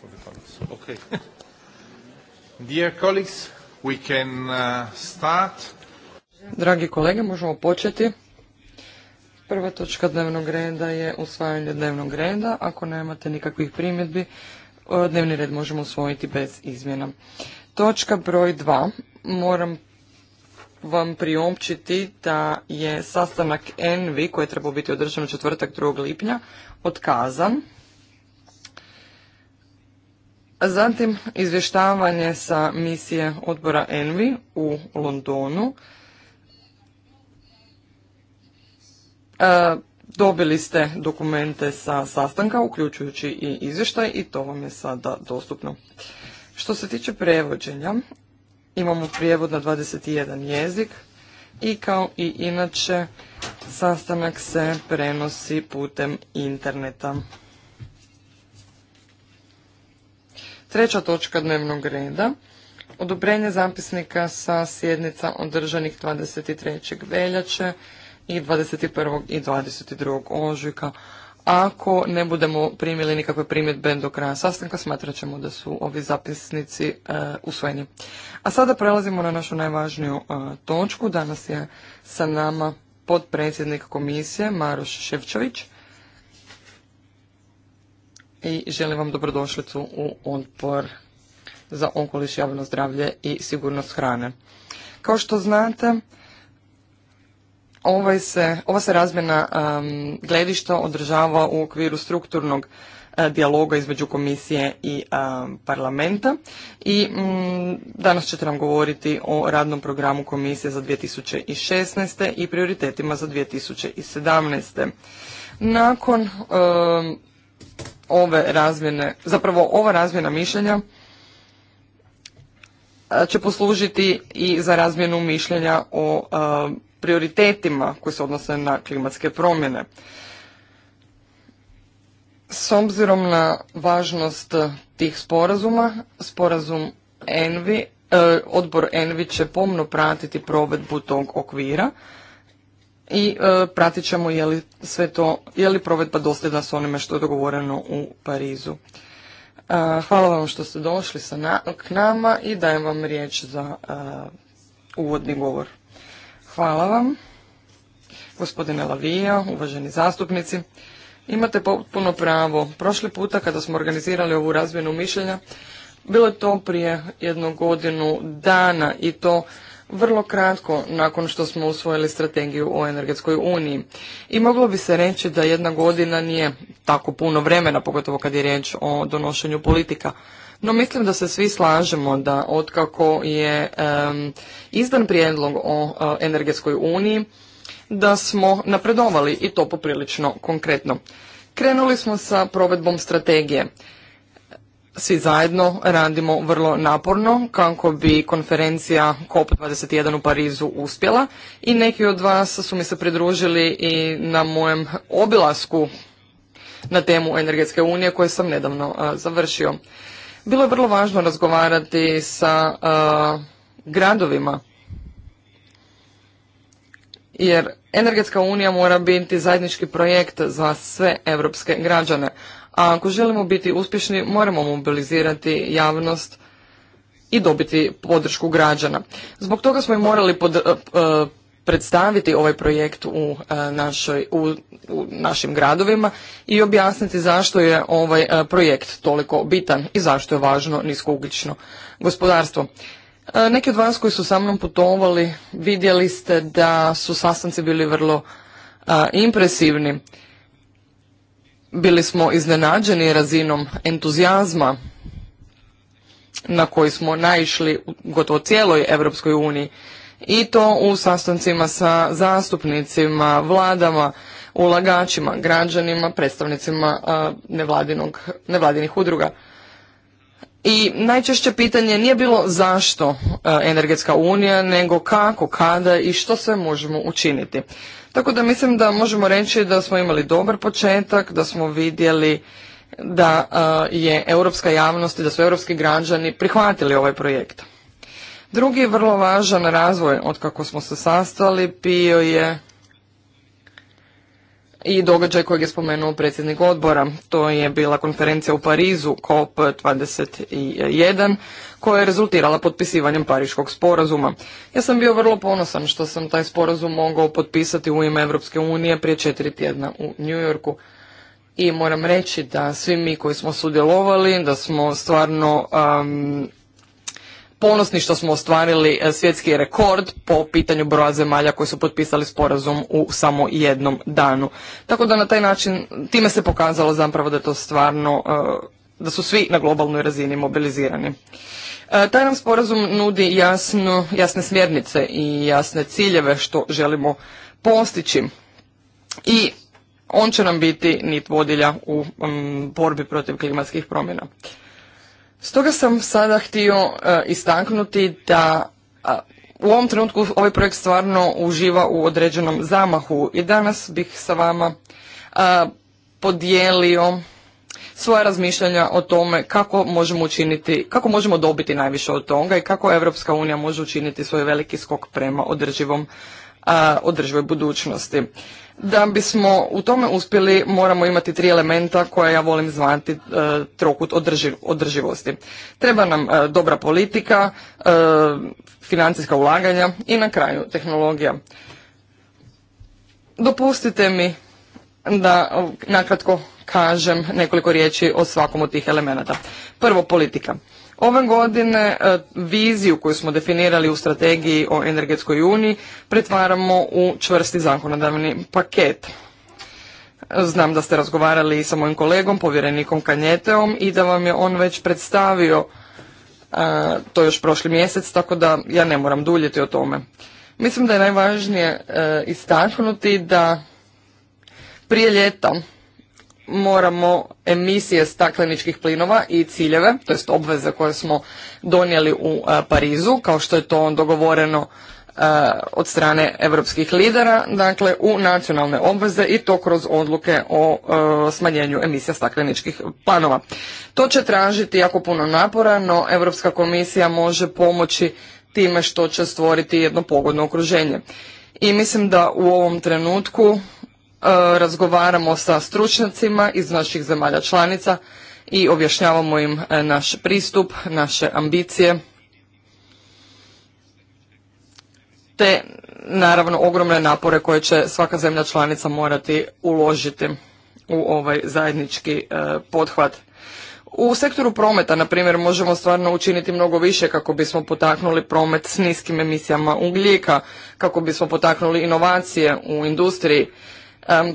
Okay. Dear colleagues, we can uh, start. Dragi kolege, možemo početi. Prva točka dnevnog reda je usvajanje dnevnog reda. Ako nemate nikakvih primjedbi, e, dnevni red možemo usvojiti bez izmjena. Točka broj 2. Moram vam priopćiti da je sastanak ENVI, koji je trebao biti održan u četvrtak 2. lipnja, otkazan Zatim izvještavanje sa misije odbora Envi u Londonu. E, dobili ste dokumente sa sastanka, uključujući i izvještaj i to vam je sada dostupno. Što se tiče prevođenja, imamo prijevod na 21 jezik i kao i inače sastanak se prenosi putem interneta. Treća točka dnevnog reda. Odobrenje zapisnika sa sjednica održanih 23. veljače i 21. i 22. ožujka. Ako ne budemo primili nikakve primjedbe do kraja sastanka, smatrat ćemo da su ovi zapisnici e, usvojeni. A sada prelazimo na našu najvažniju e, točku. Danas je sa nama potpredsjednik komisije Maroš Ševčević i želim vam dobrodošlicu u odpor za okoliš, javno zdravlje i sigurnost hrane. Kao što znate, ovaj se, ova se razmjena gledišta održava u okviru strukturnog e, dijaloga između komisije i parlamenta i mm, danas ćete nam govoriti o radnom programu komisije za 2016. i prioritetima za 2017. Nakon ove razmjene, zapravo ova razmjena mišljenja e, će poslužiti i za razmjenu mišljenja o e, prioritetima koji se odnose na klimatske promjene. S obzirom na važnost tih sporazuma, sporazum Envi, e, odbor Envi će pomno pratiti provedbu tog okvira i e, pratit ćemo je li sve to, je li provedba dosljedna s onime što je dogovoreno u Parizu. E, hvala vam što ste došli sa na, k nama i dajem vam riječ za e, uvodni govor. Hvala vam, gospodine Lavija, uvaženi zastupnici. Imate potpuno pravo. Prošli puta kada smo organizirali ovu razmjenu mišljenja, bilo je to prije jednog godinu dana i to vrlo kratko nakon što smo usvojili strategiju o energetskoj uniji. I moglo bi se reći da jedna godina nije tako puno vremena, pogotovo kad je riječ o donošenju politika. No mislim da se svi slažemo da otkako je um, izdan prijedlog o e, energetskoj uniji, da smo napredovali i to poprilično konkretno. Krenuli smo sa provedbom strategije svi zajedno radimo vrlo naporno kako bi konferencija COP21 u Parizu uspjela i neki od vas su mi se pridružili i na mojem obilasku na temu energetske unije koje sam nedavno završio. Bilo je vrlo važno razgovarati sa gradovima jer energetska unija mora biti zajednički projekt za sve europske građane, a ako želimo biti uspješni, moramo mobilizirati javnost i dobiti podršku građana. Zbog toga smo i morali e, e, predstaviti ovaj projekt u, e, našoj, u, u našim gradovima i objasniti zašto je ovaj projekt toliko bitan i zašto je važno niskougljično gospodarstvo. Neki od vas koji su sa mnom putovali vidjeli ste da su sastanci bili vrlo impresivni bili smo iznenađeni razinom entuzijazma na koji smo naišli gotovo cijeloj Europskoj uniji i to u sastancima sa zastupnicima, vladama, ulagačima, građanima, predstavnicima nevladinih udruga. I najčešće pitanje nije bilo zašto energetska unija, nego kako, kada i što sve možemo učiniti. Tako da mislim da možemo reći da smo imali dobar početak, da smo vidjeli da je europska javnost i da su europski građani prihvatili ovaj projekt. Drugi vrlo važan razvoj od kako smo se sastali bio je i događaj kojeg je spomenuo predsjednik odbora. To je bila konferencija u Parizu COP21 koja je rezultirala potpisivanjem Pariškog sporazuma. Ja sam bio vrlo ponosan što sam taj sporazum mogao potpisati u ime Europske unije prije četiri tjedna u New Yorku. I moram reći da svi mi koji smo sudjelovali, da smo stvarno ponosni što smo ostvarili e, svjetski rekord po pitanju broja zemalja koji su potpisali sporazum u samo jednom danu. Tako da na taj način time se pokazalo zapravo da je to stvarno e, da su svi na globalnoj razini mobilizirani. E, taj nam sporazum nudi jasno, jasne smjernice i jasne ciljeve što želimo postići i on će nam biti nit vodilja u mm, borbi protiv klimatskih promjena. Stoga sam sada htio e, istaknuti da u ovom trenutku ovaj projekt stvarno uživa u određenom zamahu i danas bih sa vama podijelio svoja razmišljanja o tome kako možemo učiniti, kako možemo dobiti najviše od toga i kako Europska unija može učiniti svoj veliki skok prema održivom, održivoj budućnosti. Da bismo u tome uspjeli moramo imati tri elementa koje ja volim zvati e, trokut održivosti. Treba nam e, dobra politika, e, financijska ulaganja i na kraju tehnologija. Dopustite mi da nakratko kažem nekoliko riječi o svakom od tih elemenata. Prvo politika. Ove godine e, viziju koju smo definirali u strategiji o energetskoj uniji pretvaramo u čvrsti zakonodavni paket. Znam da ste razgovarali i sa mojim kolegom, povjerenikom Kanjeteom i da vam je on već predstavio e, to još prošli mjesec, tako da ja ne moram duljiti o tome. Mislim da je najvažnije e, istaknuti da prije ljeta moramo emisije stakleničkih plinova i ciljeve, to jest obveze koje smo donijeli u e, Parizu, kao što je to dogovoreno e, od strane europskih lidera, dakle u nacionalne obveze i to kroz odluke o, e, smanjenju emisija stakleničkih planova. To će tražiti jako puno napora, no Europska komisija može pomoći time što će stvoriti jedno pogodno okruženje. I mislim da u ovom trenutku E, razgovaramo sa stručnjacima iz naših zemalja članica i objašnjavamo im e, naš pristup, naše ambicije, te naravno ogromne napore koje će svaka zemlja članica morati uložiti u ovaj zajednički e, pothvat. U sektoru prometa, na primjer, možemo stvarno učiniti mnogo više kako bismo potaknuli promet s niskim emisijama ugljika, kako bismo potaknuli inovacije u industriji,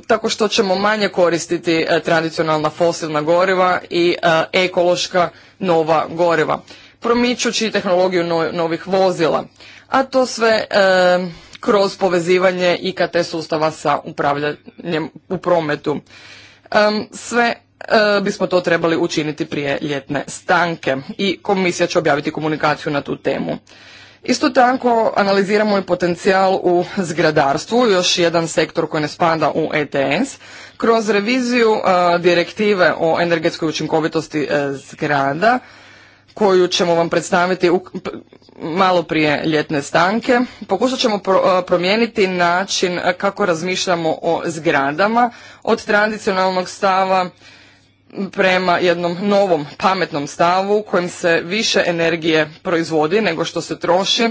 tako što ćemo manje koristiti e, tradicionalna fosilna goriva i e, ekološka nova goriva, promičući tehnologiju novih vozila, a to sve e, kroz povezivanje IKT sustava sa upravljanjem u prometu. Sve bismo to trebali učiniti prije ljetne stanke i komisija će objaviti komunikaciju na tu temu. Isto tako analiziramo i potencijal u zgradarstvu, još jedan sektor koji ne spada u ETS, kroz reviziju e, direktive o energetskoj učinkovitosti e, zgrada, koju ćemo vam predstaviti malo prije ljetne stanke. Pokušat ćemo e, promijeniti način kako razmišljamo o zgradama od tradicionalnog stava prema jednom novom pametnom stavu u kojem se više energije proizvodi nego što se troši,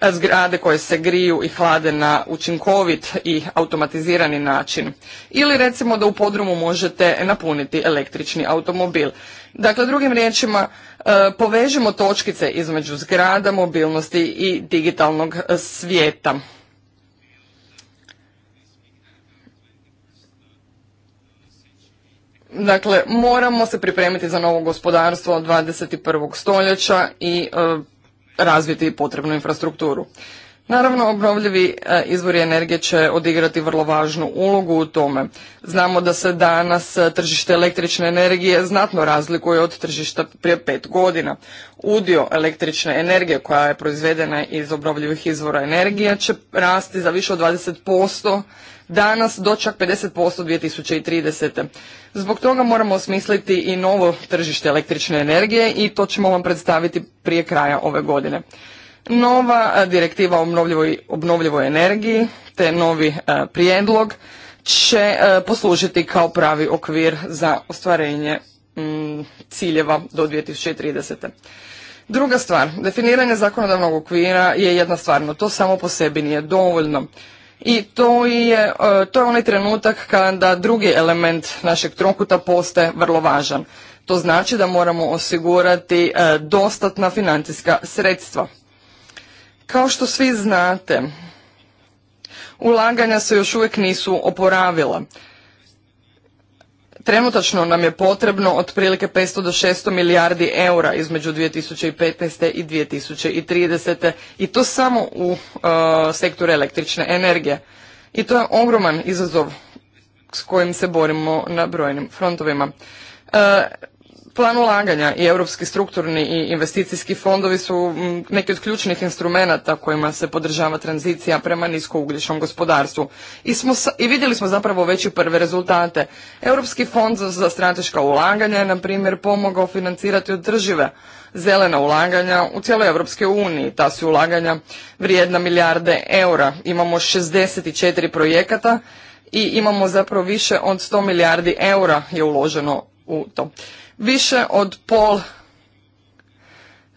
e, zgrade koje se griju i hlade na učinkovit i automatizirani način. Ili recimo da u podrumu možete napuniti električni automobil. Dakle, drugim riječima, e, povežimo točkice između zgrada, mobilnosti i digitalnog svijeta. Dakle, moramo se pripremiti za novo gospodarstvo 21. stoljeća i e, razviti potrebnu infrastrukturu. Naravno, obnovljivi e, izvori energije će odigrati vrlo važnu ulogu u tome. Znamo da se danas e, tržište električne energije znatno razlikuje od tržišta prije pet godina. Udio električne energije koja je proizvedena iz obnovljivih izvora energije će rasti za više od 20% danas do čak 50% 2030. Zbog toga moramo osmisliti i novo tržište električne energije i to ćemo vam predstaviti prije kraja ove godine. Nova e, direktiva o obnovljivoj, obnovljivoj energiji te novi e, prijedlog će e, poslužiti kao pravi okvir za ostvarenje mm, ciljeva do 2030. Druga stvar, definiranje zakonodavnog okvira je jedna stvar, no to samo po sebi nije dovoljno i to je, e, to je onaj trenutak kada drugi element našeg trokuta postaje vrlo važan. To znači da moramo osigurati e, dostatna financijska sredstva. Kao što svi znate, ulaganja se još uvijek nisu oporavila. Trenutačno nam je potrebno otprilike 500 do 600 milijardi eura između 2015. i 2030. i to samo u uh, sektoru električne energije. I to je ogroman izazov s kojim se borimo na brojnim frontovima. Uh, Plan ulaganja i europski strukturni i investicijski fondovi su mm, neki od ključnih instrumenata kojima se podržava tranzicija prema niskougljičnom gospodarstvu. I, smo, I vidjeli smo zapravo već i prve rezultate. Europski fond za strateška ulaganja je, na primjer, pomogao financirati održive zelena ulaganja u cijeloj Europskoj uniji. Ta su ulaganja vrijedna milijarde eura. Imamo 64 projekata i imamo zapravo više od 100 milijardi eura je uloženo u to. Više od pol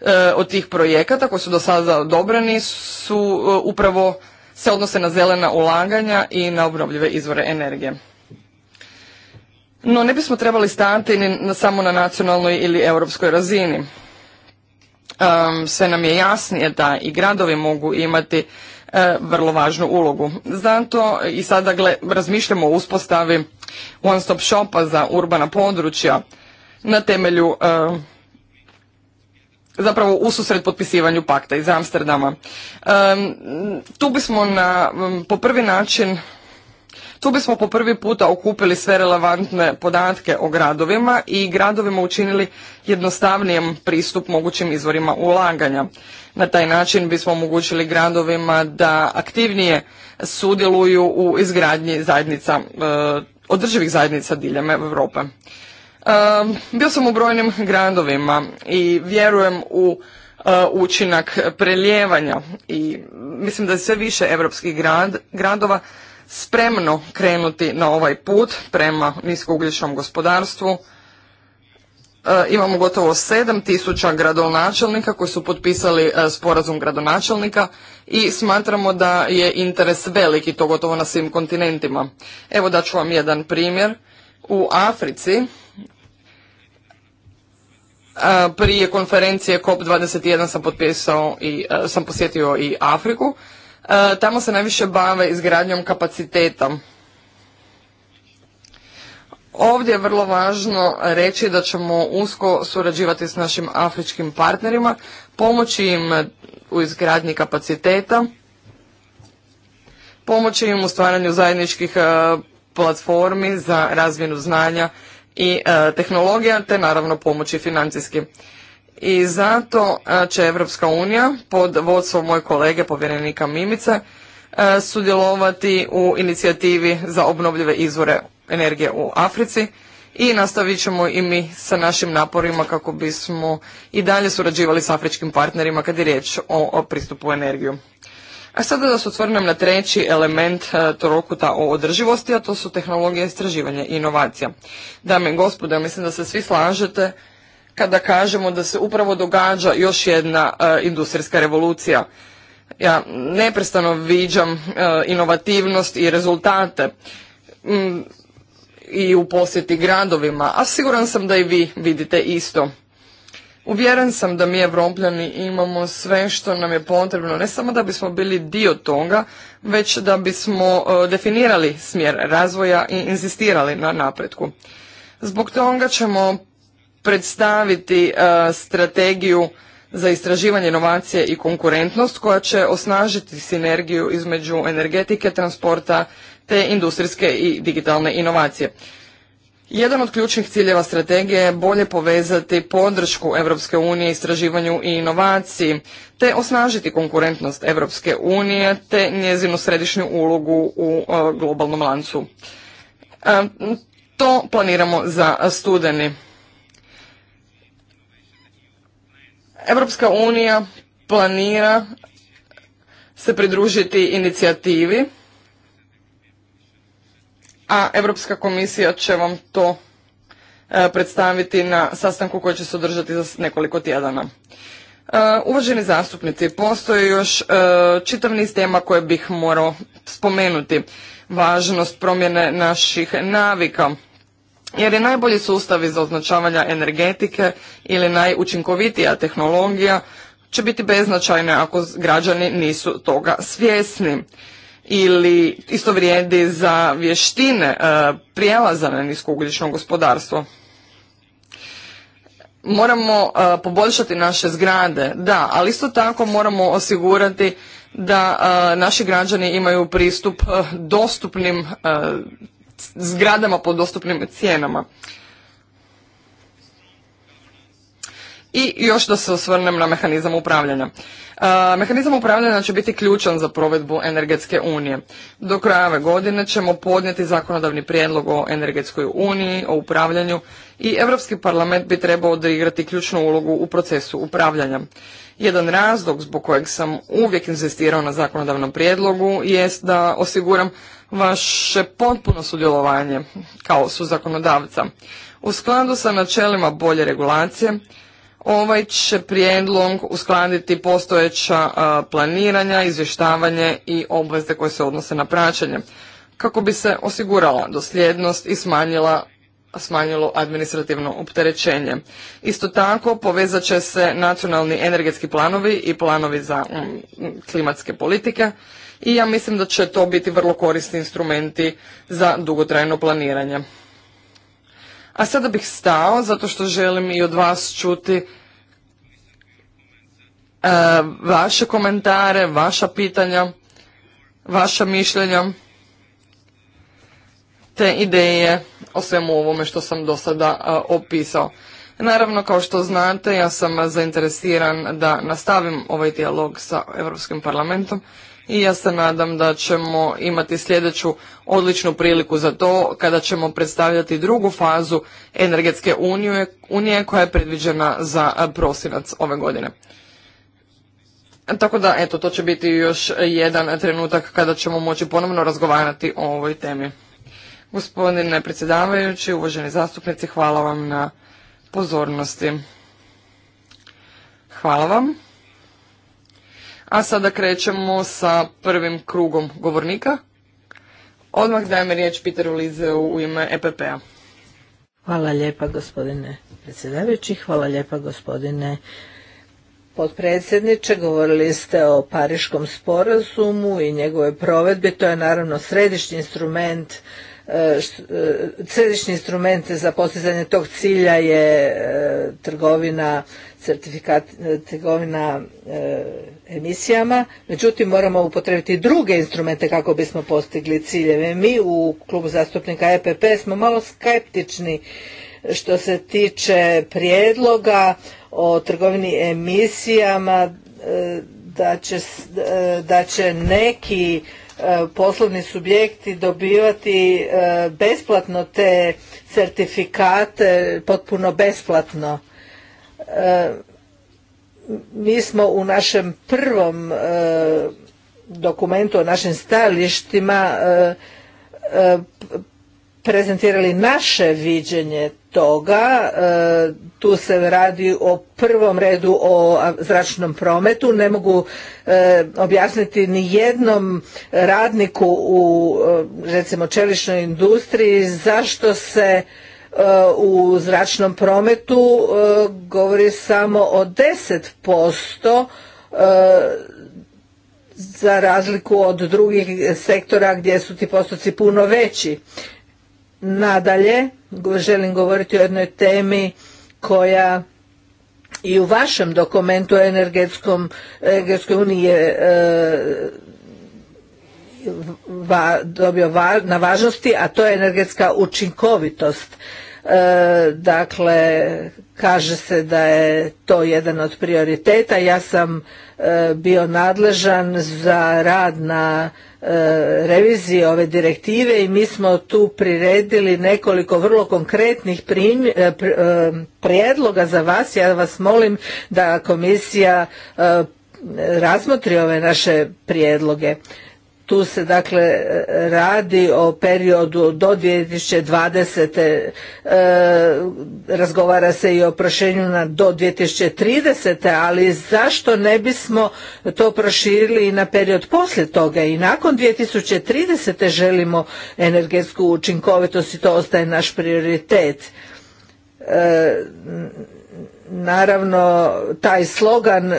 e, od tih projekata koji su do sada odobreni su e, upravo se odnose na zelena ulaganja i na obnovljive izvore energije. No ne bismo trebali stati ni na, samo na nacionalnoj ili europskoj razini. Um, sve nam je jasnije da i gradovi mogu imati e, vrlo važnu ulogu. Zato i sada razmišljamo o uspostavi one stop shopa za urbana područja na temelju e, zapravo ususred potpisivanju pakta iz Amsterdama. E, tu bismo na, po prvi način tu bismo po prvi puta okupili sve relevantne podatke o gradovima i gradovima učinili jednostavnijem pristup mogućim izvorima ulaganja. Na taj način bismo omogućili gradovima da aktivnije sudjeluju u izgradnji zajednica, e, održivih zajednica diljem Europe. Ehm, Bio sam u brojnim gradovima i vjerujem u eh, učinak preljevanja i mislim da je sve više europskih gradova spremno krenuti na ovaj put prema niskougljičnom gospodarstvu. Eh, imamo gotovo 7000 gradonačelnika koji su potpisali eh, sporazum gradonačelnika i smatramo da je interes veliki to gotovo na svim kontinentima. Evo da ću vam jedan primjer. U Africi prije konferencije COP21 sam potpisao i e, sam posjetio i Afriku. E, tamo se najviše bave izgradnjom kapaciteta. Ovdje je vrlo važno reći da ćemo usko surađivati s našim afričkim partnerima, pomoći im u izgradnji kapaciteta, pomoći im u stvaranju zajedničkih e, platformi za razmjenu znanja i e, tehnologija, te naravno pomoći financijski. I zato e, će Europska unija pod vodstvom moje kolege povjerenika Mimice e, sudjelovati u inicijativi za obnovljive izvore energije u Africi i nastavit ćemo i mi sa našim naporima kako bismo i dalje surađivali s afričkim partnerima kad je riječ o, o pristupu energiju. A sada da se otvornem na treći element e, trokuta o održivosti, a to su tehnologije istraživanja i inovacija. Dame i gospode, mislim da se svi slažete kada kažemo da se upravo događa još jedna e, industrijska revolucija. Ja neprestano viđam e, inovativnost i rezultate mm, i u posjeti gradovima, a siguran sam da i vi vidite isto. Uvjeren sam da mi evropljani imamo sve što nam je potrebno, ne samo da bismo bili dio toga, već da bismo e, definirali smjer razvoja i inzistirali na napretku. Zbog toga ćemo predstaviti e, strategiju za istraživanje inovacije i konkurentnost koja će osnažiti sinergiju između energetike, transporta te industrijske i digitalne inovacije. Jedan od ključnih ciljeva strategije je bolje povezati podršku Europske unije istraživanju i inovaciji, te osnažiti konkurentnost Europske unije, te njezinu središnju ulogu u e, globalnom lancu. E, to planiramo za studeni. Europska unija planira se pridružiti inicijativi a Europska komisija će vam to e, predstaviti na sastanku koji će se održati za nekoliko tjedana. E, uvaženi zastupnici, postoji još e, čitav niz tema koje bih morao spomenuti. Važnost promjene naših navika, jer je najbolji sustav iz označavanja energetike ili najučinkovitija tehnologija će biti beznačajne ako građani nisu toga svjesni ili isto vrijedi za vještine e, prijelaza na niskougljično gospodarstvo. Moramo e, poboljšati naše zgrade, da, ali isto tako moramo osigurati da e, naši građani imaju pristup dostupnim zgradama po dostupnim cijenama. I još da se osvrnem na mehanizam upravljanja. E, mehanizam upravljanja će biti ključan za provedbu energetske unije. Do kraja ove godine ćemo podnijeti zakonodavni prijedlog o energetskoj uniji, o upravljanju i Europski parlament bi trebao odigrati ključnu ulogu u procesu upravljanja. Jedan razlog zbog kojeg sam uvijek insistirao na zakonodavnom prijedlogu jest da osiguram vaše potpuno sudjelovanje kao su zakonodavca. U skladu sa načelima bolje regulacije, Ovaj će prijedlog uskladiti postojeća planiranja, izvještavanje i obveze koje se odnose na praćenje, kako bi se osigurala dosljednost i smanjila smanjilo administrativno opterećenje. Isto tako povezat će se nacionalni energetski planovi i planovi za klimatske politike i ja mislim da će to biti vrlo korisni instrumenti za dugotrajno planiranje. A sada bih stao, zato što želim i od vas čuti e, vaše komentare, vaša pitanja, vaša mišljenja, te ideje o svemu ovome što sam do sada e, opisao. Naravno, kao što znate, ja sam zainteresiran da nastavim ovaj dijalog sa Europskim parlamentom i ja se nadam da ćemo imati sljedeću odličnu priliku za to kada ćemo predstavljati drugu fazu energetske unije, unije koja je predviđena za e, prosinac ove godine. Tako da, eto, to će biti još jedan trenutak kada ćemo moći ponovno razgovarati o ovoj temi. Gospodine predsjedavajući, uvaženi zastupnici, hvala vam na pozornosti. Hvala vam. A sada krećemo sa prvim krugom govornika. Odmah dajem riječ Peteru Lizeu u ime EPP-a. Hvala lijepa gospodine predsjedavajući, hvala lijepa gospodine potpredsjedniče. Govorili ste o Pariškom sporazumu i njegove provedbi. To je naravno središnji instrument e, e, središnji instrument za postizanje tog cilja je e, trgovina certifikat e, trgovina e, emisijama, međutim moramo upotrebiti druge instrumente kako bismo postigli ciljeve. Mi u klubu zastupnika EPP smo malo skeptični što se tiče prijedloga o trgovini emisijama e, da, da će neki poslovni subjekti dobivati besplatno te certifikate potpuno besplatno E, mi smo u našem prvom e, dokumentu o našim stajalištima e, prezentirali naše viđenje toga. Tu se radi o prvom redu o zračnom prometu. Ne mogu objasniti ni jednom radniku u recimo čeličnoj industriji zašto se u zračnom prometu e, govori samo o 10% e, za razliku od drugih sektora gdje su ti postoci puno veći. Nadalje, želim govoriti o jednoj temi koja i u vašem dokumentu o energetskoj uniji je e, dobio na važnosti, a to je energetska učinkovitost. E, dakle, kaže se da je to jedan od prioriteta. Ja sam e, bio nadležan za rad na e, reviziji ove direktive i mi smo tu priredili nekoliko vrlo konkretnih prijedloga za vas. Ja vas molim da komisija razmotri ove naše prijedloge. Tu se dakle radi o periodu do 2020. E, razgovara se i o prošenju na do 2030. ali zašto ne bismo to proširili i na period poslije toga i nakon 2030. želimo energetsku učinkovitost i to ostaje naš prioritet. E, naravno taj slogan e,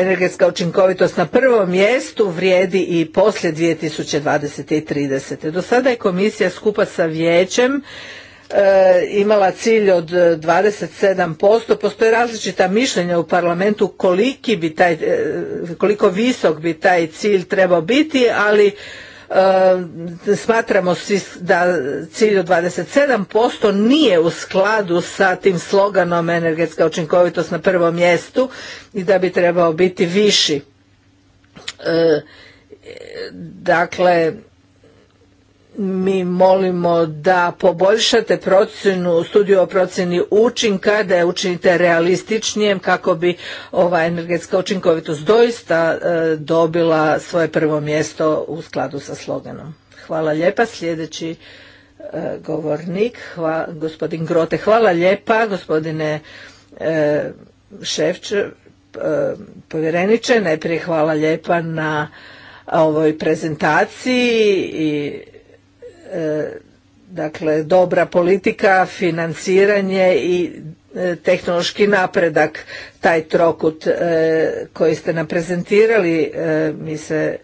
energetska učinkovitost na prvom mjestu vrijedi i poslije 2020. i 2030. Do sada je komisija skupa sa vijećem e, imala cilj od 27%. Postoje različita mišljenja u parlamentu koliki bi taj, e, koliko visok bi taj cilj trebao biti, ali E, smatramo svi da cilj od 27% nije u skladu sa tim sloganom energetska učinkovitost na prvom mjestu i da bi trebao biti viši. E, dakle, mi molimo da poboljšate procjenu, studiju o procjeni učinka, da je učinite realističnijem kako bi ova energetska učinkovitost doista e, dobila svoje prvo mjesto u skladu sa sloganom. Hvala lijepa. Sljedeći e, govornik, gospodin Grote. Hvala lijepa, gospodine e, e, povjereniče. Najprije hvala lijepa na ovoj prezentaciji i E, dakle dobra politika, financiranje i e, tehnološki napredak, taj trokut e, koji ste nam prezentirali, mi se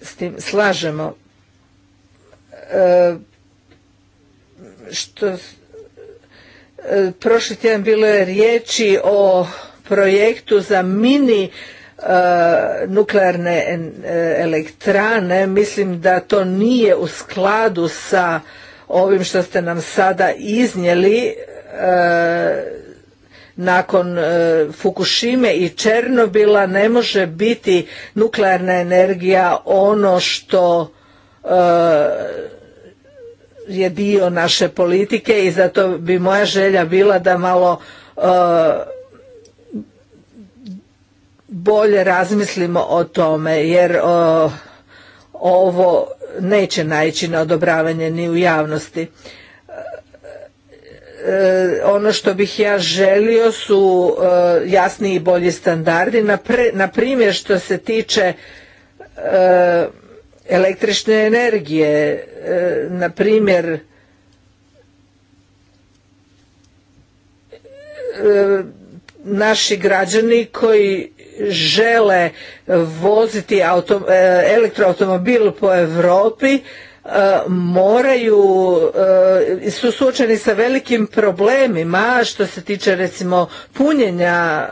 s tim slažemo. prošli tjedan bilo je riječi o projektu za mini E, nuklearne e, elektrane mislim da to nije u skladu sa ovim što ste nam sada iznijeli e, nakon Fukushime i Černobila ne može biti nuklearna energija ono što je dio naše politike i zato bi moja želja bila da malo bolje razmislimo o tome jer ovo neće naići na odobravanje ni u javnosti. E, e, ono što bih ja želio su e, jasniji i bolji standardi. Na primjer što se tiče električne energije, na primjer naši građani koji žele voziti auto, e, elektroautomobil po Europi e, moraju e, su suočeni sa velikim problemima što se tiče recimo punjenja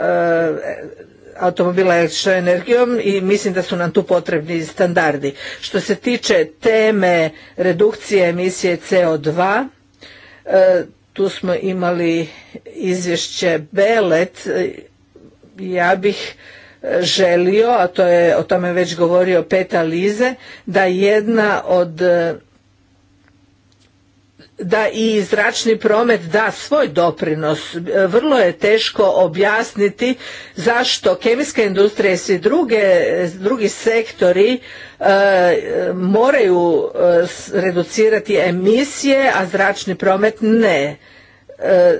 automobila električnom energijom i mislim da su nam tu potrebni standardi. Što se tiče teme redukcije emisije CO2, tu smo imali izvješće Belet ja bih e, želio, a to je o tome već govorio Peta Lize, da jedna od e, da i zračni promet da svoj doprinos. E, vrlo je teško objasniti zašto kemijska industrija i svi drugi sektori moraju reducirati emisije, a zračni promet ne. E,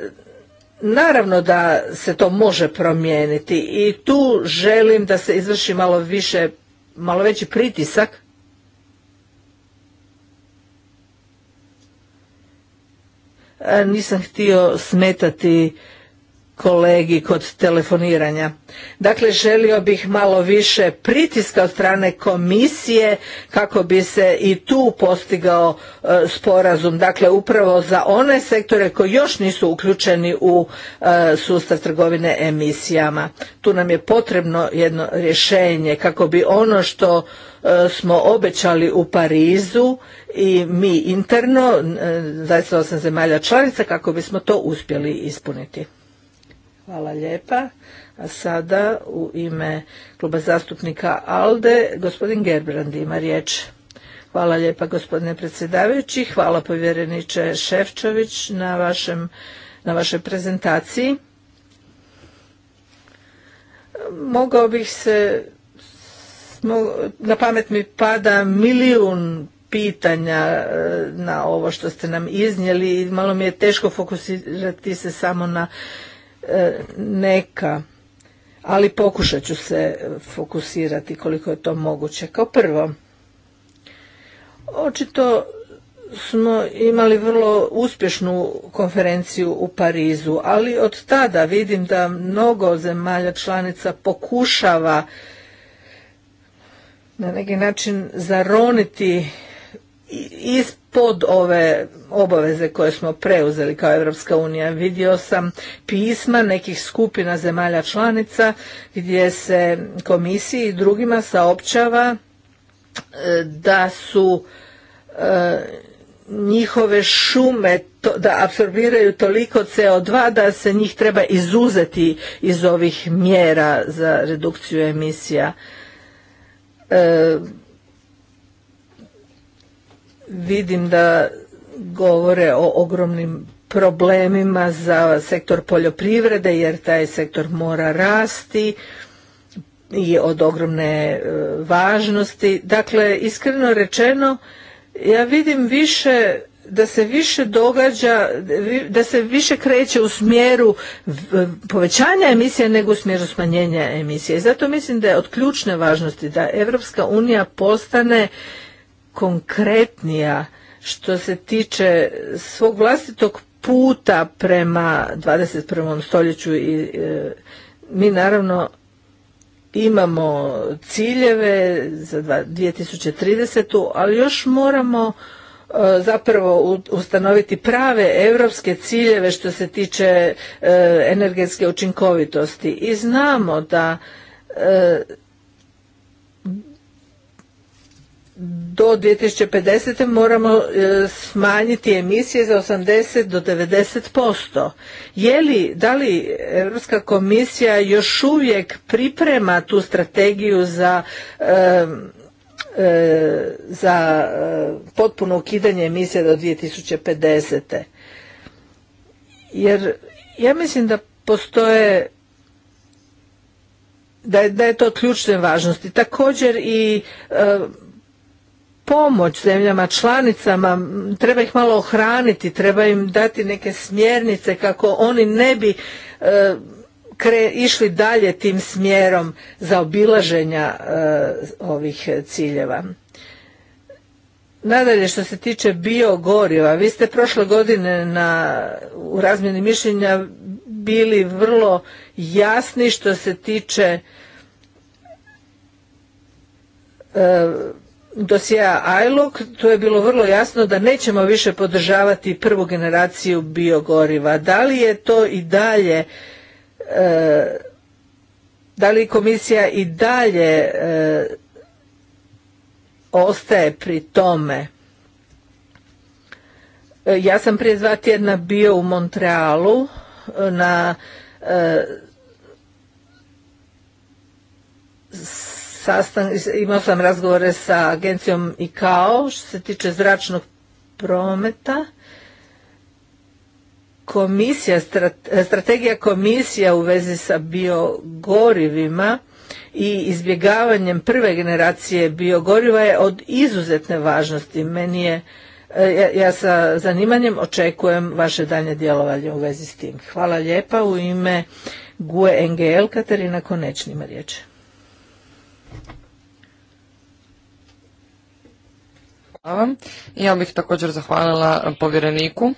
Naravno da se to može promijeniti i tu želim da se izvrši malo više, malo veći pritisak e, nisam htio smetati kolegi kod telefoniranja. Dakle, želio bih malo više pritiska od strane komisije kako bi se i tu postigao e, sporazum. Dakle, upravo za one sektore koji još nisu uključeni u e, sustav trgovine emisijama. Tu nam je potrebno jedno rješenje kako bi ono što e, smo obećali u Parizu i mi interno, osam zemalja članica, kako bismo to uspjeli ispuniti. Hvala lijepa. A sada u ime kluba zastupnika ALDE gospodin Gerbrand ima riječ. Hvala lijepa gospodine predsjedavajući, hvala povjereniče Šefčović na, vašem, na vašoj prezentaciji. Mogao bih se, na pamet mi pada milijun pitanja e, na ovo što ste nam iznijeli i malo mi je teško fokusirati se samo na E, neka, ali pokušat ću se fokusirati koliko je to moguće. Kao prvo, očito smo imali vrlo uspješnu konferenciju u Parizu, ali od tada vidim da mnogo zemalja članica pokušava na neki način zaroniti ispod ove obaveze koje smo preuzeli kao Europska unija vidio sam pisma nekih skupina zemalja članica gdje se komisiji i drugima saopćava e, da su e, njihove šume da apsorbiraju toliko CO2 da se njih treba izuzeti iz ovih mjera za redukciju emisija. E, vidim da govore o ogromnim problemima za sektor poljoprivrede jer taj sektor mora rasti i od ogromne e, važnosti. Dakle, iskreno rečeno, ja vidim više da se više događa, da se više kreće u smjeru povećanja emisije nego u smjeru smanjenja emisije. I zato mislim da je od ključne važnosti da Evropska unija postane konkretnija što se tiče svog vlastitog puta prema 21. stoljeću i e, mi naravno imamo ciljeve za 2030. ali još moramo e, zapravo ustanoviti prave europske ciljeve što se tiče e, energetske učinkovitosti i znamo da do 2050. moramo e, smanjiti emisije za 80 do 90%. Je da li Europska komisija još uvijek priprema tu strategiju za e, e, za potpuno ukidanje emisije do 2050. Jer ja mislim da postoje da je, da je to ključne važnosti. Također i pomoć zemljama članicama, treba ih malo ohraniti, treba im dati neke smjernice kako oni ne bi e, išli dalje tim smjerom za obilaženja e, ovih ciljeva. Nadalje što se tiče biogoriva, vi ste prošle godine na, u razmjeni mišljenja bili vrlo jasni što se tiče e, dosija ILOG, tu je bilo vrlo jasno da nećemo više podržavati prvu generaciju biogoriva. Da li je to i dalje, eh, da li komisija i dalje eh, ostaje pri tome? Eh, ja sam prije dva tjedna bio u Montrealu na sastan, imao sam razgovore sa agencijom ICAO što se tiče zračnog prometa. Komisija, strategija komisija u vezi sa biogorivima i izbjegavanjem prve generacije biogoriva je od izuzetne važnosti. Meni je, e, ja, sa zanimanjem očekujem vaše dalje djelovanje u vezi s tim. Hvala lijepa u ime GUE NGL Katarina Konečnima riječe. vam. Ja bih također zahvalila povjereniku.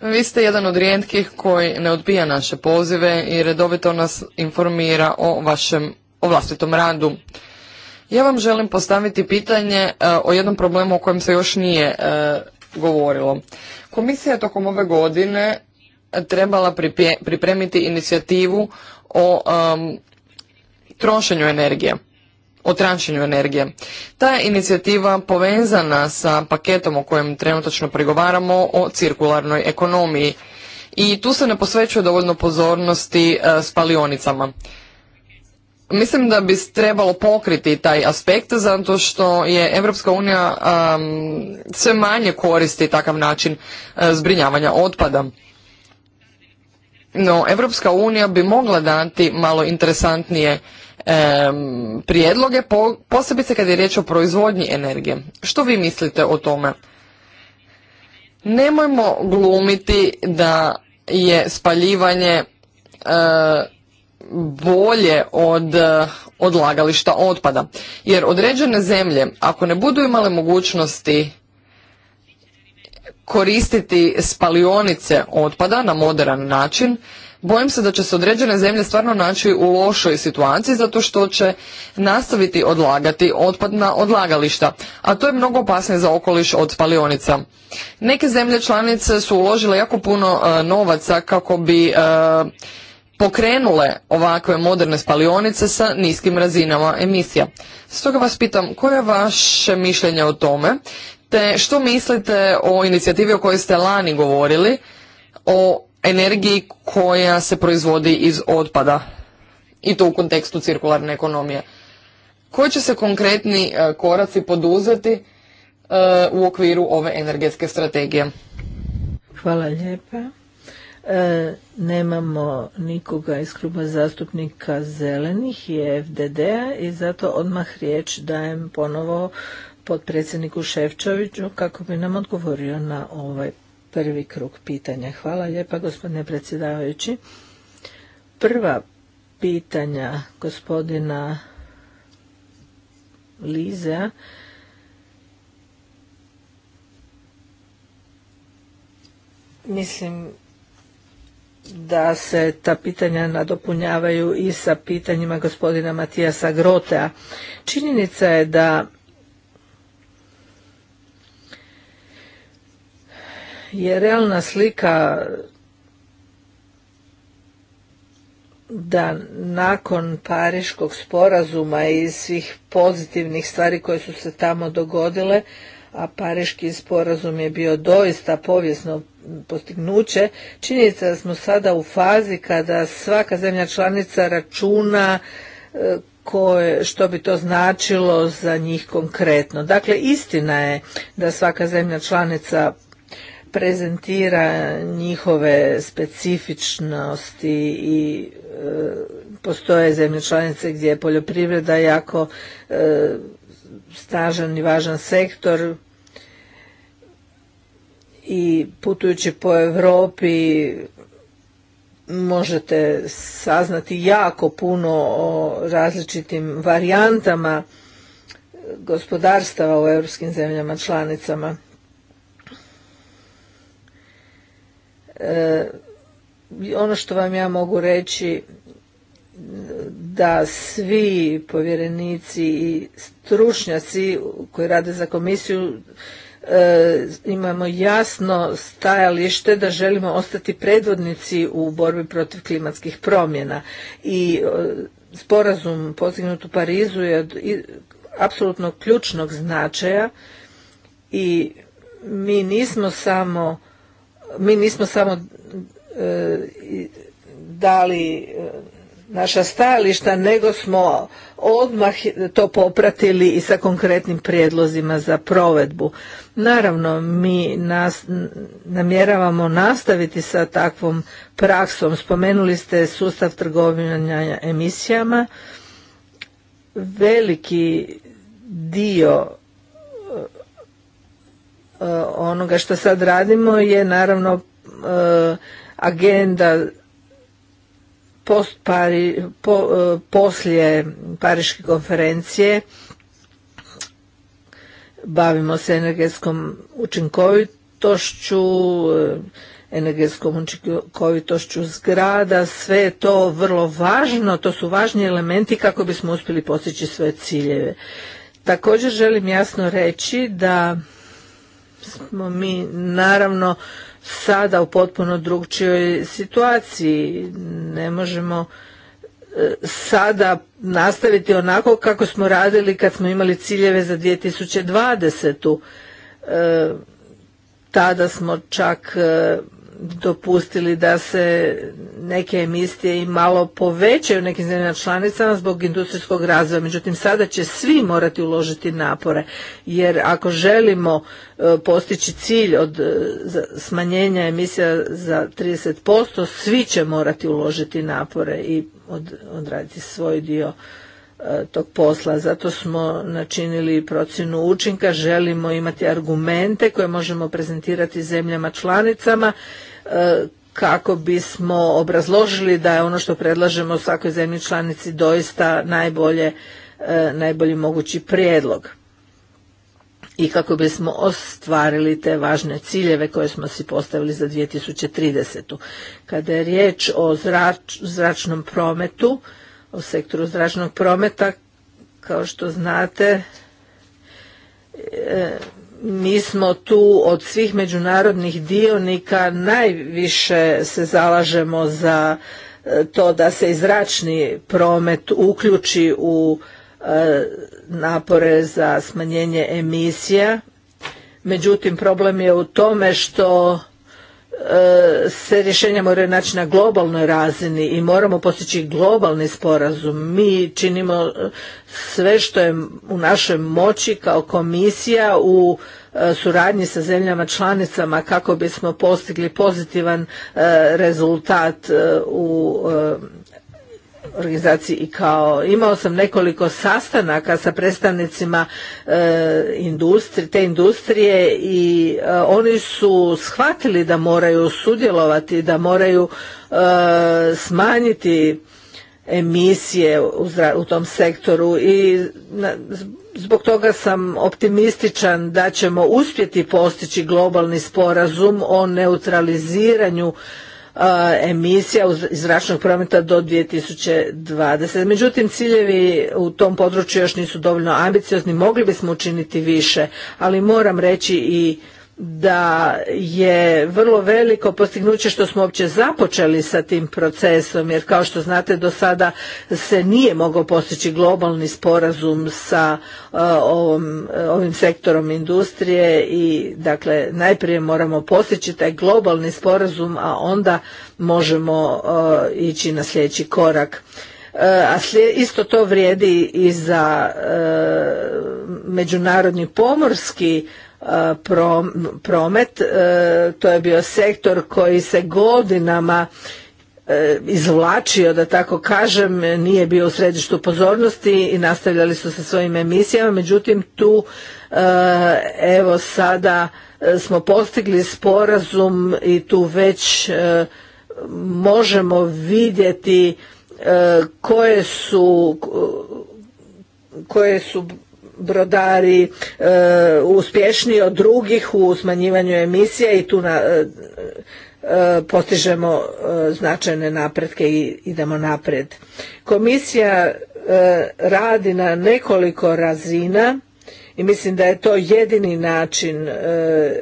Vi ste jedan od rijetkih koji ne odbija naše pozive i redovito nas informira o vašem, o vlastitom radu. Ja vam želim postaviti pitanje e, o jednom problemu o kojem se još nije e, govorilo. Komisija je tokom ove godine trebala pripremiti inicijativu o trošenju energije o tranšenju energije. Ta je inicijativa povezana sa paketom o kojem trenutačno pregovaramo o cirkularnoj ekonomiji i tu se ne posvećuje dovoljno pozornosti e, spalionicama. Mislim da bi trebalo pokriti taj aspekt zato što je Europska unija sve manje koristi takav način e, zbrinjavanja otpada. No, Europska unija bi mogla dati malo interesantnije prijedloge, posebice kad je riječ o proizvodnji energije. Što vi mislite o tome? Nemojmo glumiti da je spaljivanje e, bolje od e, odlagališta otpada. Jer određene zemlje, ako ne budu imale mogućnosti koristiti spalionice otpada na moderan način, Bojim se da će se određene zemlje stvarno naći u lošoj situaciji zato što će nastaviti odlagati otpad na odlagališta, a to je mnogo opasnije za okoliš od spalionica. Neke zemlje članice su uložile jako puno e, novaca kako bi e, pokrenule ovakve moderne spalionice sa niskim razinama emisija. Stoga vas pitam, koje je vaše mišljenje o tome, te što mislite o inicijativi o kojoj ste lani govorili, o energiji koja se proizvodi iz otpada i to u kontekstu cirkularne ekonomije. Koji će se konkretni e, koraci poduzeti e, u okviru ove energetske strategije? Hvala lijepa. E, nemamo nikoga iz kluba zastupnika zelenih i FDD-a i zato odmah riječ dajem ponovo potpredsjedniku Ševčoviću kako bi nam odgovorio na ovaj prvi krug pitanja. Hvala lijepa gospodine predsjedavajući. Prva pitanja gospodina Lize mislim da se ta pitanja nadopunjavaju i sa pitanjima gospodina Matijasa Grotea. Činjenica je da je realna slika da nakon pariškog sporazuma i svih pozitivnih stvari koje su se tamo dogodile, a pariški sporazum je bio doista povijesno postignuće, činjenica da smo sada u fazi kada svaka zemlja članica računa e, koje, što bi to značilo za njih konkretno. Dakle, istina je da svaka zemlja članica prezentira njihove specifičnosti i e, postoje zemlje članice gdje je poljoprivreda jako e, stažan i važan sektor i putujući po Europi možete saznati jako puno o različitim varijantama gospodarstava u europskim zemljama članicama E, ono što vam ja mogu reći da svi povjerenici i stručnjaci koji rade za komisiju e, imamo jasno stajalište da želimo ostati predvodnici u borbi protiv klimatskih promjena i e, sporazum postignut u Parizu je od apsolutno ključnog značaja i mi nismo samo mi nismo samo e, dali e, naša stajališta, nego smo odmah to popratili i sa konkretnim prijedlozima za provedbu. Naravno, mi nas, namjeravamo nastaviti sa takvom praksom. Spomenuli ste sustav trgovina emisijama. Veliki dio Eh, onoga što sad radimo je naravno eh, agenda post pari, eh, poslije Pariške konferencije bavimo se energetskom učinkovitošću, energetskom učinkovitošću zgrada, sve je to vrlo važno, to su važni elementi kako bismo uspjeli postići svoje ciljeve. Također želim jasno reći da smo mi naravno sada u potpuno drugčijoj situaciji. Ne možemo e, sada nastaviti onako kako smo radili kad smo imali ciljeve za 2020. E, tada smo čak e, dopustili da se neke emisije i malo povećaju nekim zemljama članicama zbog industrijskog razvoja. Međutim, sada će svi morati uložiti napore, jer ako želimo e, postići cilj od e, smanjenja emisija za 30%, svi će morati uložiti napore i odraditi svoj dio e, tog posla. Zato smo načinili procjenu učinka, želimo imati argumente koje možemo prezentirati zemljama članicama kako bismo obrazložili da je ono što predlažemo u svakoj zemlji članici doista najbolje, e, najbolji mogući prijedlog i kako bismo ostvarili te važne ciljeve koje smo si postavili za 2030. Kada je riječ o zrač, zračnom prometu, o sektoru zračnog prometa, kao što znate, e, mi smo tu od svih međunarodnih dionika najviše se zalažemo za e, to da se izračni promet uključi u e, napore za smanjenje emisija. Međutim, problem je u tome što se rješenja moraju naći na globalnoj razini i moramo postići globalni sporazum. Mi činimo e, sve što je u našoj moći kao komisija u e, suradnji sa zemljama članicama kako bismo postigli pozitivan e, rezultat u organizaciji i kao imao sam nekoliko sastanaka sa predstavnicima e, te industrije i e, oni su shvatili da moraju sudjelovati, da moraju e, smanjiti emisije u, tom sektoru i zbog toga sam optimističan da ćemo uspjeti postići globalni sporazum o neutraliziranju Eh, emisija iz zračnog prometa do 2020. Međutim, ciljevi u tom području još nisu dovoljno ambiciozni, mogli bismo učiniti više, ali moram reći i da je vrlo veliko postignuće što smo uopće započeli sa tim procesom jer kao što znate do sada se nije mogao postići globalni sporazum sa e, e, ovim sektorom industrije i dakle najprije moramo postići taj globalni sporazum a onda možemo e, ići na sljedeći korak a isto to vrijedi i za međunarodni pomorski promet. E, to je bio sektor koji se godinama e, izvlačio, da tako kažem, nije bio u središtu pozornosti i nastavljali su sa svojim emisijama. Međutim, tu e, evo sada smo postigli sporazum i tu već možemo vidjeti koje su koje su brodari e, uspješniji od drugih u smanjivanju emisija i tu na, e, e, postižemo e, značajne napretke i idemo naprijed. Komisija radi na nekoliko razina i mislim da je to jedini način, e,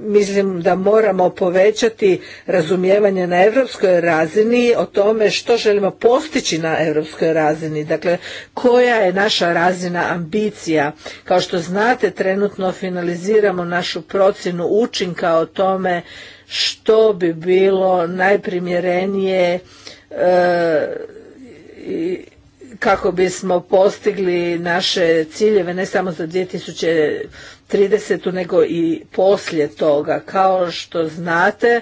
mislim da moramo povećati razumijevanje na europskoj razini o tome što želimo postići na europskoj razini, dakle koja je naša razina ambicija. Kao što znate trenutno finaliziramo našu procjenu učinka o tome što bi bilo najprimjerenije e, i kako bismo postigli naše ciljeve ne samo za 2030. nego i poslije toga. Kao što znate,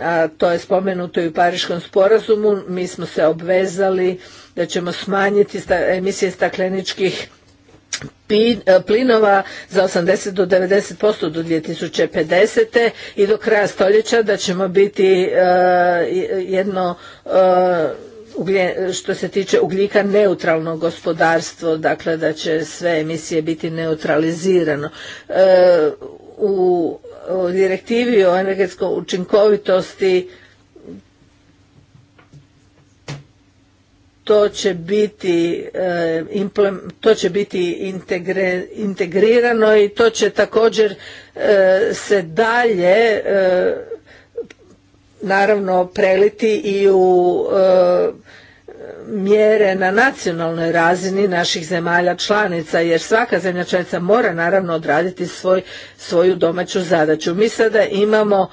a to je spomenuto i u Pariškom sporazumu, mi smo se obvezali da ćemo smanjiti emisije stakleničkih e, plinova za 80 do 90% do 2050. i do kraja stoljeća da ćemo biti e, e, jedno što se tiče ugljika neutralno gospodarstvo, dakle da će sve emisije biti neutralizirano. E, u, direktivi o energetskoj učinkovitosti to će biti, e, to će biti integrirano i to će također e, se dalje naravno preliti i u e, mjere na nacionalnoj razini naših zemalja članica jer svaka zemlja članica mora naravno odraditi svoju domaću zadaću. Mi sada imamo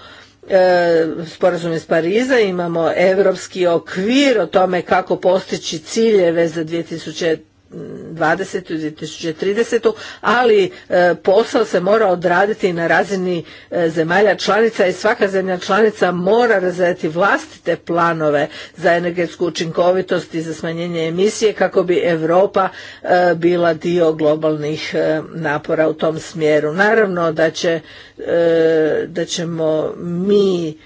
e, sporazum iz Pariza, imamo europski okvir o tome kako postići ciljeve za 2030 2020. i 2030. ali e, posao se mora odraditi na razini e, zemalja članica i svaka zemlja članica mora razvijati vlastite planove za energetsku učinkovitost i za smanjenje emisije kako bi Europa e, bila dio globalnih napora u tom smjeru. Naravno da će da ćemo mi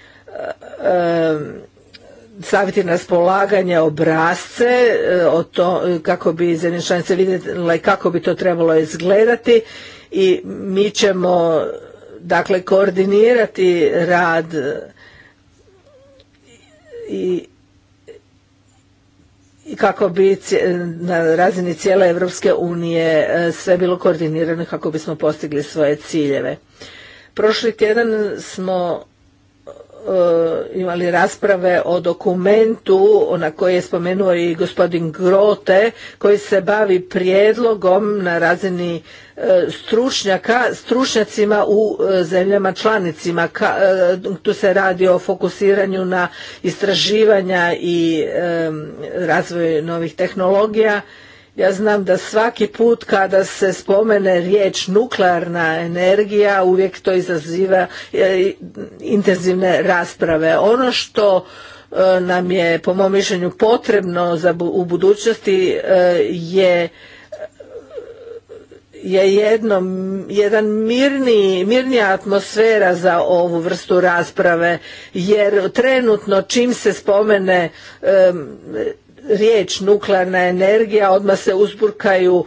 staviti na raspolaganje obrazce e, o to, kako bi zemlje članice kako bi to trebalo izgledati i mi ćemo dakle koordinirati rad i i kako bi na razini cijele Europske unije e, sve bilo koordinirano kako bismo postigli svoje ciljeve. Prošli tjedan smo E, imali rasprave o dokumentu na koji je spomenuo i gospodin Grote koji se bavi prijedlogom na razini e, stručnjaka, stručnjacima u e, zemljama članicima. Tu se radi o fokusiranju na istraživanja i razvoju novih tehnologija ja znam da svaki put kada se spomene riječ nuklearna energija uvijek to izaziva e, intenzivne rasprave. Ono što e, nam je po mom mišljenju potrebno za u budućnosti e, je je jedno, jedan mirni, mirnija atmosfera za ovu vrstu rasprave jer trenutno čim se spomene riječ nuklearna energija odmah se uzburkaju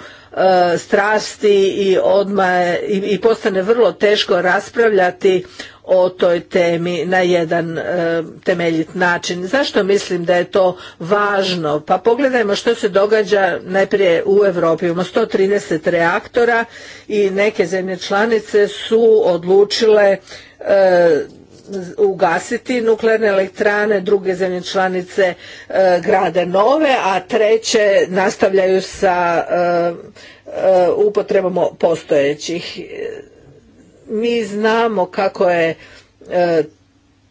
e, strasti i odmah i, i postane vrlo teško raspravljati o toj temi na jedan e, temeljit način. Zašto mislim da je to važno? Pa pogledajmo što se događa najprije u Europi. Imamo 130 reaktora i neke zemlje članice su odlučile e, ugasiti nuklearne elektrane, druge zemlje članice e, grade nove, a treće nastavljaju sa e, e, upotrebom postojećih. Mi znamo kako je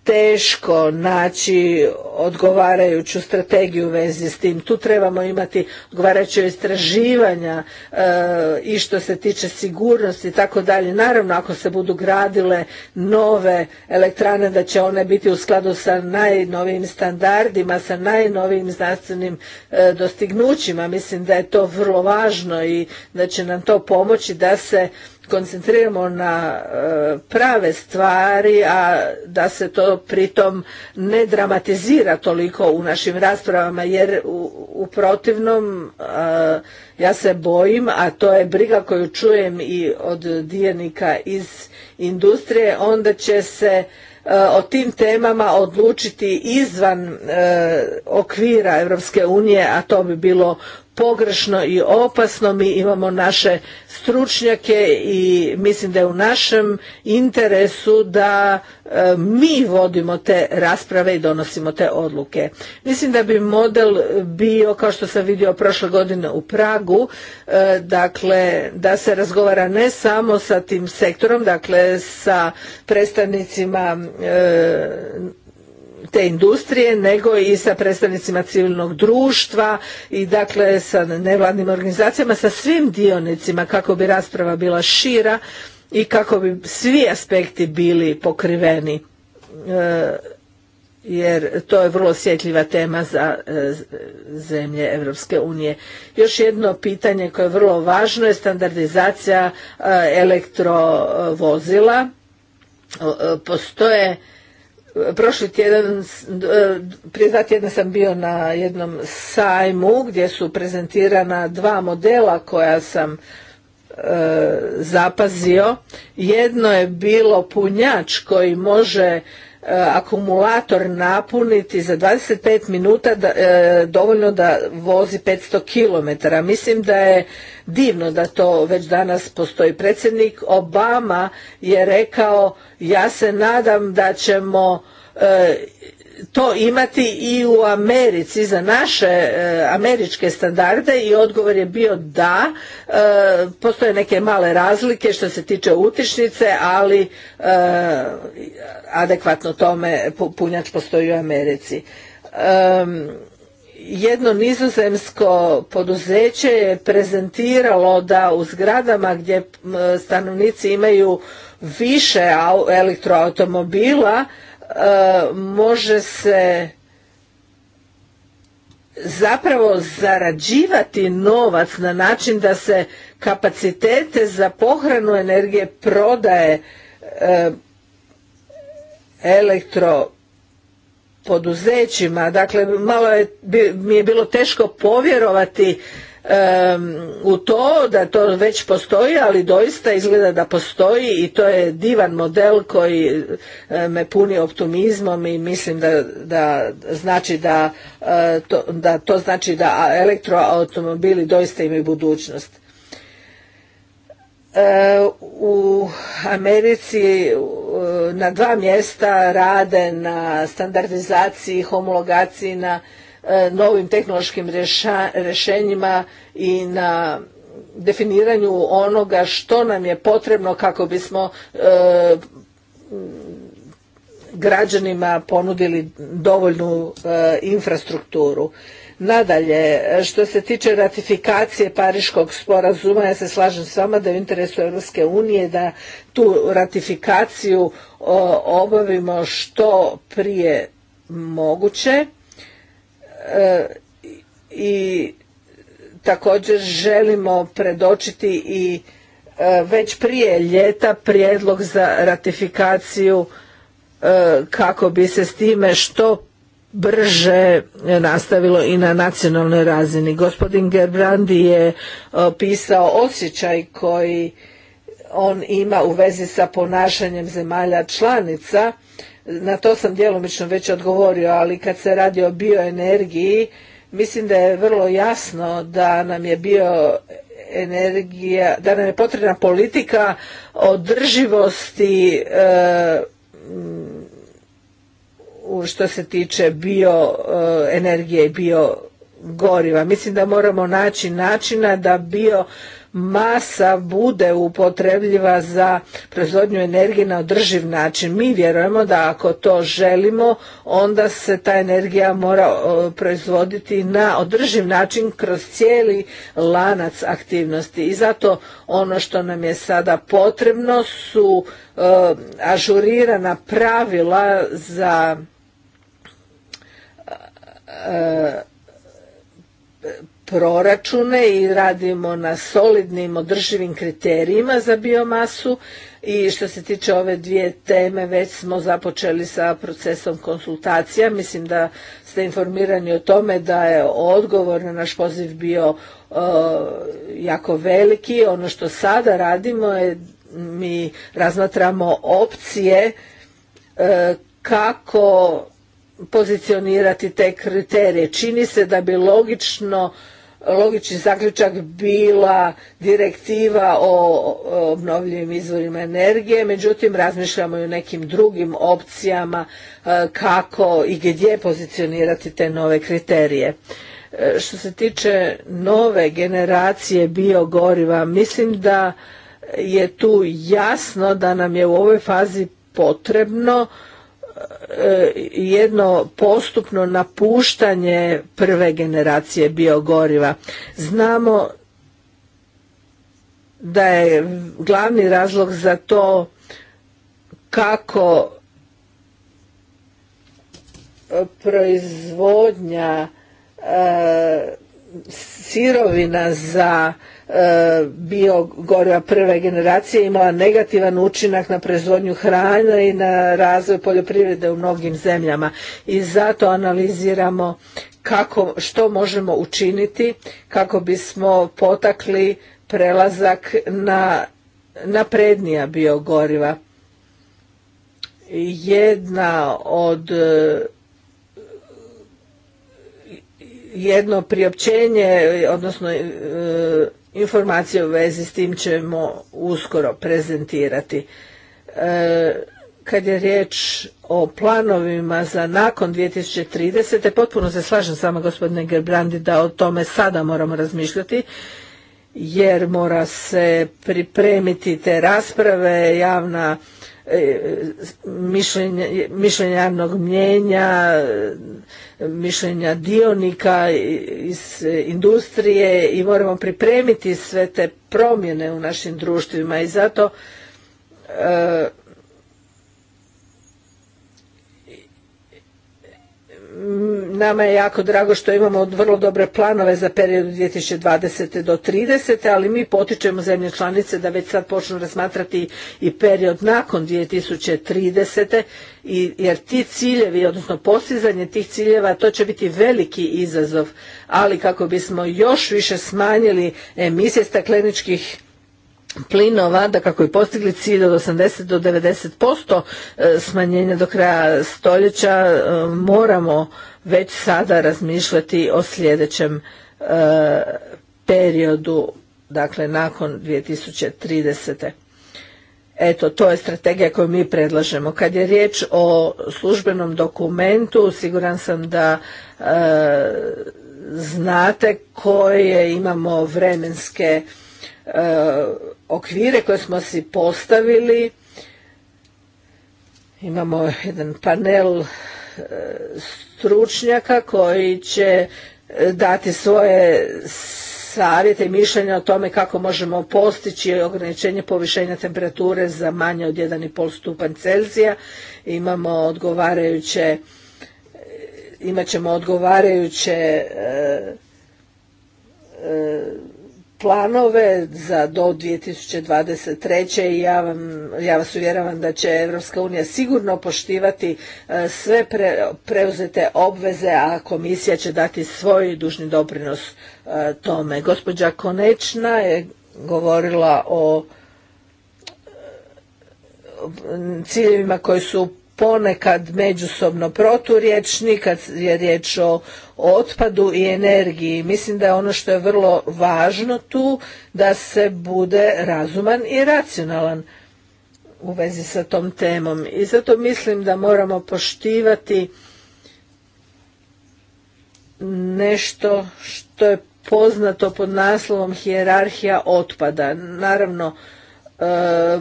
teško naći odgovarajuću strategiju u vezi s tim. Tu trebamo imati odgovarajuće istraživanja e, i što se tiče sigurnosti i tako dalje. Naravno, ako se budu gradile nove elektrane, da će one biti u skladu sa najnovijim standardima, sa najnovijim znanstvenim e, dostignućima. Mislim da je to vrlo važno i da će nam to pomoći da se koncentriramo na e, prave stvari, a da se to pritom ne dramatizira toliko u našim raspravama, jer u, protivnom e, ja se bojim, a to je briga koju čujem i od dijenika iz industrije, onda će se e, o tim temama odlučiti izvan okvira Europske unije, a to bi bilo pogrešno i opasno. Mi imamo naše stručnjake i mislim da je u našem interesu da e, mi vodimo te rasprave i donosimo te odluke. Mislim da bi model bio, kao što sam vidio prošle godine u Pragu, e, dakle da se razgovara ne samo sa tim sektorom, dakle sa predstavnicima e, te industrije nego i sa predstavnicima civilnog društva i dakle sa nevladnim organizacijama, sa svim dionicima kako bi rasprava bila šira i kako bi svi aspekti bili pokriveni e, jer to je vrlo osjetljiva tema za e, zemlje Europske unije. Još jedno pitanje koje je vrlo važno je standardizacija e, elektrovozila. Postoje Prošli tjedan, prije dva tjedna sam bio na jednom sajmu gdje su prezentirana dva modela koja sam e, zapazio. Jedno je bilo punjač koji može E, akumulator napuniti za 25 minuta e, dovoljno da vozi 500 km. Mislim da je divno da to već danas postoji. Predsjednik Obama je rekao ja se nadam da ćemo e, to imati i u Americi za naše e, američke standarde i odgovor je bio da e, postoje neke male razlike što se tiče utišnice ali e, adekvatno tome punjač postoji u Americi jedno nizozemsko poduzeće je prezentiralo da u zgradama gdje stanovnici imaju više elektroautomobila može se zapravo zarađivati novac na način da se kapacitete za pohranu energije prodaje e, elektro poduzećima. Dakle, malo mi je bilo teško povjerovati u to da to već postoji ali doista izgleda da postoji i to je divan model koji e, me puni optimizmom i mislim da, da znači da e, to, da to znači da elektroautomobili doista imaju budućnost e, u Americi na dva mjesta rade na standardizaciji homologaciji na E, novim tehnološkim rješenjima i na definiranju onoga što nam je potrebno kako bismo e, građanima ponudili dovoljnu e, infrastrukturu. Nadalje, što se tiče ratifikacije Pariškog sporazuma, ja se slažem s vama da je u interesu Europske unije da tu ratifikaciju obavimo što prije moguće i također želimo predočiti i e, već prije ljeta prijedlog za ratifikaciju e, kako bi se s time što brže nastavilo i na nacionalnoj razini. Gospodin Gerbrandi je e, pisao osjećaj koji on ima u vezi sa ponašanjem zemalja članica na to sam djelomično već odgovorio, ali kad se radi o bioenergiji, mislim da je vrlo jasno da nam je bio energija, da nam je potrebna politika održivosti e, što se tiče bioenergije e, i biogoriva. Mislim da moramo naći načina da bio masa bude upotrebljiva za proizvodnju energije na održiv način. Mi vjerujemo da ako to želimo, onda se ta energija mora proizvoditi na održiv način kroz cijeli lanac aktivnosti. I zato ono što nam je sada potrebno su ažurirana pravila za proračune i radimo na solidnim održivim kriterijima za biomasu i što se tiče ove dvije teme već smo započeli sa procesom konsultacija. Mislim da ste informirani o tome da je odgovor na naš poziv bio e, jako veliki. Ono što sada radimo je mi razmatramo opcije e, kako pozicionirati te kriterije. Čini se da bi logično logični zaključak bila direktiva o obnovljivim izvorima energije, međutim razmišljamo i o nekim drugim opcijama e, kako i gdje pozicionirati te nove kriterije. E, što se tiče nove generacije biogoriva, mislim da je tu jasno da nam je u ovoj fazi potrebno E, jedno postupno napuštanje prve generacije biogoriva. Znamo da je glavni razlog za to kako proizvodnja e, sirovina za E, goriva prve generacije imala negativan učinak na proizvodnju hrane i na razvoj poljoprivrede u mnogim zemljama i zato analiziramo kako, što možemo učiniti kako bismo potakli prelazak na naprednija biogoriva. Jedna od e, jedno priopćenje, odnosno e, informacije u vezi s tim ćemo uskoro prezentirati. E, kad je riječ o planovima za nakon 2030. potpuno se slažem s vama gospodine Gerbrandi da o tome sada moramo razmišljati jer mora se pripremiti te rasprave, javna E, mišljenja, javnog mnjenja, e, mišljenja dionika iz industrije i moramo pripremiti sve te promjene u našim društvima i zato e, Mm, nama je jako drago što imamo vrlo dobre planove za period 2020. do 30. ali mi potičemo zemlje članice da već sad počnu razmatrati i period nakon 2030. I, jer ti ciljevi, odnosno postizanje tih ciljeva, to će biti veliki izazov, ali kako bismo još više smanjili emisije stakleničkih plinova, da kako i postigli cilj od 80 do 90% e, smanjenja do kraja stoljeća, e, moramo već sada razmišljati o sljedećem e, periodu, dakle nakon 2030. Eto, to je strategija koju mi predlažemo. Kad je riječ o službenom dokumentu, siguran sam da znate koje imamo vremenske okvire koje smo si postavili. Imamo jedan panel e, stručnjaka koji će e, dati svoje savjete i mišljenja o tome kako možemo postići ograničenje povišenja temperature za manje od 1,5 stupanj Celzija. Imamo odgovarajuće e, imat ćemo odgovarajuće planove za do 2023. i ja, vam, ja vas uvjeravam da će Europska unija sigurno poštivati e, sve preuzete obveze, a komisija će dati svoj dužni doprinos e, tome. Gospođa Konečna je govorila o e, ciljevima koji su ponekad međusobno proturječni kad je riječ o otpadu i energiji. Mislim da je ono što je vrlo važno tu da se bude razuman i racionalan u vezi sa tom temom. I zato mislim da moramo poštivati nešto što je poznato pod naslovom hijerarhija otpada. Naravno, e,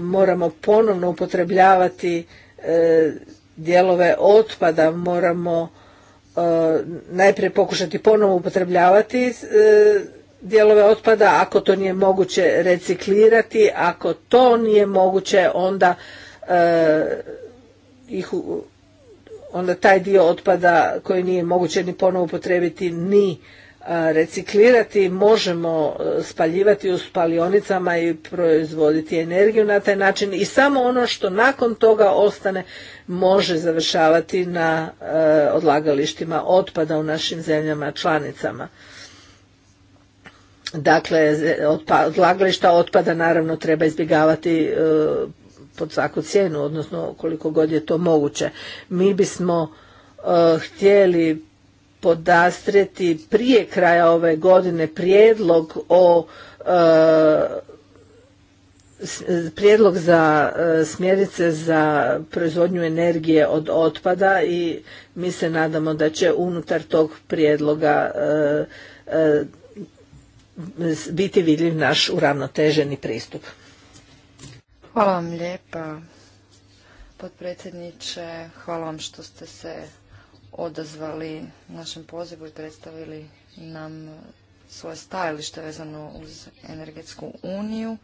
moramo ponovno upotrebljavati E, dijelove otpada moramo e, najprije pokušati ponovo upotrebljavati e, dijelove otpada, ako to nije moguće reciklirati, ako to nije moguće onda ih onda taj dio otpada koji nije moguće ni ponovo upotrebiti ni reciklirati, možemo e, spaljivati u spalionicama i proizvoditi energiju na taj način i samo ono što nakon toga ostane može završavati na e, odlagalištima otpada u našim zemljama članicama. Dakle, odlagališta otpada naravno treba izbjegavati e, pod svaku cijenu, odnosno koliko god je to moguće. Mi bismo htjeli podastreti prije kraja ove godine prijedlog o e, prijedlog za e, smjernice za proizvodnju energije od otpada i mi se nadamo da će unutar tog prijedloga e, biti vidljiv naš uravnoteženi pristup. Hvala vam lijepa potpredsjedniče, hvala vam što ste se odazvali našem pozivu i predstavili nam svoje stajalište vezano uz energetsku uniju.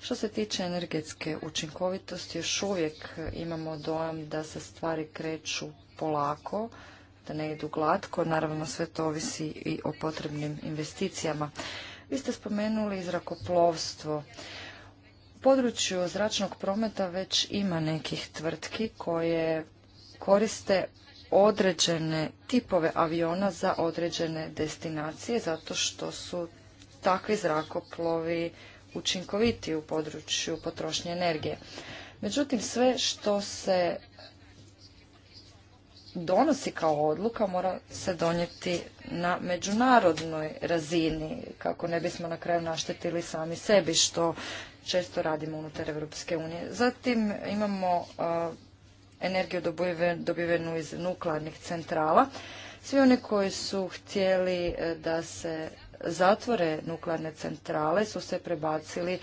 Što se tiče energetske učinkovitosti, još uvijek imamo dojam da se stvari kreću polako, da ne idu glatko. Naravno, sve to ovisi i o potrebnim investicijama. Vi ste spomenuli zrakoplovstvo. U području zračnog prometa već ima nekih tvrtki koje koriste određene tipove aviona za određene destinacije zato što su takvi zrakoplovi učinkoviti u području potrošnje energije. Međutim, sve što se donosi kao odluka mora se donijeti na međunarodnoj razini kako ne bismo na kraju naštetili sami sebi što često radimo unutar Europske unije. Zatim imamo energiju dobivenu iz nuklearnih centrala. Svi oni koji su htjeli e, da se zatvore nuklearne centrale su se prebacili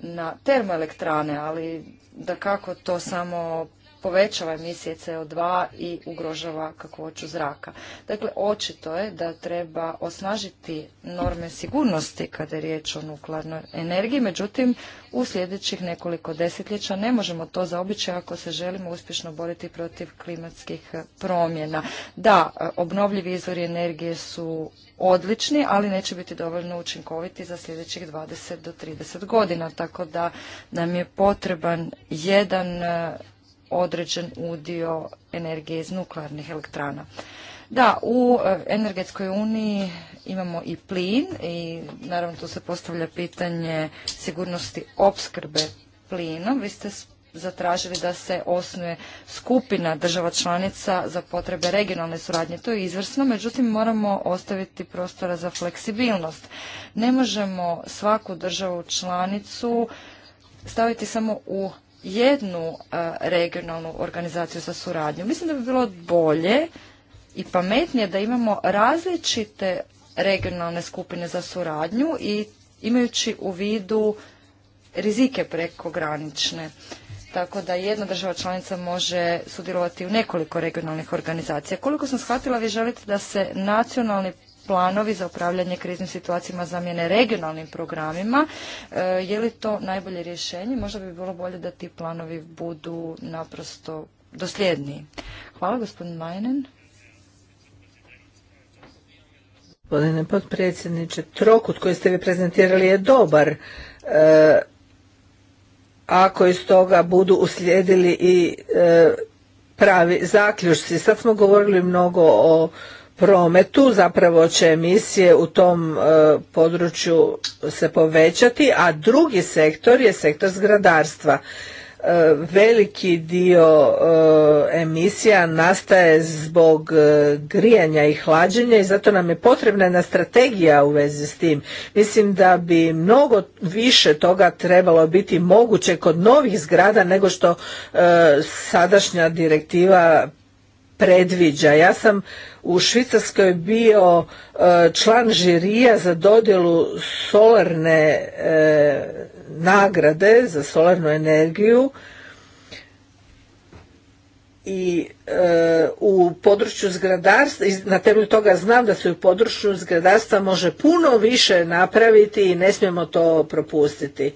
na termoelektrane, ali da kako to samo povećava emisije CO2 i ugrožava kakvoću zraka. Dakle, očito je da treba osnažiti norme sigurnosti kada je riječ o nuklearnoj energiji, međutim, u sljedećih nekoliko desetljeća ne možemo to zaobići ako se želimo uspješno boriti protiv klimatskih e, promjena. Da, e, obnovljivi izvori energije su odlični, ali neće biti dovoljno učinkoviti za sljedećih 20 do 30 godina, tako da nam je potreban jedan e, određen udio energije iz nuklearnih elektrana. Da, u e, energetskoj uniji imamo i plin i naravno tu se postavlja pitanje sigurnosti opskrbe plinom. Vi ste zatražili da se osnuje skupina država članica za potrebe regionalne suradnje. To je izvrsno, međutim moramo ostaviti prostora za fleksibilnost. Ne možemo svaku državu članicu staviti samo u jednu e, regionalnu organizaciju za suradnju. Mislim da bi bilo bolje i pametnije da imamo različite regionalne skupine za suradnju i imajući u vidu rizike prekogranične. Tako da jedna država članica može sudjelovati u nekoliko regionalnih organizacija. Koliko sam shvatila, vi želite da se nacionalni planovi za upravljanje kriznim situacijama zamjene regionalnim programima. E, je li to najbolje rješenje? Možda bi bilo bolje da ti planovi budu naprosto dosljedniji. Hvala gospodin Majnen. Gospodine potpredsjedniče, trokut koji ste vi prezentirali je dobar. E, ako iz toga budu uslijedili i e, pravi zaključci. Sad smo govorili mnogo o prometu, zapravo će emisije u tom e, području se povećati, a drugi sektor je sektor zgradarstva. E, veliki dio e, emisija nastaje zbog grijanja i hlađenja i zato nam je potrebna jedna strategija u vezi s tim. Mislim da bi mnogo više toga trebalo biti moguće kod novih zgrada nego što sadašnja direktiva predviđa. Ja sam u Švicarskoj bio e, član žirija za dodjelu solarne e, nagrade za solarnu energiju i e, u području zgradarstva na temelju toga znam da se u području zgradarstva može puno više napraviti i ne smijemo to propustiti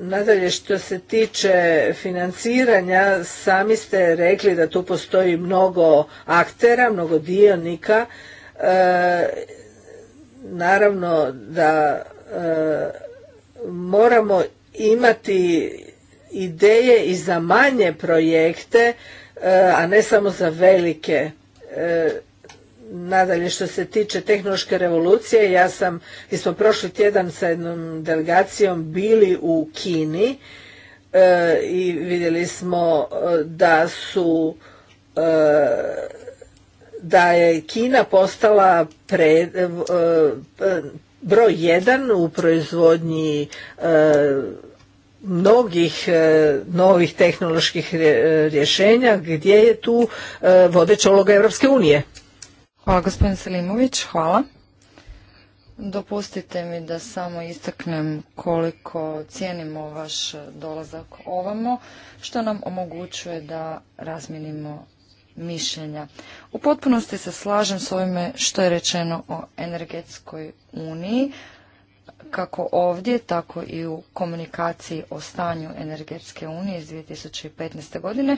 Nadalje, što se tiče financiranja, sami ste rekli da tu postoji mnogo aktera, mnogo dionika. E, naravno da e, moramo imati ideje i za manje projekte, e, a ne samo za velike. Nadalje, što se tiče tehnološke revolucije, ja sam, mi smo prošli tjedan sa jednom delegacijom bili u Kini e, i vidjeli smo e, da su e, da je Kina postala broj jedan u proizvodnji mnogih novih tehnoloških rješenja gdje je tu vodeća uloga Europske unije. Hvala gospodin Selimović, hvala. Dopustite mi da samo istaknem koliko cijenimo vaš dolazak ovamo, što nam omogućuje da razminimo mišljenja. U potpunosti se slažem s ovime što je rečeno o energetskoj uniji, kako ovdje, tako i u komunikaciji o stanju energetske unije iz 2015. godine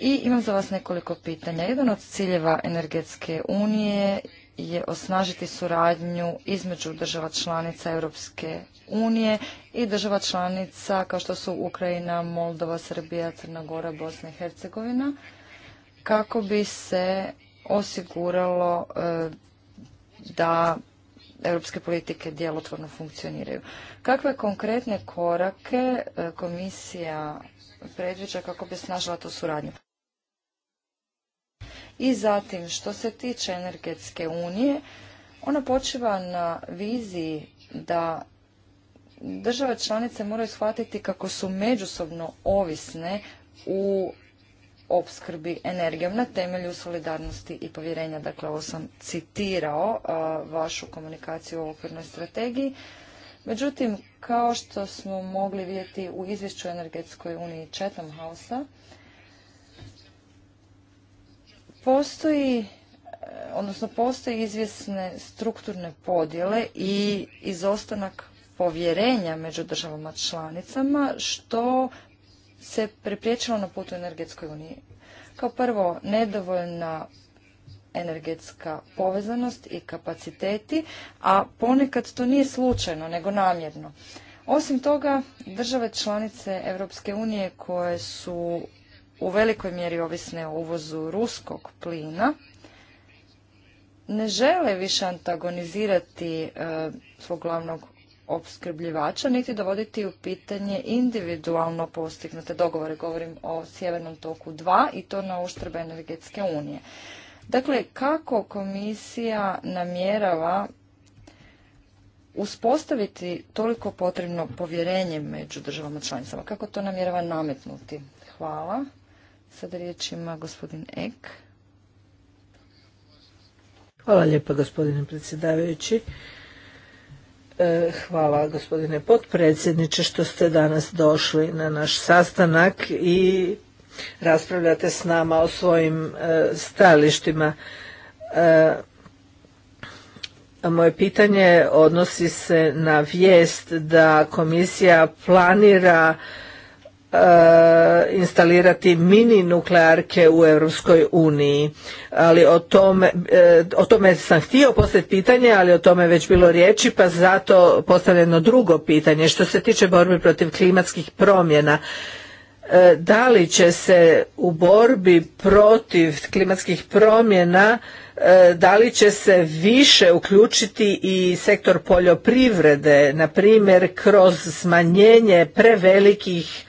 i imam za vas nekoliko pitanja. Jedan od ciljeva energetske unije je osnažiti suradnju između država članica Europske unije i država članica kao što su Ukrajina, Moldova, Srbija, Crna Gora, Bosna i Hercegovina kako bi se osiguralo e, da europske politike djelotvorno funkcioniraju. Kakve konkretne korake e, komisija predviđa kako bi snažila tu suradnju? I zatim, što se tiče energetske unije, ona počiva na viziji da države članice moraju shvatiti kako su međusobno ovisne u opskrbi energijom na temelju solidarnosti i povjerenja. Dakle, ovo sam citirao vašu komunikaciju u okvirnoj strategiji. Međutim, kao što smo mogli vidjeti u izvješću energetskoj uniji Chatham house Postoji e, odnosno postoje izvjesne strukturne podjele i izostanak povjerenja među državama članicama što se prepriječilo na putu energetskoj uniji. Kao prvo, nedovoljna energetska povezanost i kapaciteti, a ponekad to nije slučajno, nego namjerno. Osim toga, države članice Europske unije koje su u velikoj mjeri ovisne o uvozu ruskog plina, ne žele više antagonizirati e, svog glavnog opskrbljivača, niti dovoditi u pitanje individualno postignute dogovore. Govorim o Sjevernom toku 2 i to na uštrbe energetske unije. Dakle, kako komisija namjerava uspostaviti toliko potrebno povjerenje među državama članicama? Kako to namjerava nametnuti? Hvala. Sada riječ ima gospodin Ek. Hvala lijepa gospodine predsjedavajući. E, hvala gospodine potpredsjedniče što ste danas došli na naš sastanak i raspravljate s nama o svojim e, stajalištima. E, moje pitanje odnosi se na vijest da komisija planira E, instalirati mini nuklearke u Europskoj uniji. Ali o tome, e, o tome sam htio postaviti pitanje, ali o tome je već bilo riječi, pa zato postavljeno drugo pitanje. Što se tiče borbi protiv klimatskih promjena, e, da li će se u borbi protiv klimatskih promjena da li će se više uključiti i sektor poljoprivrede, na primjer kroz smanjenje prevelikih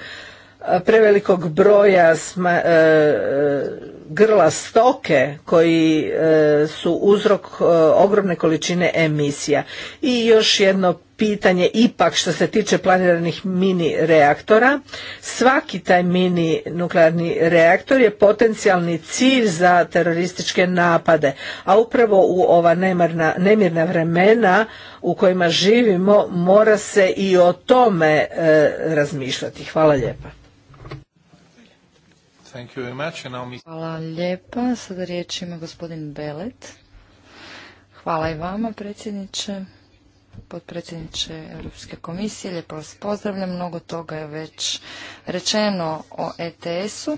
prevelikog broja e, e, grla stoke koji e, su uzrok ogromne količine emisija. I još jedno pitanje ipak što se tiče planiranih mini reaktora. Svaki taj mini nuklearni reaktor je potencijalni cilj za terorističke napade, a upravo u ova nemirna, nemirna vremena u kojima živimo mora se i o tome e, razmišljati. Hvala lijepa. Thank you very much. Hvala lijepa. Sada riječ ima gospodin Belet. Hvala i vama predsjedniče potpredsjedniče Europske komisije. Lijepo vas pozdravljam. Mnogo toga je već rečeno o ETS-u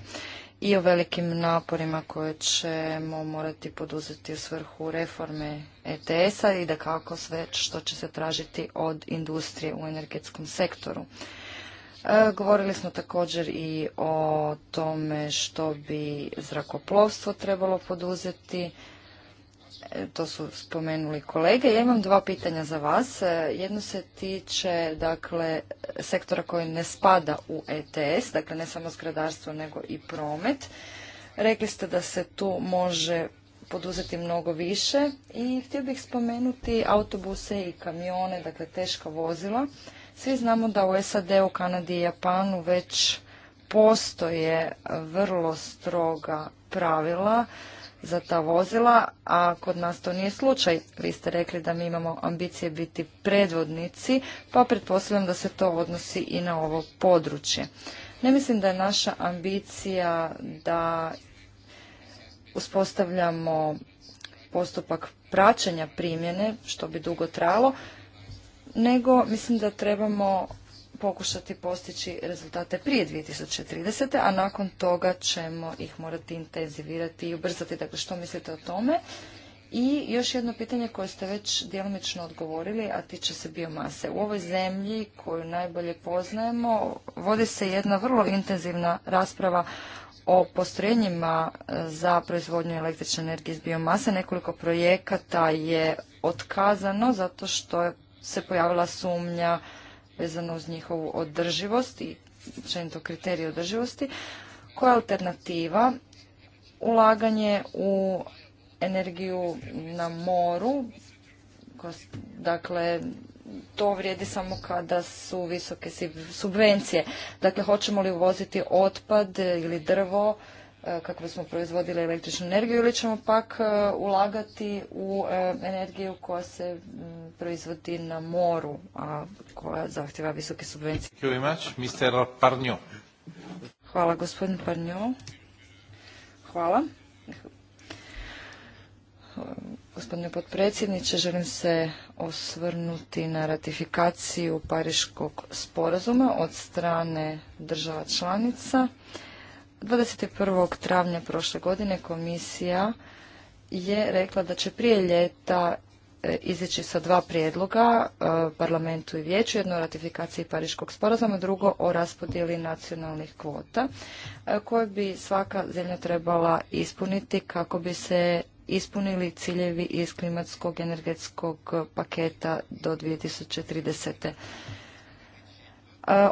i o velikim naporima koje ćemo morati poduzeti u svrhu reforme ETS-a i da kako sve što će se tražiti od industrije u energetskom sektoru. E, govorili smo također i o tome što bi zrakoplovstvo trebalo poduzeti E, to su spomenuli kolege. Ja imam dva pitanja za vas. E, jedno se tiče dakle, sektora koji ne spada u ETS, dakle ne samo zgradarstvo nego i promet. Rekli ste da se tu može poduzeti mnogo više i htio bih spomenuti autobuse i kamione, dakle teška vozila. Svi znamo da u SAD-u, Kanadi i Japanu već postoje vrlo stroga pravila za ta vozila, a kod nas to nije slučaj. Vi ste rekli da mi imamo ambicije biti predvodnici, pa pretpostavljam da se to odnosi i na ovo područje. Ne mislim da je naša ambicija da uspostavljamo postupak praćenja primjene, što bi dugo trajalo, nego mislim da trebamo pokušati postići rezultate prije 2030. a nakon toga ćemo ih morati intenzivirati i ubrzati. Dakle, što mislite o tome? I još jedno pitanje koje ste već djelomično odgovorili, a tiče se biomase. U ovoj zemlji koju najbolje poznajemo vodi se jedna vrlo intenzivna rasprava o postrojenjima e, za proizvodnju električne energije iz biomase. Nekoliko projekata je otkazano zato što se pojavila sumnja vezano uz njihovu održivost i općenito kriterij održivosti. Koja alternativa? Ulaganje u energiju na moru, dakle to vrijedi samo kada su visoke subvencije. Dakle, hoćemo li uvoziti otpad ili drvo E, kako bismo proizvodili električnu energiju ili ćemo pak e, ulagati u e, energiju koja se proizvodi na moru, a koja zahtjeva visoke subvencije. Hvala gospodin Parnjo. Hvala. Gospodine potpredsjedniče, želim se osvrnuti na ratifikaciju Pariškog sporazuma od strane država članica. 21. travnja prošle godine komisija je rekla da će prije ljeta e, izići sa dva prijedloga e, parlamentu i vijeću, jedno o ratifikaciji Pariškog sporazuma, drugo o raspodjeli nacionalnih kvota, e, koje bi svaka zemlja trebala ispuniti kako bi se ispunili ciljevi iz klimatskog energetskog paketa do 2030.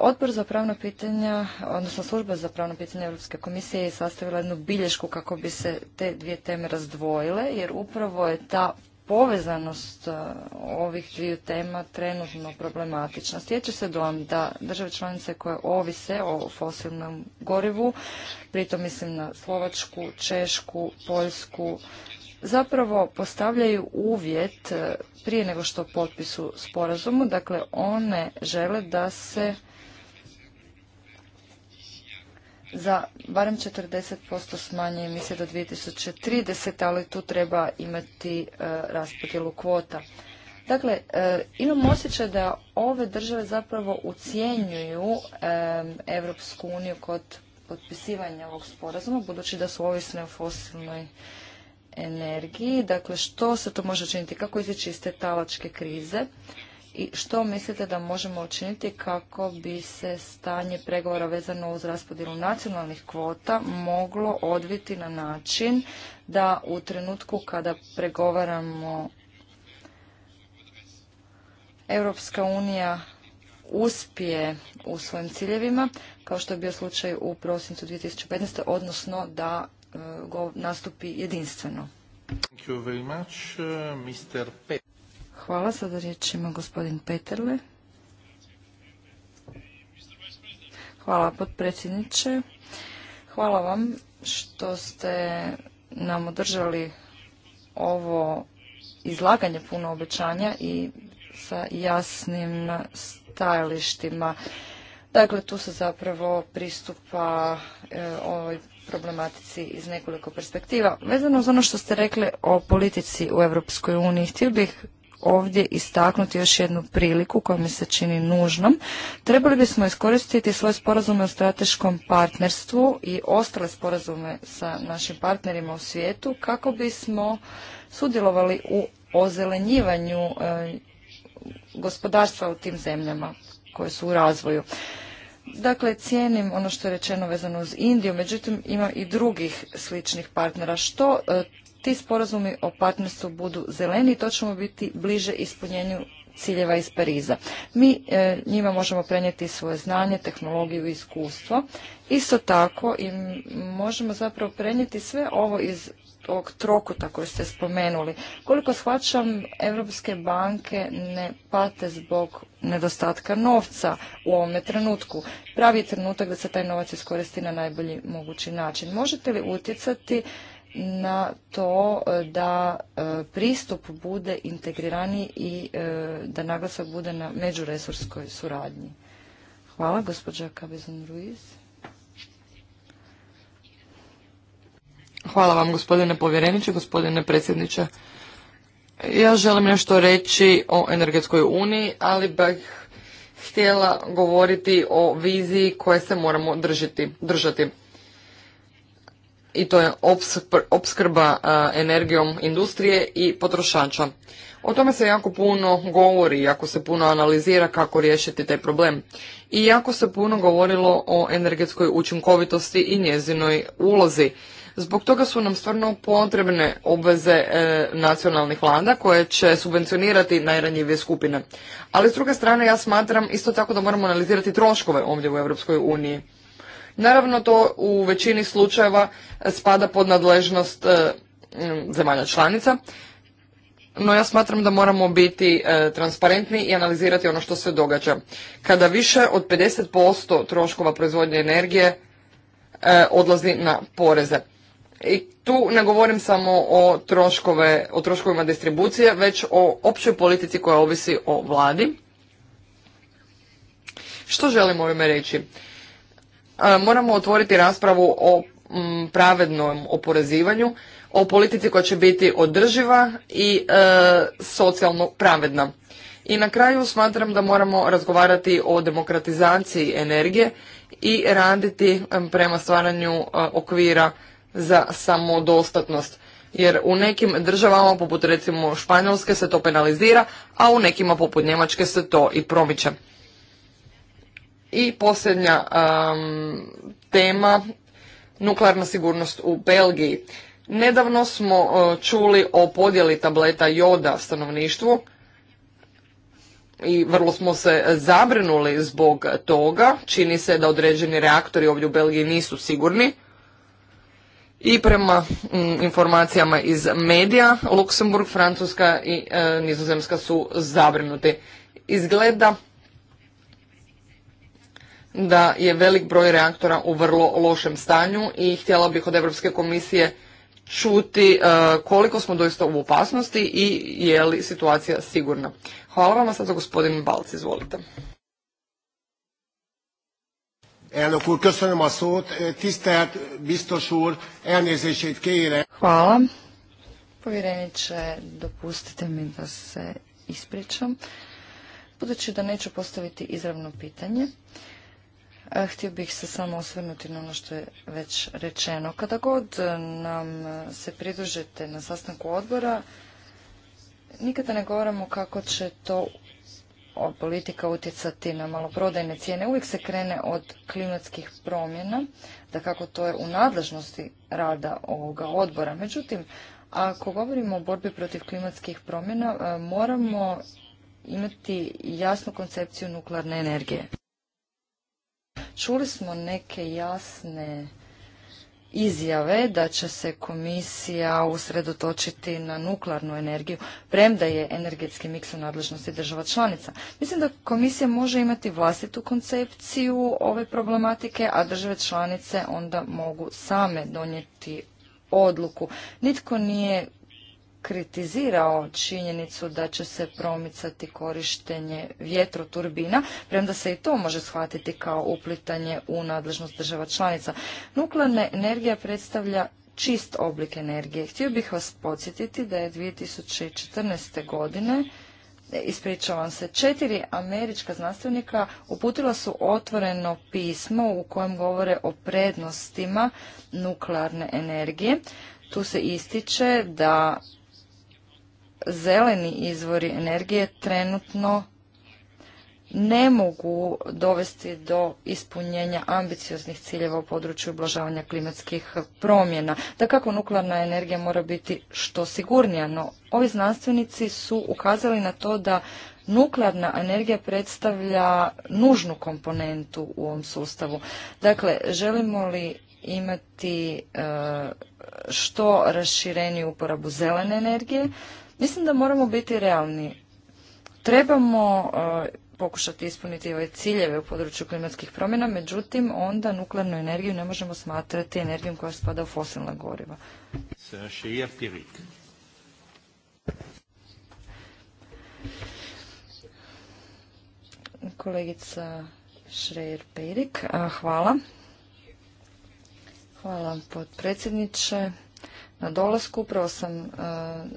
Odbor za pravna pitanja, odnosno služba za pravno pitanje Europske komisije je sastavila jednu bilješku kako bi se te dvije teme razdvojile, jer upravo je ta povezanost ovih dviju tema trenutno problematična. Stječe se dojam da države članice koje ovise o fosilnom gorivu, pritom mislim na Slovačku, Češku, Poljsku, zapravo postavljaju uvjet e, prije nego što potpisu sporazumu, dakle one žele da se za barem 40% smanje emisije do 2030, ali tu treba imati e, raspodjelu kvota. Dakle, e, imam osjećaj da ove države zapravo ucijenjuju Evropsku uniju kod potpisivanja ovog sporazuma, budući da su ovisne o fosilnoj energiji. Dakle, što se to može učiniti? Kako izići iz te talačke krize? I što mislite da možemo učiniti kako bi se stanje pregovora vezano uz raspodjelu nacionalnih kvota moglo odviti na način da u trenutku kada pregovaramo Europska unija uspije u svojim ciljevima, kao što je bio slučaj u prosincu 2015. odnosno da Eh, nastupi jedinstveno. Thank you very eh, Hvala, sada riječ ima gospodin Peterle. Hvala potpredsjedniče. Hvala vam što ste nam održali ovo izlaganje puno obećanja i sa jasnim stajalištima. Dakle, tu se zapravo pristupa eh, ovoj problematici iz nekoliko perspektiva. Vezano za ono što ste rekli o politici u Europskoj uniji, htio bih ovdje istaknuti još jednu priliku koja mi se čini nužnom. Trebali bismo iskoristiti svoje sporazume o strateškom partnerstvu i ostale sporazume sa našim partnerima u svijetu kako bismo sudjelovali u ozelenjivanju e, gospodarstva u tim zemljama koje su u razvoju. Dakle, cijenim ono što je rečeno vezano uz Indiju, međutim ima i drugih sličnih partnera. Što e, ti sporazumi o partnerstvu budu zeleni, to ćemo biti bliže ispunjenju ciljeva iz Pariza. Mi e, njima možemo prenijeti svoje znanje, tehnologiju i iskustvo. Isto tako i možemo zapravo prenijeti sve ovo iz tog trokuta koji ste spomenuli. Koliko shvaćam, Europske banke ne pate zbog nedostatka novca u ovome trenutku. Pravi je trenutak da se taj novac iskoristi na najbolji mogući način. Možete li utjecati na to e, da e, pristup bude integrirani i e, da naglasak bude na međuresorskoj suradnji? Hvala, gospođa kabezan Ruiz. Hvala vam gospodine povjereniče, gospodine predsjedniče. Ja želim nešto reći o energetskoj uniji, ali bih htjela govoriti o viziji koje se moramo držiti, držati. I to je opskrba energijom industrije i potrošača. O tome se jako puno govori, jako se puno analizira kako riješiti taj problem. I jako se puno govorilo o energetskoj učinkovitosti i njezinoj ulozi Zbog toga su nam stvarno potrebne obveze e, nacionalnih vlada koje će subvencionirati najranjivije skupine. Ali s druge strane ja smatram isto tako da moramo analizirati troškove ovdje u Europskoj uniji. Naravno to u većini slučajeva spada pod nadležnost e, zemalja članica, no ja smatram da moramo biti e, transparentni i analizirati ono što se događa. Kada više od 50% troškova proizvodnje energije odlazi na poreze. I tu ne govorim samo o, troškove, o troškovima distribucije, već o općoj politici koja ovisi o vladi. Što želim ovime reći? E, moramo otvoriti raspravu o mm, pravednom oporezivanju, o politici koja će biti održiva i e, socijalno pravedna. I na kraju smatram da moramo razgovarati o demokratizaciji energije i raditi prema stvaranju e, okvira za samodostatnost. Jer u nekim državama, poput recimo Španjolske, se to penalizira, a u nekima, poput Njemačke, se to i promiče. I posljednja tema, nuklearna sigurnost u Belgiji. Nedavno smo e, čuli o podjeli tableta joda stanovništvu i vrlo smo se zabrinuli zbog toga. Čini se da određeni reaktori ovdje u Belgiji nisu sigurni i prema mm, informacijama iz medija Luksemburg, Francuska i e, Nizozemska su zabrinuti. Izgleda da je velik broj reaktora u vrlo lošem stanju i htjela bih od Europske komisije čuti e, koliko smo doista u opasnosti i je li situacija sigurna. Hvala vam, a sada gospodin Balc, izvolite. Elnök úr, köszönöm a szót. Tisztelt biztos elnézését Hvala. Povjereniče, dopustite mi da se ispričam. Budući da neću postaviti izravno pitanje, htio bih se samo osvrnuti na ono što je već rečeno. Kada god e, nam e, se pridružite na sastanku odbora, nikada ne govorimo kako će to politika utjecati na maloprodajne cijene. Uvijek se krene od klimatskih promjena, da kako to je u nadležnosti rada ovoga odbora. Međutim, ako govorimo o borbi protiv klimatskih promjena, e, moramo imati jasnu koncepciju nuklearne energije. Čuli smo neke jasne izjave da će se komisija usredotočiti na nuklearnu energiju, premda je energetski miks u nadležnosti država članica. Mislim da komisija može imati vlastitu koncepciju ove problematike, a države članice onda mogu same donijeti odluku. Nitko nije kritizirao činjenicu da će se promicati korištenje vjetroturbina, premda se i to može shvatiti kao uplitanje u nadležnost država članica. Nuklearna energija predstavlja čist oblik energije. Htio bih vas podsjetiti da je 2014. godine ispričavam se, četiri američka znanstvenika uputila su otvoreno pismo u kojem govore o prednostima nuklearne energije. Tu se ističe da zeleni izvori energije trenutno ne mogu dovesti do ispunjenja ambicioznih ciljeva u području ublažavanja klimatskih promjena. Da kako nuklearna energija mora biti što sigurnija, no ovi znanstvenici su ukazali na to da nuklearna energija predstavlja nužnu komponentu u ovom sustavu. Dakle, želimo li imati e, što rašireniju uporabu zelene energije, Mislim da moramo biti realni. Trebamo e, pokušati ispuniti ove ciljeve u području klimatskih promjena, međutim onda nuklearnu energiju ne možemo smatrati energijom koja spada u fosilna goriva. Kolegica Šrejer-Perik, hvala. Hvala potpredsjedniče na dolasku. Upravo sam e,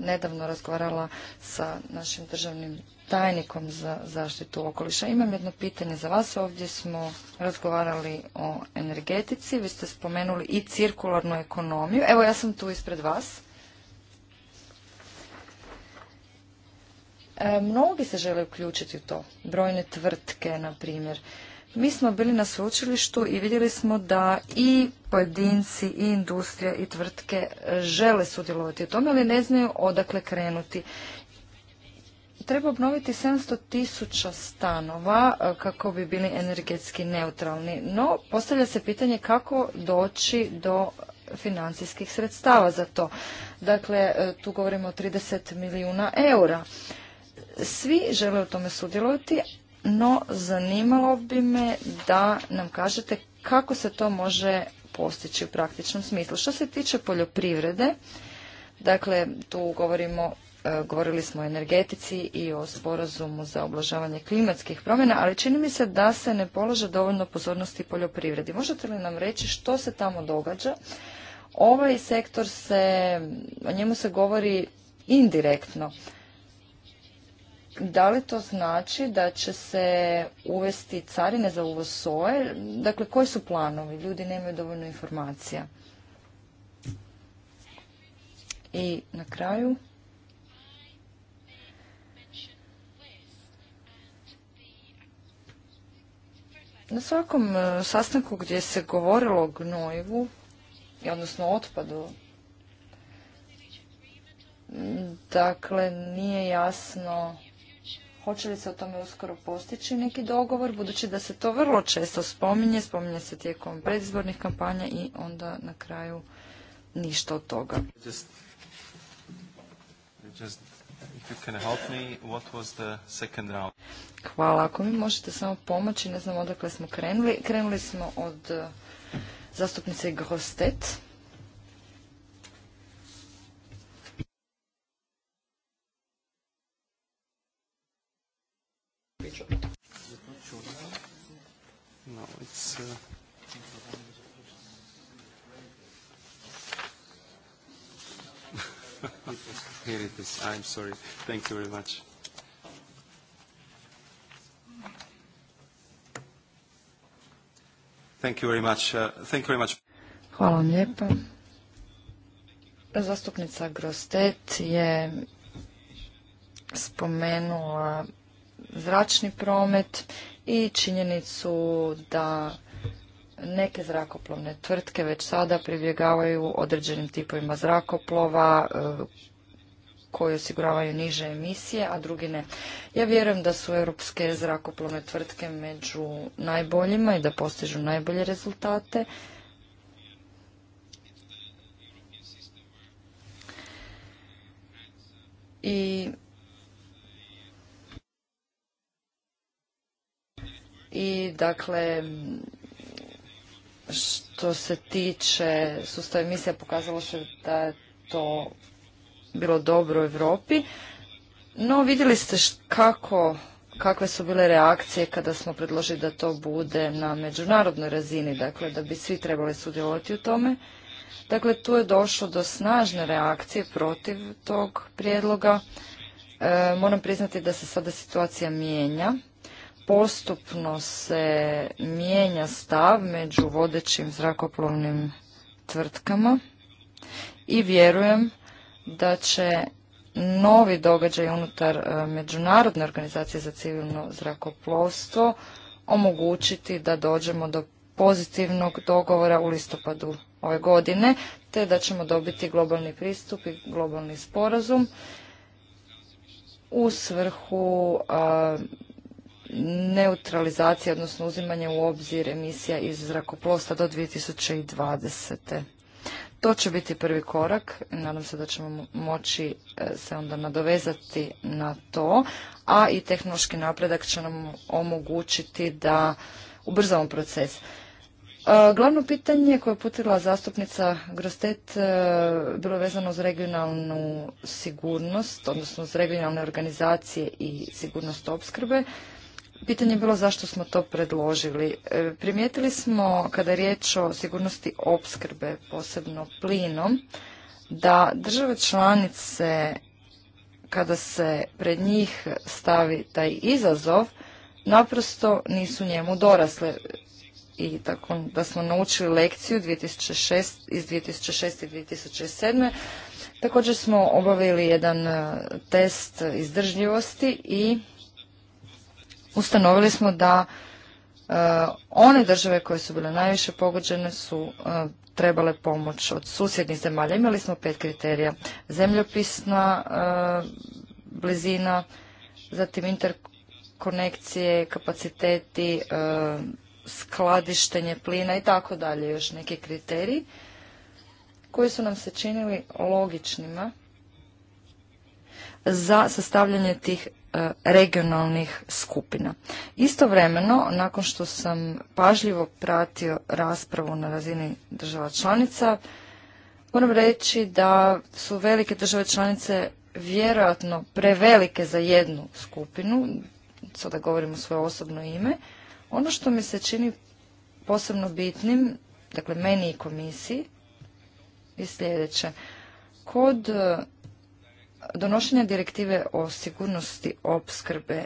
nedavno razgovarala sa našim državnim tajnikom za zaštitu okoliša. Imam jedno pitanje za vas. Ovdje smo razgovarali o energetici. Vi ste spomenuli i cirkularnu ekonomiju. Evo ja sam tu ispred vas. E, mnogi se žele uključiti u to. Brojne tvrtke, na primjer. Mi smo bili na sveučilištu i vidjeli smo da i pojedinci, i industrija, i tvrtke žele sudjelovati u tome, ali ne znaju odakle krenuti. Treba obnoviti 700 tisuća stanova e, kako bi bili energetski neutralni, no postavlja se pitanje kako doći do financijskih sredstava za to. Dakle, e, tu govorimo o 30 milijuna eura. Svi žele u tome sudjelovati, no zanimalo bi me da nam kažete kako se to može postići u praktičnom smislu. Što se tiče poljoprivrede, dakle tu govorimo e, govorili smo o energetici i o sporazumu za oblažavanje klimatskih promjena, ali čini mi se da se ne polaže dovoljno pozornosti poljoprivredi. Možete li nam reći što se tamo događa? Ovaj sektor se, o njemu se govori indirektno, da li to znači da će se uvesti carine za uvoz soje? Dakle, koji su planovi? Ljudi nemaju dovoljno informacija. I na kraju... Na svakom e, sastanku gdje se govorilo o gnojivu, odnosno otpadu, dakle, nije jasno Hoće li se o tome uskoro postići neki dogovor, budući da se to vrlo često spominje, spominje se tijekom predizbornih kampanja i onda na kraju ništa od toga. Hvala, ako mi možete samo pomoći, ne znam odakle smo krenuli. Krenuli smo od eh, zastupnice Grostet. priču. Uh, Here it is. I'm sorry. Thank you very much. Thank you very much. Uh, thank you very much. Hvala vam lijepa. Zastupnica Grostet je spomenula zračni promet i činjenicu da neke zrakoplovne tvrtke već sada pribjegavaju određenim tipovima zrakoplova e, koji osiguravaju niže emisije, a drugi ne. Ja vjerujem da su europske zrakoplovne tvrtke među najboljima i da postižu najbolje rezultate. I i dakle što se tiče sustava emisija pokazalo se da je to bilo dobro u Europi. No vidjeli ste kako, kakve su bile reakcije kada smo predložili da to bude na međunarodnoj razini, dakle da bi svi trebali sudjelovati u tome. Dakle, tu je došlo do snažne reakcije protiv tog prijedloga. E, moram priznati da se sada situacija mijenja postupno se mijenja stav među vodećim zrakoplovnim tvrtkama i vjerujem da će novi događaj unutar e, Međunarodne organizacije za civilno zrakoplovstvo omogućiti da dođemo do pozitivnog dogovora u listopadu ove godine, te da ćemo dobiti globalni pristup i globalni sporazum u svrhu neutralizacija, odnosno uzimanje u obzir emisija iz zrakoplosta do 2020. To će biti prvi korak, nadam se da ćemo moći e, se onda nadovezati na to, a i tehnološki napredak će nam omogućiti da ubrzamo proces. E, glavno pitanje koje je putila zastupnica Grostet e, bilo vezano uz regionalnu sigurnost, odnosno uz regionalne organizacije i sigurnost opskrbe pitanje je bilo zašto smo to predložili. E, primijetili smo kada je riječ o sigurnosti opskrbe, posebno plinom, da države članice kada se pred njih stavi taj izazov, naprosto nisu njemu dorasle i tako da smo naučili lekciju 2006, iz 2006. i 2007. Također smo obavili jedan e, test izdržljivosti i ustanovili smo da e, one države koje su bile najviše pogođene su e, trebale pomoć od susjednih zemalja. Imali smo pet kriterija. Zemljopisna e, blizina, zatim interkonekcije, kapaciteti, skladištenje plina i tako dalje, još neki kriteriji koji su nam se činili logičnima za sastavljanje tih E, regionalnih skupina. Istovremeno, nakon što sam pažljivo pratio raspravu na razini država članica, moram reći da su velike države članice vjerojatno prevelike za jednu skupinu, sada govorim o svoje osobno ime. Ono što mi se čini posebno bitnim, dakle meni i komisiji, je sljedeće. Kod donošenja direktive o sigurnosti opskrbe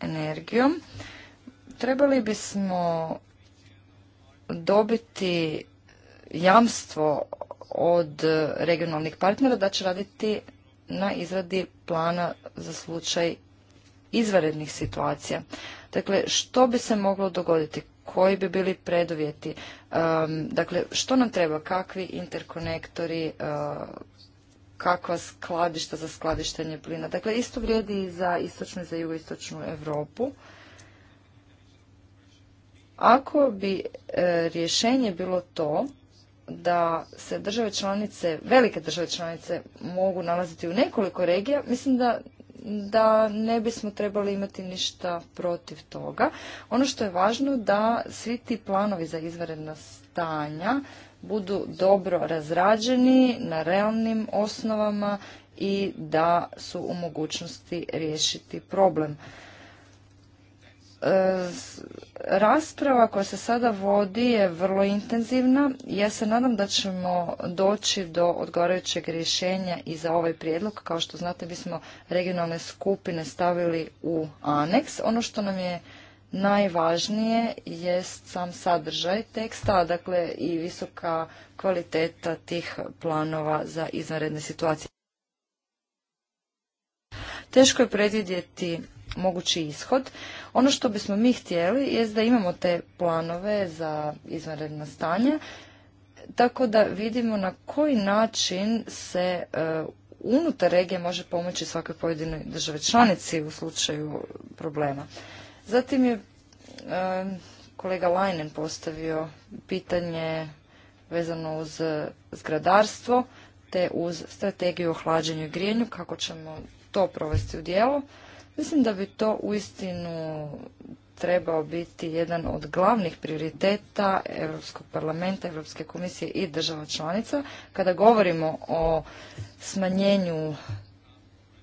energijom trebali bismo dobiti jamstvo od regionalnih partnera da će raditi na izradi plana za slučaj izvanrednih situacija. Dakle, što bi se moglo dogoditi? Koji bi bili preduvjeti? dakle, što nam treba? Kakvi interkonektori? kakva skladišta za skladištenje plina. Dakle, isto vrijedi i za istočnu i za jugoistočnu Europu. Ako bi e, rješenje bilo to da se države članice, velike države članice mogu nalaziti u nekoliko regija, mislim da da ne bismo trebali imati ništa protiv toga. Ono što je važno da svi ti planovi za izvanredna stanja budu dobro razrađeni na realnim osnovama i da su u mogućnosti riješiti problem. E, rasprava koja se sada vodi je vrlo intenzivna. Ja se nadam da ćemo doći do odgovarajućeg rješenja i za ovaj prijedlog. Kao što znate, bismo regionalne skupine stavili u aneks. Ono što nam je najvažnije jest sam sadržaj teksta, dakle i visoka kvaliteta tih planova za izvanredne situacije. Teško je predvidjeti mogući ishod. Ono što bismo mi htjeli jest da imamo te planove za izvanredna stanja, tako da vidimo na koji način se e, unutar regije može pomoći svakoj pojedinoj državi članici u slučaju problema. Zatim je kolega Lajnen postavio pitanje vezano uz zgradarstvo te uz strategiju o hlađenju i grijenju, kako ćemo to provesti u dijelu. Mislim da bi to uistinu trebao biti jedan od glavnih prioriteta Europskog parlamenta, Europske komisije i država članica kada govorimo o smanjenju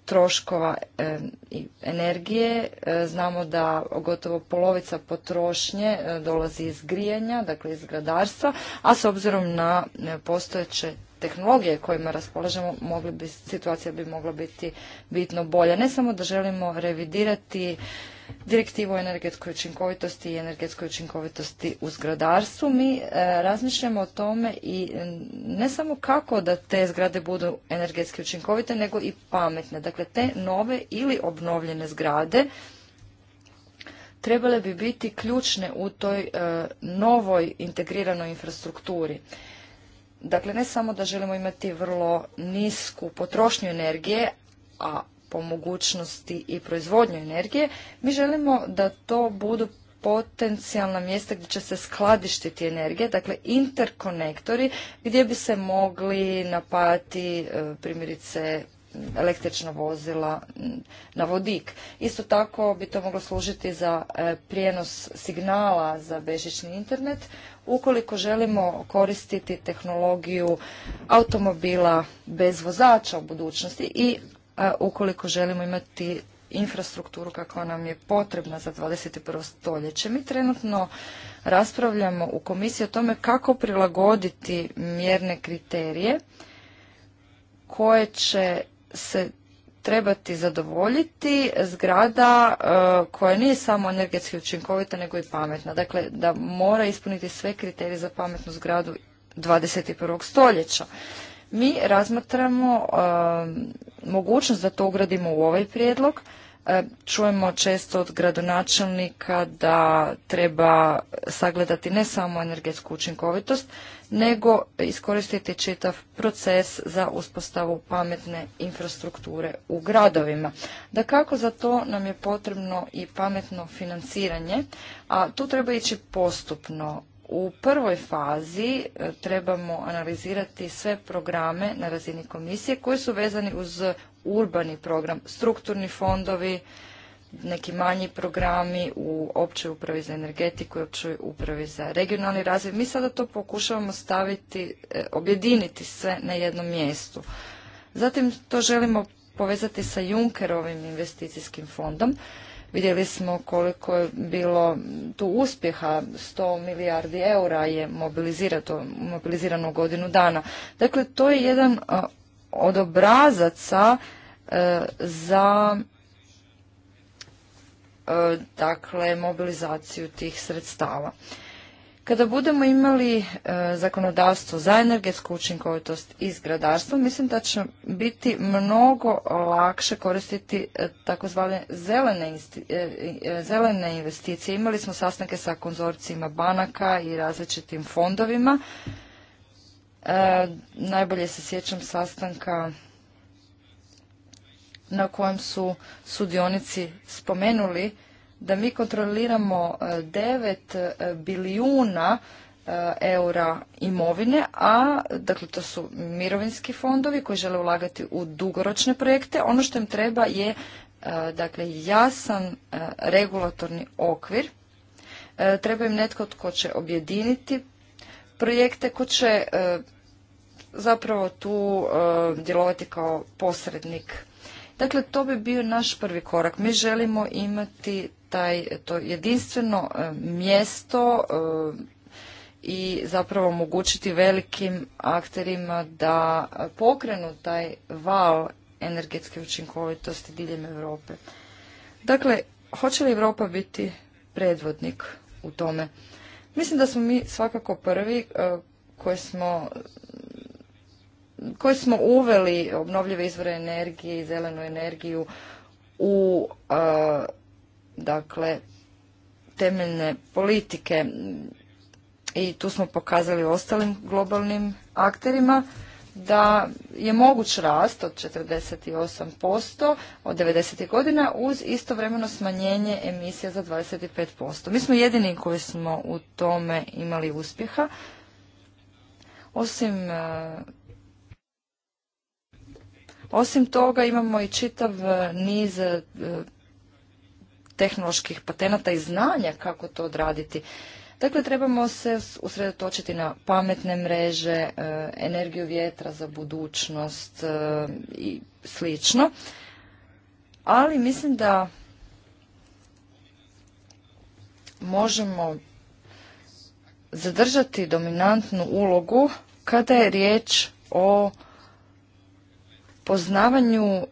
troškova e, i energije. E, znamo da gotovo polovica potrošnje e, dolazi iz grijanja, dakle iz gradarstva, a s obzirom na postojeće tehnologije kojima raspolažemo mogli bi, situacija bi mogla biti bitno bolja. Ne samo da želimo revidirati direktivu o energetskoj učinkovitosti i energetskoj učinkovitosti u zgradarstvu. Mi e, razmišljamo o tome i e, ne samo kako da te zgrade budu energetski učinkovite, nego i pametne. Dakle, te nove ili obnovljene zgrade trebale bi biti ključne u toj e, novoj integriranoj infrastrukturi. Dakle, ne samo da želimo imati vrlo nisku potrošnju energije, a po mogućnosti i proizvodnju energije, mi želimo da to budu potencijalna mjesta gdje će se skladištiti energije, dakle interkonektori gdje bi se mogli napajati e, primjerice električna vozila na vodik. Isto tako bi to moglo služiti za e, prijenos signala za bežični internet ukoliko želimo koristiti tehnologiju automobila bez vozača u budućnosti i ukoliko želimo imati infrastrukturu kakva nam je potrebna za 21. stoljeće. Mi trenutno raspravljamo u komisiji o tome kako prilagoditi mjerne kriterije koje će se trebati zadovoljiti zgrada e, koja nije samo energetski učinkovita nego i pametna. Dakle, da mora ispuniti sve kriterije za pametnu zgradu 21. stoljeća. Mi razmatramo um, mogućnost da to ugradimo u ovaj prijedlog. E, čujemo često od gradonačelnika da treba sagledati ne samo energetsku učinkovitost, nego iskoristiti čitav proces za uspostavu pametne infrastrukture u gradovima. Da kako za to nam je potrebno i pametno financiranje, a tu treba ići postupno. U prvoj fazi e, trebamo analizirati sve programe na razini komisije koji su vezani uz urbani program, strukturni fondovi, neki manji programi u općoj upravi za energetiku i općoj upravi za regionalni razvoj. Mi sada to pokušavamo staviti, e, objediniti sve na jednom mjestu. Zatim to želimo povezati sa Junkerovim investicijskim fondom Vidjeli smo koliko je bilo tu uspjeha, 100 milijardi eura je mobilizirano godinu dana. Dakle, to je jedan e, od obrazaca e, za e, dakle mobilizaciju tih sredstava. Kada budemo imali e, zakonodavstvo za energetsku učinkovitost i zgradarstvo, mislim da će biti mnogo lakše koristiti e, takozvane e, zelene investicije. Imali smo sastanke sa konzorcijima banaka i različitim fondovima. Najbolje se sjećam sastanka na kojem su sudionici spomenuli da mi kontroliramo 9 e, e, bilijuna e, eura imovine, a dakle to su mirovinski fondovi koji žele ulagati u dugoročne projekte. Ono što im treba je dakle jasan regulatorni okvir. Treba im netko tko će objediniti projekte, ko će zapravo tu djelovati kao posrednik. Dakle, to bi bio naš prvi korak. Mi želimo imati taj, to jedinstveno e, mjesto e, i zapravo omogućiti velikim akterima da pokrenu taj val energetske učinkovitosti diljem Europe. Dakle, hoće li Europa biti predvodnik u tome? Mislim da smo mi svakako prvi e, koji smo koji smo uveli obnovljive izvore energije i zelenu energiju u dakle temeljne politike i tu smo pokazali ostalim globalnim akterima da je moguć rast od 48% od 90. godina uz istovremeno smanjenje emisija za 25%. Mi smo jedini koji smo u tome imali uspjeha. Osim e, osim toga imamo i čitav e, niz e, tehnoloških patenata i znanja kako to odraditi. Dakle, trebamo se usredotočiti na pametne mreže, e, energiju vjetra za budućnost e, i slično. Ali mislim da možemo zadržati dominantnu ulogu kada je riječ o poznavanju e,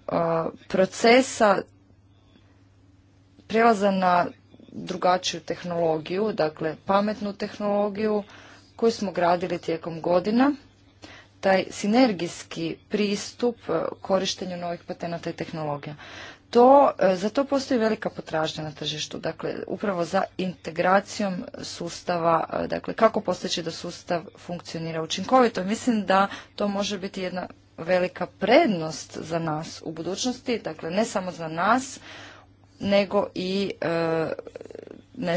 procesa prelaza na drugačiju tehnologiju, dakle pametnu tehnologiju koju smo gradili tijekom godina. Taj sinergijski pristup e, korištenju novih patenata i tehnologija. To, e, za to postoji velika potražnja na tržištu, dakle upravo za integracijom sustava, e, dakle kako postići da sustav funkcionira učinkovito. Mislim da to može biti jedna velika prednost za nas u budućnosti, dakle ne samo za nas, nego i e,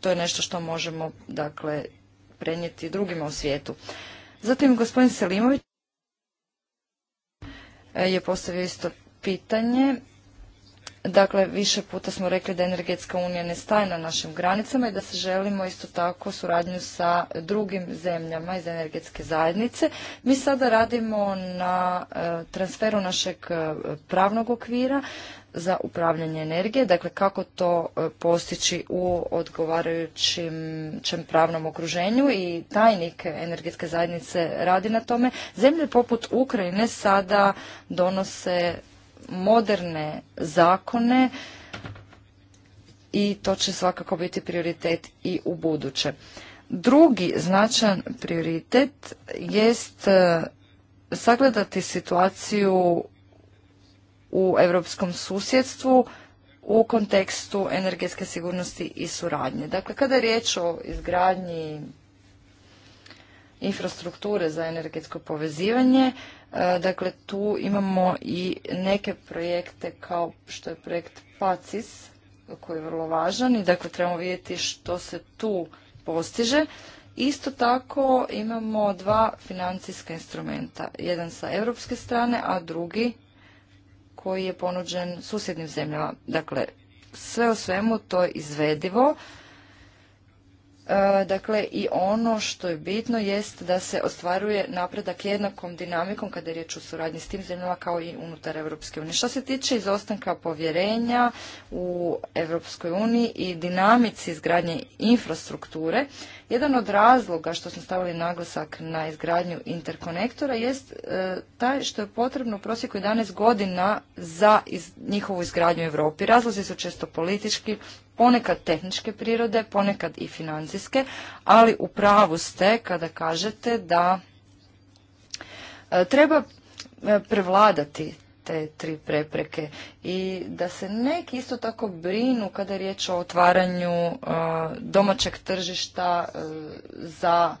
to je nešto što možemo dakle prenijeti drugima u svijetu. Zatim gospodin Selimović e, je postavio isto pitanje Dakle, više puta smo rekli da energetska unija ne staje na našim granicama i da se želimo isto tako suradnju sa drugim zemljama iz energetske zajednice. Mi sada radimo na e, transferu našeg e, pravnog okvira za upravljanje energije, dakle kako to e, postići u odgovarajućem pravnom okruženju i tajnik energetske zajednice radi na tome. Zemlje poput Ukrajine sada donose moderne zakone i to će svakako biti prioritet i u buduće. Drugi značajan prioritet jest e, sagledati situaciju u europskom susjedstvu u kontekstu energetske sigurnosti i suradnje. Dakle, kada je riječ o izgradnji infrastrukture za energetsko povezivanje. E, dakle, tu imamo i neke projekte kao što je projekt PACIS, koji je vrlo važan i dakle trebamo vidjeti što se tu postiže. Isto tako imamo dva financijska instrumenta, jedan sa europske strane, a drugi koji je ponuđen susjednim zemljama. Dakle, sve o svemu to je izvedivo E, dakle, i ono što je bitno jest da se ostvaruje napredak jednakom dinamikom kada je riječ o suradnji s tim zemljama kao i unutar EU. Što se tiče izostanka povjerenja u EU uniji i dinamici izgradnje infrastrukture, jedan od razloga što smo stavili naglasak na izgradnju interkonektora jest e, taj što je potrebno u prosjeku 11 godina za njihovu izgradnju u Europi. Razlozi su često politički, ponekad tehničke prirode, ponekad i financijske, ali u pravu ste kada kažete da e, treba e, prevladati te tri prepreke i da se neki isto tako brinu kada je riječ o otvaranju uh, domaćeg tržišta uh, za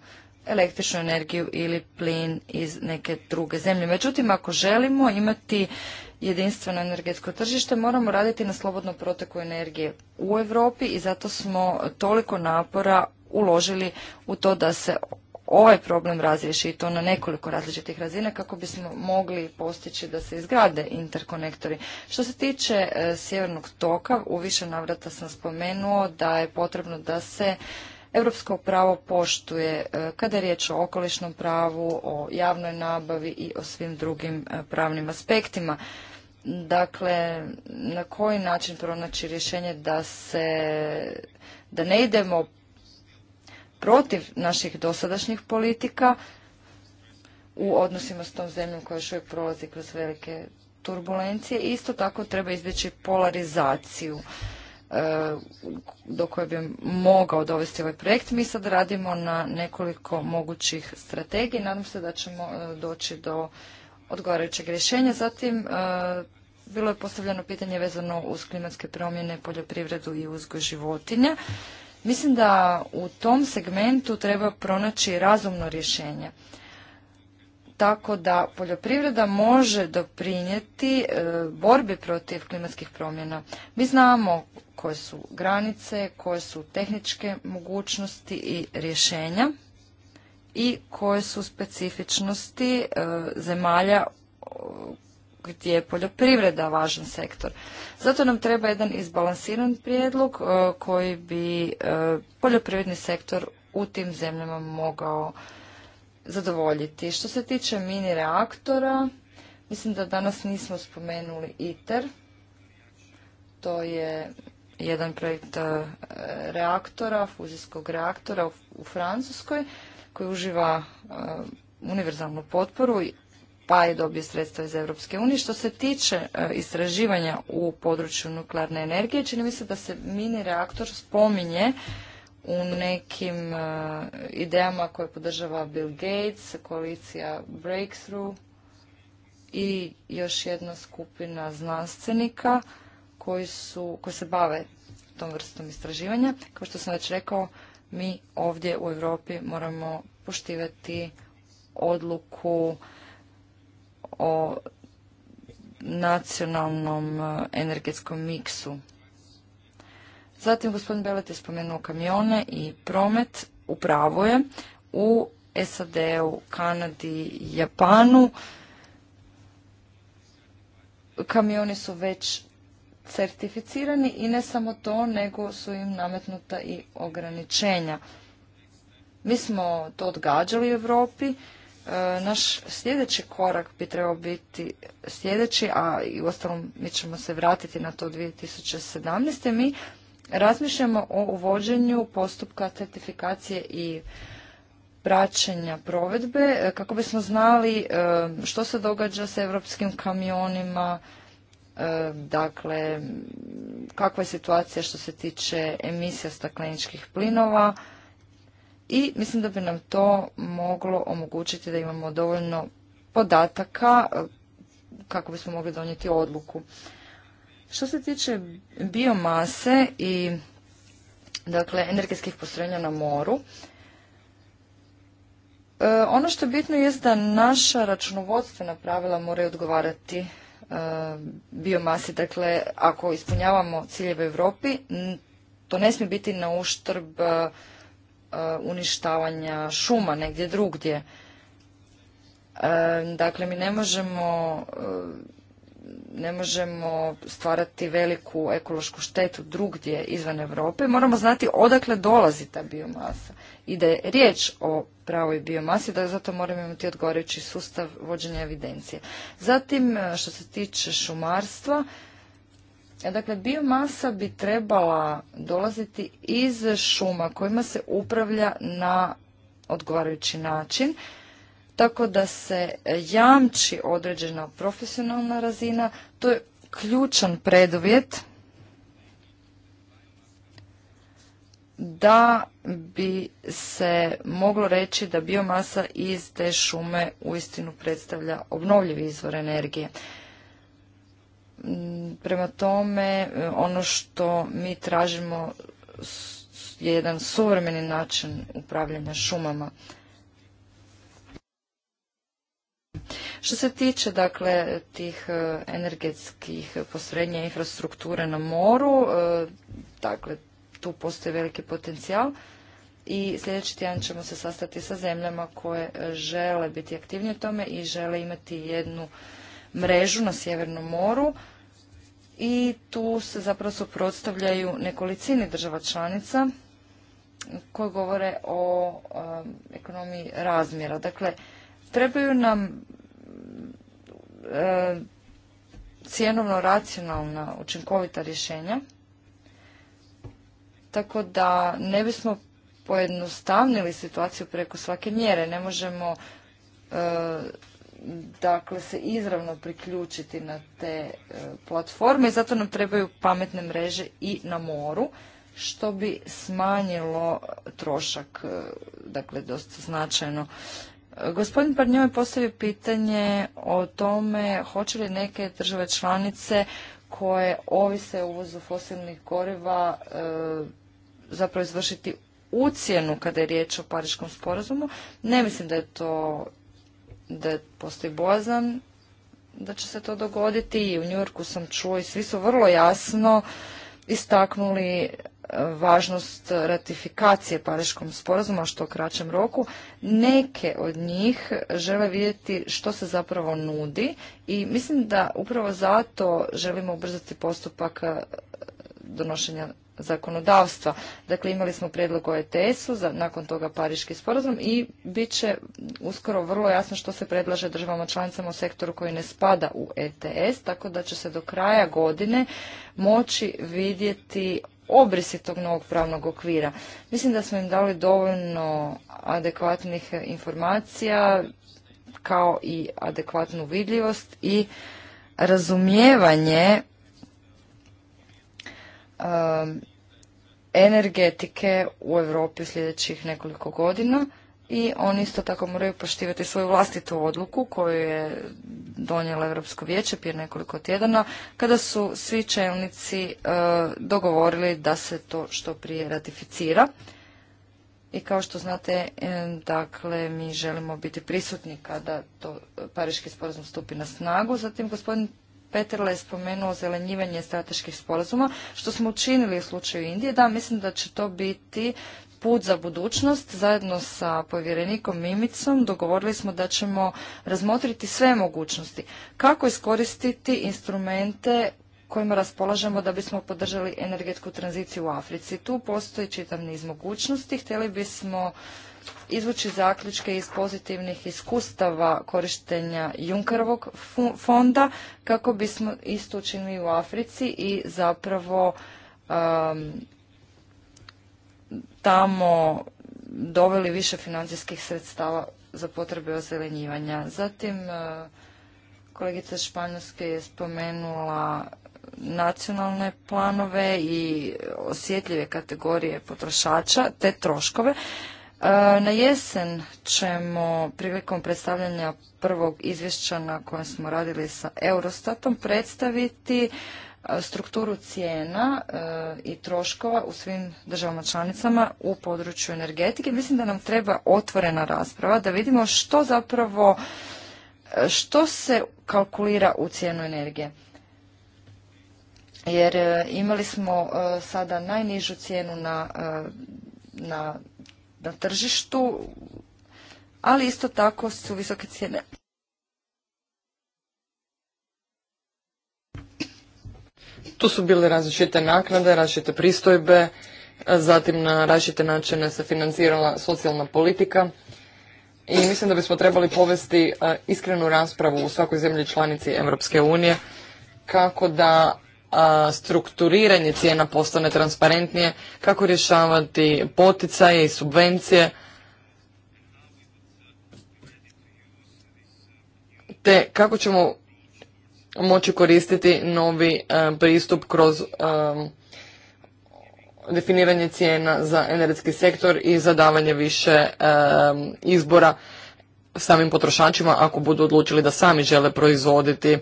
električnu energiju ili plin iz neke druge zemlje. Međutim, ako želimo imati jedinstveno energetsko tržište, moramo raditi na slobodnom proteku energije u Europi i zato smo toliko napora uložili u to da se ovaj problem razriješi i to na nekoliko različitih razina kako bismo mogli postići da se izgrade interkonektori. Što se tiče e, sjevernog toka, u više navrata sam spomenuo da je potrebno da se Europsko pravo poštuje e, kada je riječ o okolišnom pravu, o javnoj nabavi i o svim drugim e, pravnim aspektima. Dakle, na koji način pronaći rješenje da se da ne idemo protiv naših dosadašnjih politika u odnosima s tom zemljom koja još uvijek prolazi kroz velike turbulencije. Isto tako treba izbjeći polarizaciju e, do koje bi mogao dovesti ovaj projekt. Mi sad radimo na nekoliko mogućih strategiji. Nadam se da ćemo e, doći do odgovarajućeg rješenja. Zatim, e, bilo je postavljeno pitanje vezano uz klimatske promjene, poljoprivredu i uzgoj životinja. Mislim da u tom segmentu treba pronaći razumno rješenje. Tako da poljoprivreda može doprinijeti e, borbi protiv klimatskih promjena. Mi znamo koje su granice, koje su tehničke mogućnosti i rješenja i koje su specifičnosti e, zemalja gdje je poljoprivreda važan sektor. Zato nam treba jedan izbalansiran prijedlog e, koji bi e, poljoprivredni sektor u tim zemljama mogao zadovoljiti. Što se tiče mini reaktora, mislim da danas nismo spomenuli ITER. To je jedan projekt e, reaktora, fuzijskog reaktora u Francuskoj koji uživa univerzalnu potporu pa je dobio sredstva iz Europske unije. Što se tiče e, istraživanja u području nuklearne energije, čini mi se da se mini reaktor spominje u nekim e, idejama koje podržava Bill Gates, koalicija Breakthrough i još jedna skupina znanstvenika koji, su, koji se bave tom vrstom istraživanja. Kao što sam već rekao, mi ovdje u Europi moramo poštivati odluku o nacionalnom e, energetskom miksu. Zatim gospodin Belet je spomenuo kamione i promet, upravo je, u SAD-u, Kanadi, Japanu. Kamioni su već certificirani i ne samo to, nego su im nametnuta i ograničenja. Mi smo to odgađali u Europi E, naš sljedeći korak bi trebao biti sljedeći, a i uostalom mi ćemo se vratiti na to 2017. Mi razmišljamo o uvođenju postupka certifikacije i praćenja provedbe e, kako bismo znali e, što se događa sa europskim kamionima, dakle kakva je situacija što se tiče emisija stakleničkih plinova, i mislim da bi nam to moglo omogućiti da imamo dovoljno podataka e, kako bismo mogli donijeti odluku. Što se tiče biomase i dakle energetskih postrojenja na moru, e, ono što je bitno je da naša računovodstvena pravila moraju odgovarati biomase. biomasi. Dakle, ako ispunjavamo ciljeve Europi, to ne smije biti na uštrb e, E, uništavanja šuma negdje drugdje. E, dakle, mi ne možemo e, ne možemo stvarati veliku ekološku štetu drugdje izvan Europe. Moramo znati odakle dolazi ta biomasa i da je riječ o pravoj biomasi, da zato moramo imati odgovarajući sustav vođenja evidencije. Zatim, što se tiče šumarstva, E, dakle, biomasa bi trebala dolaziti iz šuma kojima se upravlja na odgovarajući način, tako da se jamči određena profesionalna razina. To je ključan preduvjet da bi se moglo reći da biomasa iz te šume uistinu predstavlja obnovljivi izvor energije. Mm, prema tome, e, ono što mi tražimo je jedan suvremeni način upravljanja šumama. Što se tiče dakle tih e, energetskih postrojenja infrastrukture na moru, e, dakle tu postoji veliki potencijal i sljedeći tjedan ćemo se sastati sa zemljama koje žele biti aktivnije u tome i žele imati jednu mrežu na Sjevernom moru i tu se zapravo suprotstavljaju nekolicini država članica koje govore o um, ekonomiji razmjera. Dakle, trebaju nam um, cijenovno racionalna učinkovita rješenja tako da ne bismo pojednostavnili situaciju preko svake mjere. Ne možemo um, dakle se izravno priključiti na te e, platforme i zato nam trebaju pametne mreže i na moru što bi smanjilo trošak e, dakle dosta značajno. Gospodin Parnjo je postavio pitanje o tome hoće li neke države članice koje ovise o uvozu fosilnih goriva e, zapravo izvršiti ucijenu kada je riječ o pariškom sporazumu. Ne mislim da je to da postoji bojazan da će se to dogoditi i u Njujorku sam čuo i svi su vrlo jasno istaknuli e, važnost ratifikacije Pariškom sporazuma što u kraćem roku. Neke od njih žele vidjeti što se zapravo nudi i mislim da upravo zato želimo ubrzati postupak e, donošenja zakonodavstva. Dakle, imali smo predlog o ETS-u, nakon toga Pariški sporazum i bit će uskoro vrlo jasno što se predlaže državama članicama u sektoru koji ne spada u ETS, tako da će se do kraja godine moći vidjeti obrisi tog novog pravnog okvira. Mislim da smo im dali dovoljno adekvatnih informacija kao i adekvatnu vidljivost i razumijevanje Um, energetike u Europi u sljedećih nekoliko godina i oni isto tako moraju poštivati svoju vlastitu odluku koju je donijelo Europsko vijeće prije nekoliko tjedana kada su svi čelnici uh, dogovorili da se to što prije ratificira. I kao što znate, dakle, mi želimo biti prisutni kada to Pariški sporazum stupi na snagu. Zatim, gospodin Peterle je spomenuo zelenjivanje strateških sporazuma, što smo učinili u slučaju Indije. Da, mislim da će to biti put za budućnost. Zajedno sa povjerenikom Mimicom dogovorili smo da ćemo razmotriti sve mogućnosti. Kako iskoristiti instrumente kojima raspolažemo da bismo podržali energetsku tranziciju u Africi. Tu postoji čitav niz mogućnosti. Htjeli bismo izvući zaključke iz pozitivnih iskustava korištenja Junkerovog fonda kako bismo isto učinili u Africi i zapravo um, tamo doveli više financijskih sredstava za potrebe ozelenjivanja. Zatim, uh, kolegica Španjolske je spomenula nacionalne planove i osjetljive kategorije potrošača te troškove. E, na jesen ćemo prilikom predstavljanja prvog izvješća na kojem smo radili sa Eurostatom predstaviti e, strukturu cijena e, i troškova u svim državama članicama u području energetike. Mislim da nam treba otvorena rasprava da vidimo što zapravo, što se kalkulira u cijenu energije. Jer imali smo sada najnižu cijenu na, na na tržištu, ali isto tako su visoke cijene. Tu su bile različite naknade, različite pristojbe, zatim na različite načine se financirala socijalna politika i mislim da bismo trebali povesti e, iskrenu raspravu u svakoj zemlji članici Europske unije kako da strukturiranje cijena postane transparentnije, kako rješavati poticaje i subvencije, te kako ćemo moći koristiti novi e, pristup kroz e, definiranje cijena za energetski sektor i za davanje više e, izbora samim potrošačima ako budu odlučili da sami žele proizvoditi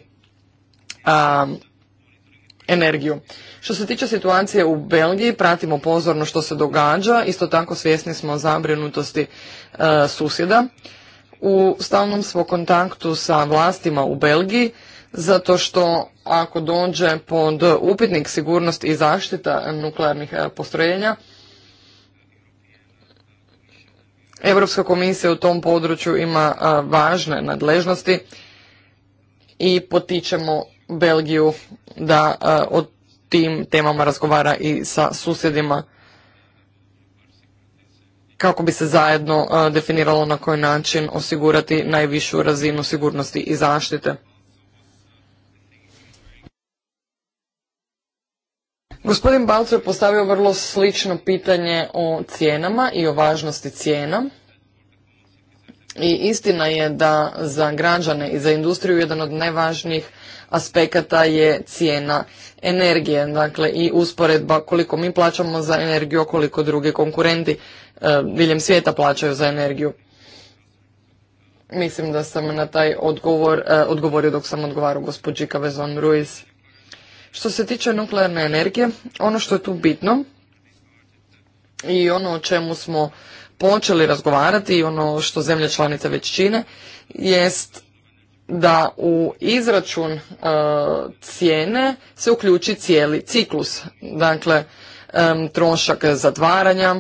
energiju. Što se tiče situacije u Belgiji, pratimo pozorno što se događa, isto tako svjesni smo zabrinutosti e, susjeda. U stalnom smo kontaktu sa vlastima u Belgiji, zato što ako dođe pod upitnik sigurnost i zaštita nuklearnih e, postrojenja, Europska komisija u tom području ima e, važne nadležnosti i potičemo Belgiju da e, o tim temama razgovara i sa susjedima kako bi se zajedno e, definiralo na koji način osigurati najvišu razinu sigurnosti i zaštite. Gospodin Balco je postavio vrlo slično pitanje o cijenama i o važnosti cijena. I istina je da za građane i za industriju jedan od najvažnijih aspekata je cijena energije, dakle i usporedba koliko mi plaćamo za energiju, koliko drugi konkurenti e, diljem svijeta plaćaju za energiju. Mislim da sam na taj odgovor e, odgovorio dok sam odgovarao gospođi Kavezon Ruiz. Što se tiče nuklearne energije, ono što je tu bitno i ono o čemu smo počeli razgovarati i ono što zemlje članice već čine jest da u izračun e, cijene se uključi cijeli ciklus. Dakle, e, trošak zatvaranja,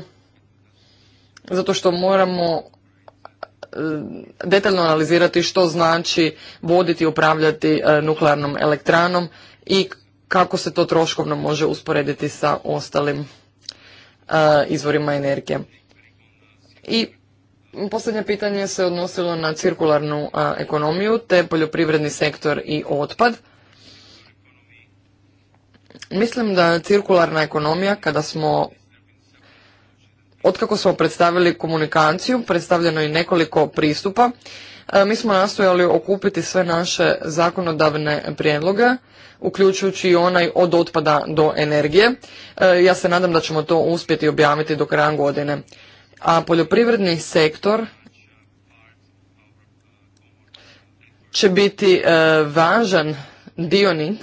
zato što moramo e, detaljno analizirati što znači voditi i upravljati nuklearnom elektranom i kako se to troškovno može usporediti sa ostalim izvorima energije. I posljednje pitanje se odnosilo na cirkularnu ekonomiju te poljoprivredni sektor i otpad. Mislim da cirkularna ekonomija kada smo Otkako smo predstavili komunikaciju, predstavljeno je nekoliko pristupa. Mi smo nastojali okupiti sve naše zakonodavne prijedloge, uključujući i onaj od otpada do energije. E, ja se nadam da ćemo to uspjeti objaviti do kraja godine a poljoprivredni sektor će biti e, važan dionik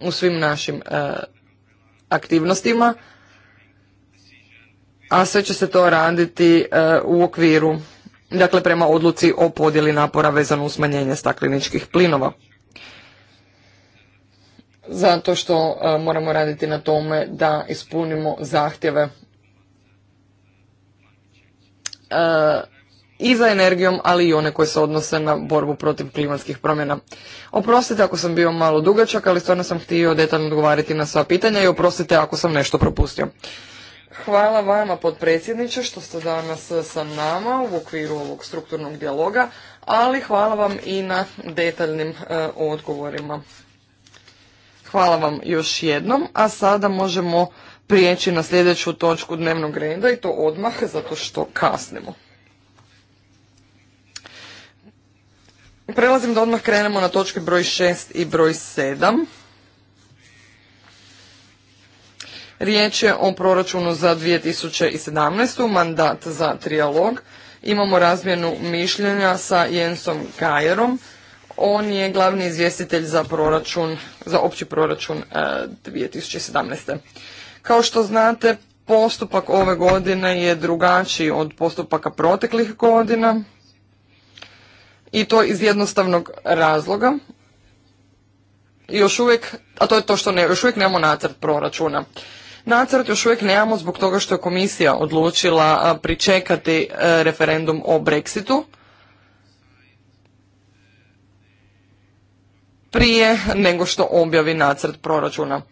u svim našim e, aktivnostima, a sve će se to raditi e, u okviru, dakle prema odluci o podjeli napora vezano u smanjenje stakleničkih plinova. Zato što moramo raditi na tome da ispunimo zahtjeve E, i za energijom, ali i one koje se odnose na borbu protiv klimatskih promjena. Oprostite ako sam bio malo dugačak, ali stvarno sam htio detaljno odgovarati na sva pitanja i oprostite ako sam nešto propustio. Hvala vama, potpredsjedniče, što ste danas sa nama u okviru ovog strukturnog dijaloga, ali hvala vam i na detaljnim e, odgovorima. Hvala vam još jednom, a sada možemo prijeći na sljedeću točku dnevnog reda i to odmah zato što kasnimo. Prelazim da odmah krenemo na točke broj 6 i broj 7. Riječ je o proračunu za 2017. mandat za trijalog. Imamo razmjenu mišljenja sa Jensom Kajerom. On je glavni izvjestitelj za proračun, za opći proračun 2017. E, kao što znate, postupak ove godine je drugačiji od postupaka proteklih godina i to iz jednostavnog razloga. još uvijek, a to je to što još uvijek nemamo nacrt proračuna. Nacrt još uvijek nemamo zbog toga što je komisija odlučila pričekati e, referendum o Brexitu. prije nego što objavi nacrt proračuna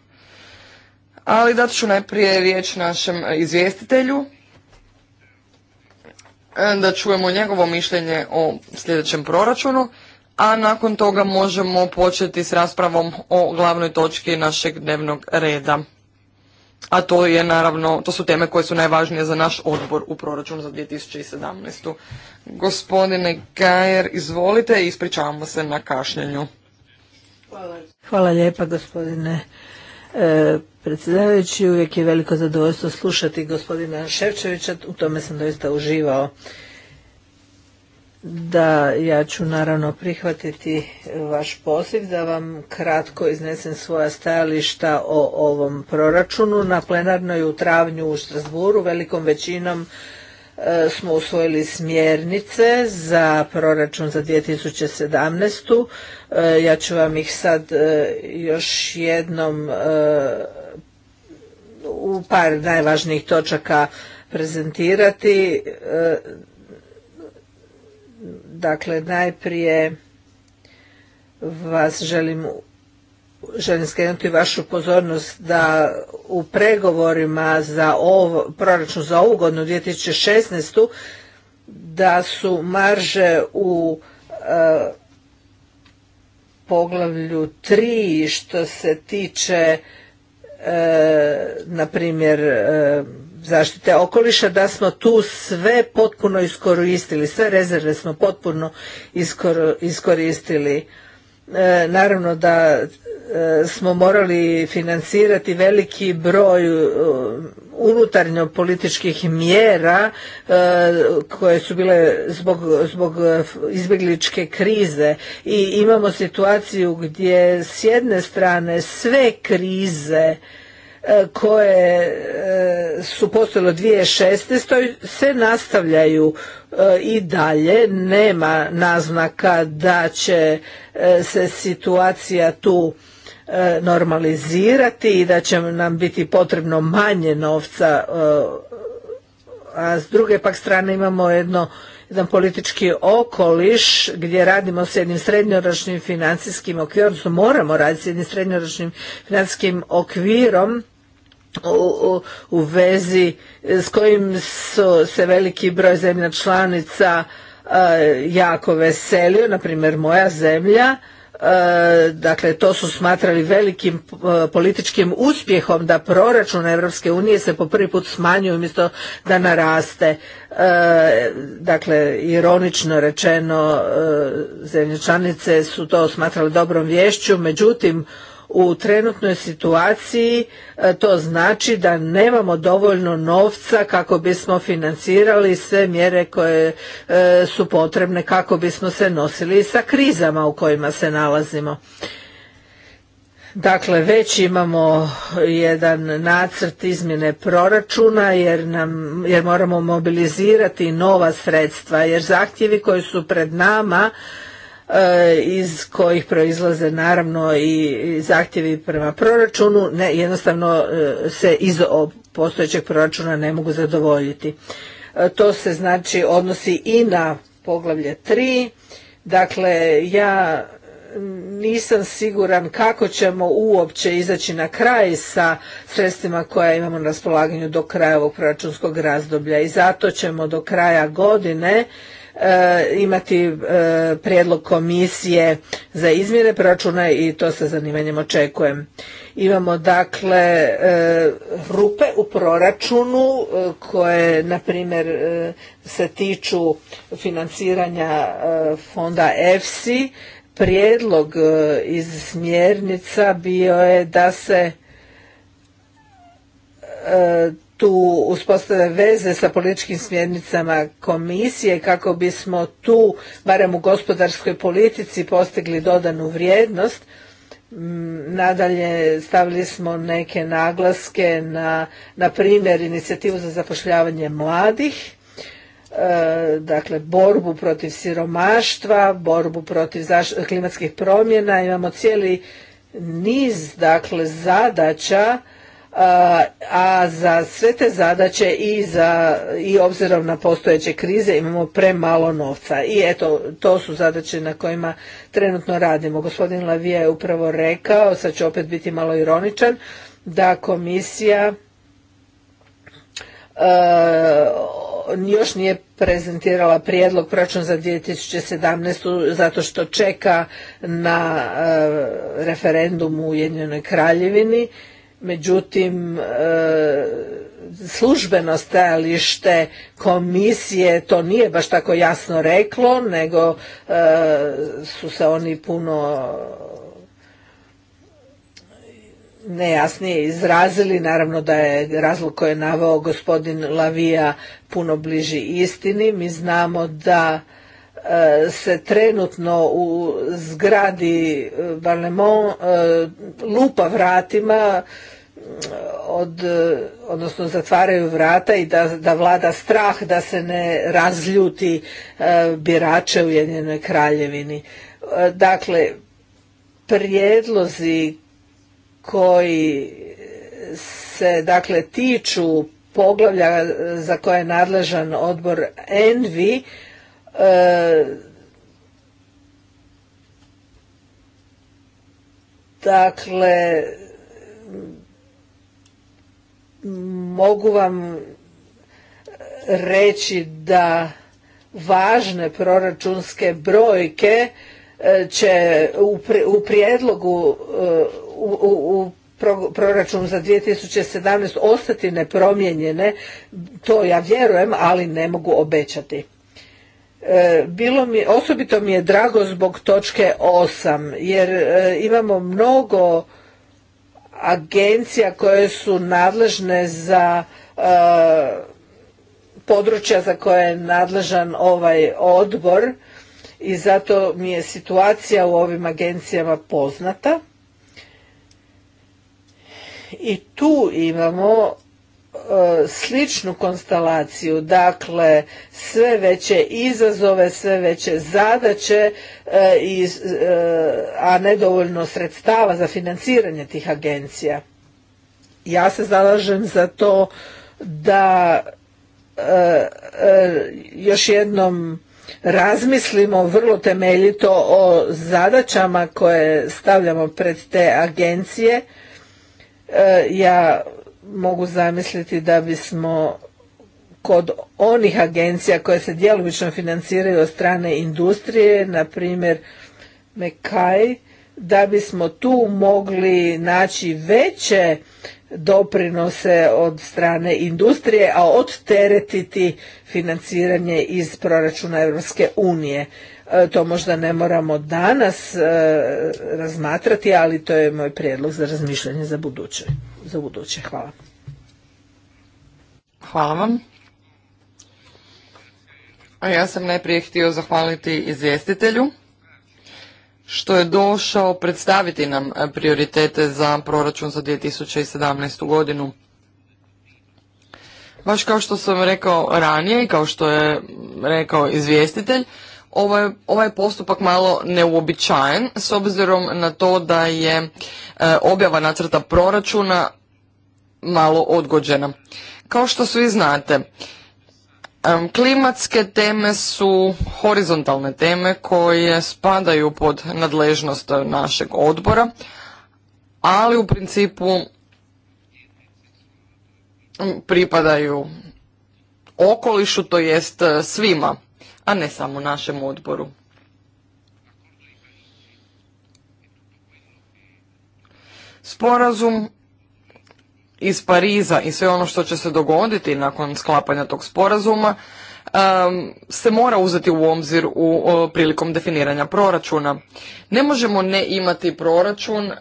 ali dat ću najprije riječ našem izvjestitelju e, da čujemo njegovo mišljenje o sljedećem proračunu, a nakon toga možemo početi s raspravom o glavnoj točki našeg dnevnog reda. A to je naravno, to su teme koje su najvažnije za naš odbor u proračunu za 2017. Gospodine Gajer, izvolite i ispričavamo se na kašnjenju. Hvala, Hvala lijepa gospodine E, predsjedavajući. Uvijek je veliko zadovoljstvo slušati gospodina Ševčevića, u tome sam doista uživao da ja ću naravno prihvatiti vaš poziv da vam kratko iznesem svoja stajališta o ovom proračunu. Na plenarnoj u travnju u Strasburu velikom većinom E, smo usvojili smjernice za proračun za 2017. E, ja ću vam ih sad e, još jednom u par najvažnijih točaka prezentirati. Dakle, najprije vas želim želim skrenuti vašu pozornost da u pregovorima za ovo, proračun za ovu godinu 2016. da su marže u e, poglavlju 3 što se tiče e, na primjer e, zaštite okoliša da smo tu sve potpuno iskoristili, sve rezerve smo potpuno iskoristili. naravno da E, smo morali financirati veliki broj e, unutarnjo političkih mjera e, koje su bile zbog, zbog izbjegličke krize i imamo situaciju gdje s jedne strane sve krize koje su postojale od 2016. se nastavljaju i dalje. Nema naznaka da će se situacija tu E, normalizirati i da će nam biti potrebno manje novca e, a s druge pak strane imamo jedno jedan politički okoliš gdje radimo s jednim srednjoročnim financijskim okvirom, odnosno moramo raditi s jednim srednjoročnim financijskim okvirom u, vezi e, s kojim se veliki broj zemlja članica jako veselio, na primjer moja zemlja, E, dakle to su smatrali velikim e, političkim uspjehom da proračun Europske unije se po prvi put smanjuje umjesto da naraste. E, dakle, ironično rečeno, zemlje članice su to smatrali dobrom vješću, međutim, u trenutnoj situaciji e, to znači da nemamo dovoljno novca kako bismo financirali sve mjere koje e, su potrebne kako bismo se nosili sa krizama u kojima se nalazimo. Dakle, već imamo jedan nacrt izmjene proračuna jer, nam, jer moramo mobilizirati nova sredstva jer zahtjevi koji su pred nama E, iz kojih proizlaze naravno i zahtjevi prema proračunu, ne, jednostavno e, se iz postojećeg proračuna ne mogu zadovoljiti. E, to se znači odnosi i na poglavlje 3, dakle ja nisam siguran kako ćemo uopće izaći na kraj sa sredstvima koja imamo na raspolaganju do kraja ovog proračunskog razdoblja i zato ćemo do kraja godine E, imati e, prijedlog komisije za izmjene proračuna i to sa zanimanjem očekujem. Imamo dakle e, rupe u proračunu koje na primjer se tiču financiranja fonda EFSI. Prijedlog iz smjernica bio je da se tu uspostave veze sa političkim smjernicama komisije kako bismo tu, barem u gospodarskoj politici, postigli dodanu vrijednost. Mm, nadalje stavili smo neke naglaske na, na primjer, inicijativu za zapošljavanje mladih, e, dakle borbu protiv siromaštva, borbu protiv klimatskih promjena. Imamo cijeli niz dakle zadaća a za sve te zadaće i, za, i obzirom na postojeće krize imamo premalo novca i eto to su zadaće na kojima trenutno radimo. Gospodin Lavija je upravo rekao, sad ću opet biti malo ironičan, da komisija e, još nije prezentirala prijedlog proračun za 2017. zato što čeka na e, referendum u Ujedinjenoj kraljevini Međutim, e, službeno stajalište komisije to nije baš tako jasno reklo, nego e, su se oni puno nejasnije izrazili. Naravno da je razlog koji je naveo gospodin Lavija puno bliži istini. Mi znamo da e, se trenutno u zgradi Barlemont lupa vratima od, odnosno zatvaraju vrata i da, da vlada strah da se ne razljuti e, birače u kraljevini. E, dakle, prijedlozi koji se dakle tiču poglavlja za koje je nadležan odbor ENVI e, dakle mogu vam reći da važne proračunske brojke e, će u prijedlogu e, u, proračun proračunu za 2017 ostati nepromijenjene, to ja vjerujem, ali ne mogu obećati. E, bilo mi, osobito mi je drago zbog točke 8, jer imamo mnogo agencija koje su nadležne za e, područja za koje je nadležan ovaj odbor i zato mi je situacija u ovim agencijama poznata. I tu imamo sličnu konstalaciju, dakle sve veće izazove, sve veće zadaće, e, e, a nedovoljno sredstava za financiranje tih agencija. Ja se zalažem za to da e, još jednom razmislimo vrlo temeljito o zadaćama koje stavljamo pred te agencije. Ja mogu zamisliti da bismo kod onih agencija koje se djelomično financiraju od strane industrije, na primjer Mekaj, da bismo tu mogli naći veće doprinose od strane industrije, a odteretiti financiranje iz proračuna Europske unije. E, to možda ne moramo danas e, razmatrati, ali to je moj prijedlog za razmišljanje za buduće za Hvala. Hvala vam. A ja sam najprije htio zahvaliti izvjestitelju što je došao predstaviti nam prioritete za proračun za 2017. godinu. Baš kao što sam rekao ranije i kao što je rekao izvjestitelj, ovaj, ovaj postupak malo neuobičajen s obzirom na to da je e, objava nacrta proračuna malo odgođena. Kao što svi znate, klimatske teme su horizontalne teme koje spadaju pod nadležnost našeg odbora, ali u principu pripadaju okolišu, to jest e, svima, a ne samo našem odboru. Sporazum iz Pariza i sve ono što će se dogoditi nakon sklapanja tog sporazuma se mora uzeti u obzir u, prilikom definiranja proračuna. Ne možemo ne imati proračun,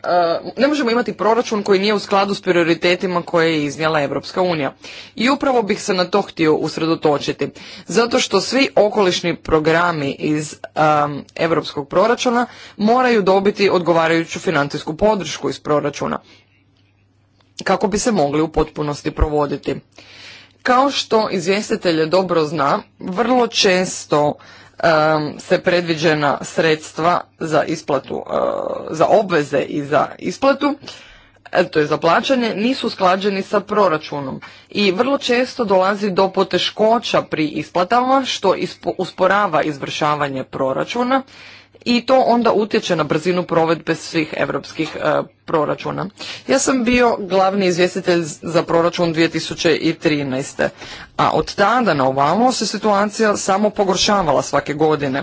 ne možemo imati proračun koji nije u skladu s prioritetima koje je iznijela Europska unija. I upravo bih se na to htio usredotočiti. Zato što svi okolišni programi iz Evropskog europskog proračuna moraju dobiti odgovarajuću financijsku podršku iz proračuna kako bi se mogli u potpunosti provoditi. Kao što izvjestitelj dobro zna, vrlo često se predviđena sredstva za isplatu, e, za obveze i za isplatu, e, to je za plaćanje, nisu sklađeni sa proračunom i vrlo često dolazi do poteškoća pri isplatama što usporava izvršavanje proračuna i to onda utječe na brzinu provedbe svih europskih e, proračuna. Ja sam bio glavni izvjestitelj za proračun 2013. A od tada na ovamo se situacija samo pogoršavala svake godine.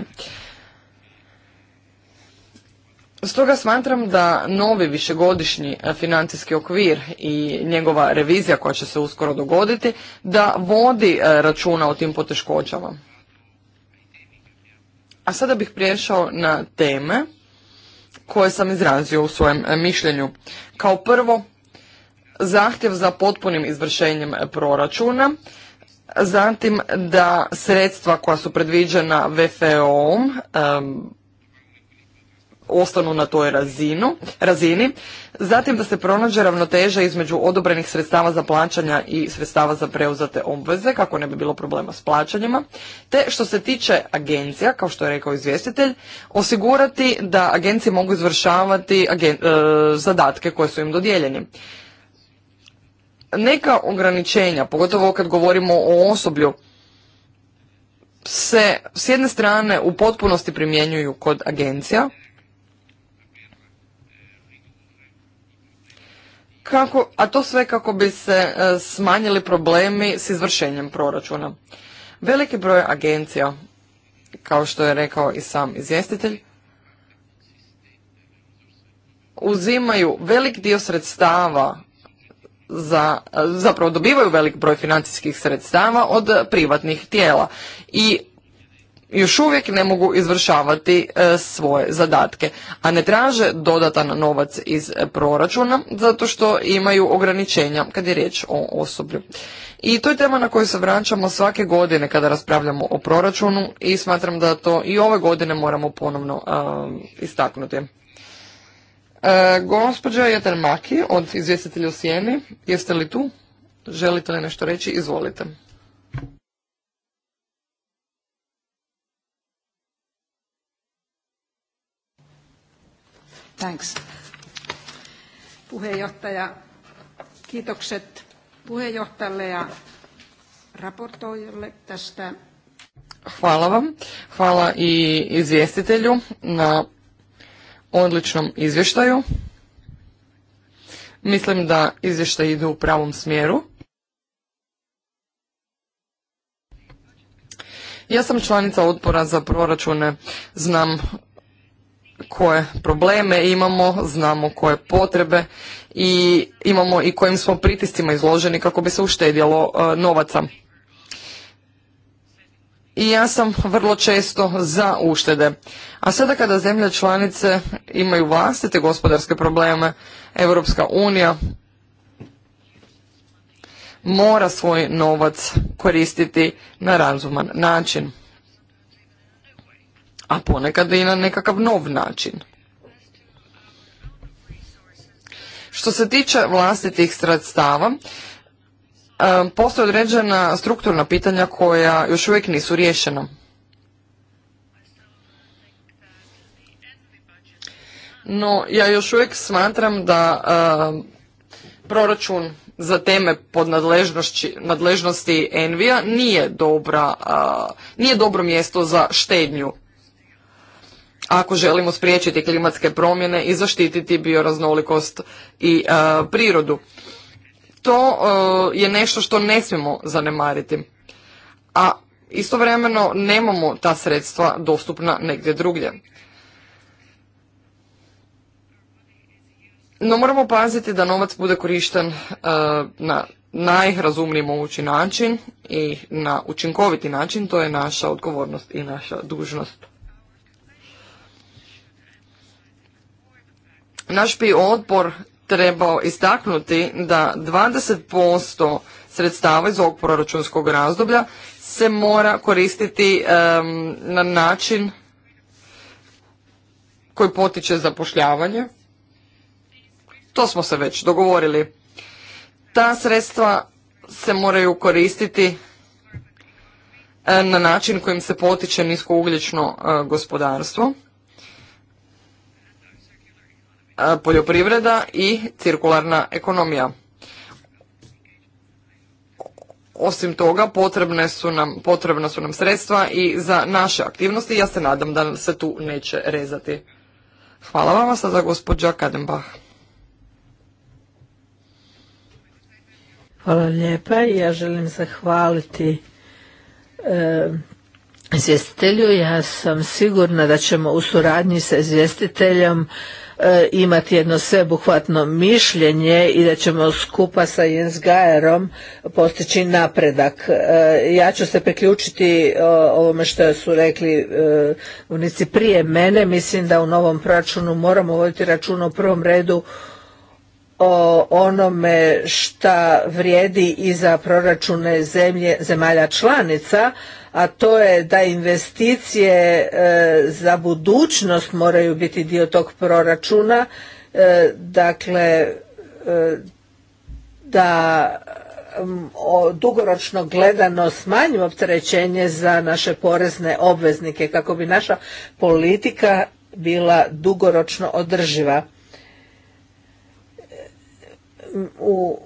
Stoga smatram da novi višegodišnji e, financijski okvir i njegova revizija koja će se uskoro dogoditi, da vodi e, računa o tim poteškoćama. A sada bih priješao na teme koje sam izrazio u svojem mišljenju. Kao prvo, zahtjev za potpunim izvršenjem proračuna, zatim da sredstva koja su predviđena VFO-om ostanu na toj razinu, razini, zatim da se pronađe ravnoteža između odobrenih sredstava za plaćanja i sredstava za preuzete obveze, kako ne bi bilo problema s plaćanjima, te što se tiče agencija, kao što je rekao izvjestitelj, osigurati da agencije mogu izvršavati e, zadatke koje su im dodijeljeni. Neka ograničenja, pogotovo kad govorimo o osoblju, se s jedne strane u potpunosti primjenjuju kod agencija, kako, a to sve kako bi se e, smanjili problemi s izvršenjem proračuna. Veliki broj agencija, kao što je rekao i sam izvjestitelj, uzimaju velik dio sredstava za, zapravo dobivaju velik broj financijskih sredstava od privatnih tijela i još uvijek ne mogu izvršavati e, svoje zadatke, a ne traže dodatan novac iz e, proračuna zato što imaju ograničenja kad je riječ o osoblju. I to je tema na koju se vraćamo svake godine kada raspravljamo o proračunu i smatram da to i ove godine moramo ponovno e, istaknuti. gospođa Jeter Maki od izvjestitelja u Sijeni, jeste li tu? Želite li nešto reći? Izvolite. Puheenjohtaja, kiitokset puheenjohtajalle ja raportoijalle tästä. Hvala vam. Hvala i izvjestitelju na odličnom izvještaju. Mislim da izvještaj ide u pravom smjeru. Ja sam članica odbora za proračune, znam koje probleme imamo, znamo koje potrebe i imamo i kojim smo pritiscima izloženi kako bi se uštedjelo e, novaca. I ja sam vrlo često za uštede. A sada kada zemlje članice imaju vlastite gospodarske probleme, Europska unija mora svoj novac koristiti na razuman način a ponekad i na nekakav nov način. Što se tiče vlastitih sredstava, e, postoje određena strukturna pitanja koja još uvijek nisu riješena. No, ja još uvijek smatram da e, proračun za teme pod nadležnosti, Envija nije, dobra, e, nije dobro mjesto za štednju ako želimo spriječiti klimatske promjene i zaštititi bioraznolikost i e, prirodu. To e, je nešto što ne smijemo zanemariti. A istovremeno nemamo ta sredstva dostupna negdje drugdje. No moramo paziti da novac bude korišten e, na najrazumniji mogući način i na učinkoviti način, to je naša odgovornost i naša dužnost. Naš bi odbor trebao istaknuti da 20% sredstava iz ovog proračunskog razdoblja se mora koristiti na način koji potiče zapošljavanje. To smo se već dogovorili. Ta sredstva se moraju koristiti na način kojim se potiče niskougljično eh, gospodarstvo poljoprivreda i cirkularna ekonomija. Osim toga, potrebne su nam, potrebna su nam sredstva i za naše aktivnosti. Ja se nadam da se tu neće rezati. Hvala vam sada gospođa Kadenbach. Hvala lijepa. Ja želim zahvaliti e, izvjestitelju. Ja sam sigurna da ćemo u suradnji sa izvjestiteljem E, imati jedno sveobuhvatno mišljenje i da ćemo skupa sa Jens Gajerom postići napredak. E, ja ću se priključiti e, ovome što su rekli unici prije mene. Mislim da u novom proračunu moramo voditi računa u prvom redu o onome šta vrijedi i za proračune zemlje, zemalja članica, a to je da investicije e, za budućnost moraju biti dio tog proračuna, e, dakle e, da dugoročno gledano smanjimo opterećenje za naše porezne obveznike kako bi naša politika bila dugoročno održiva u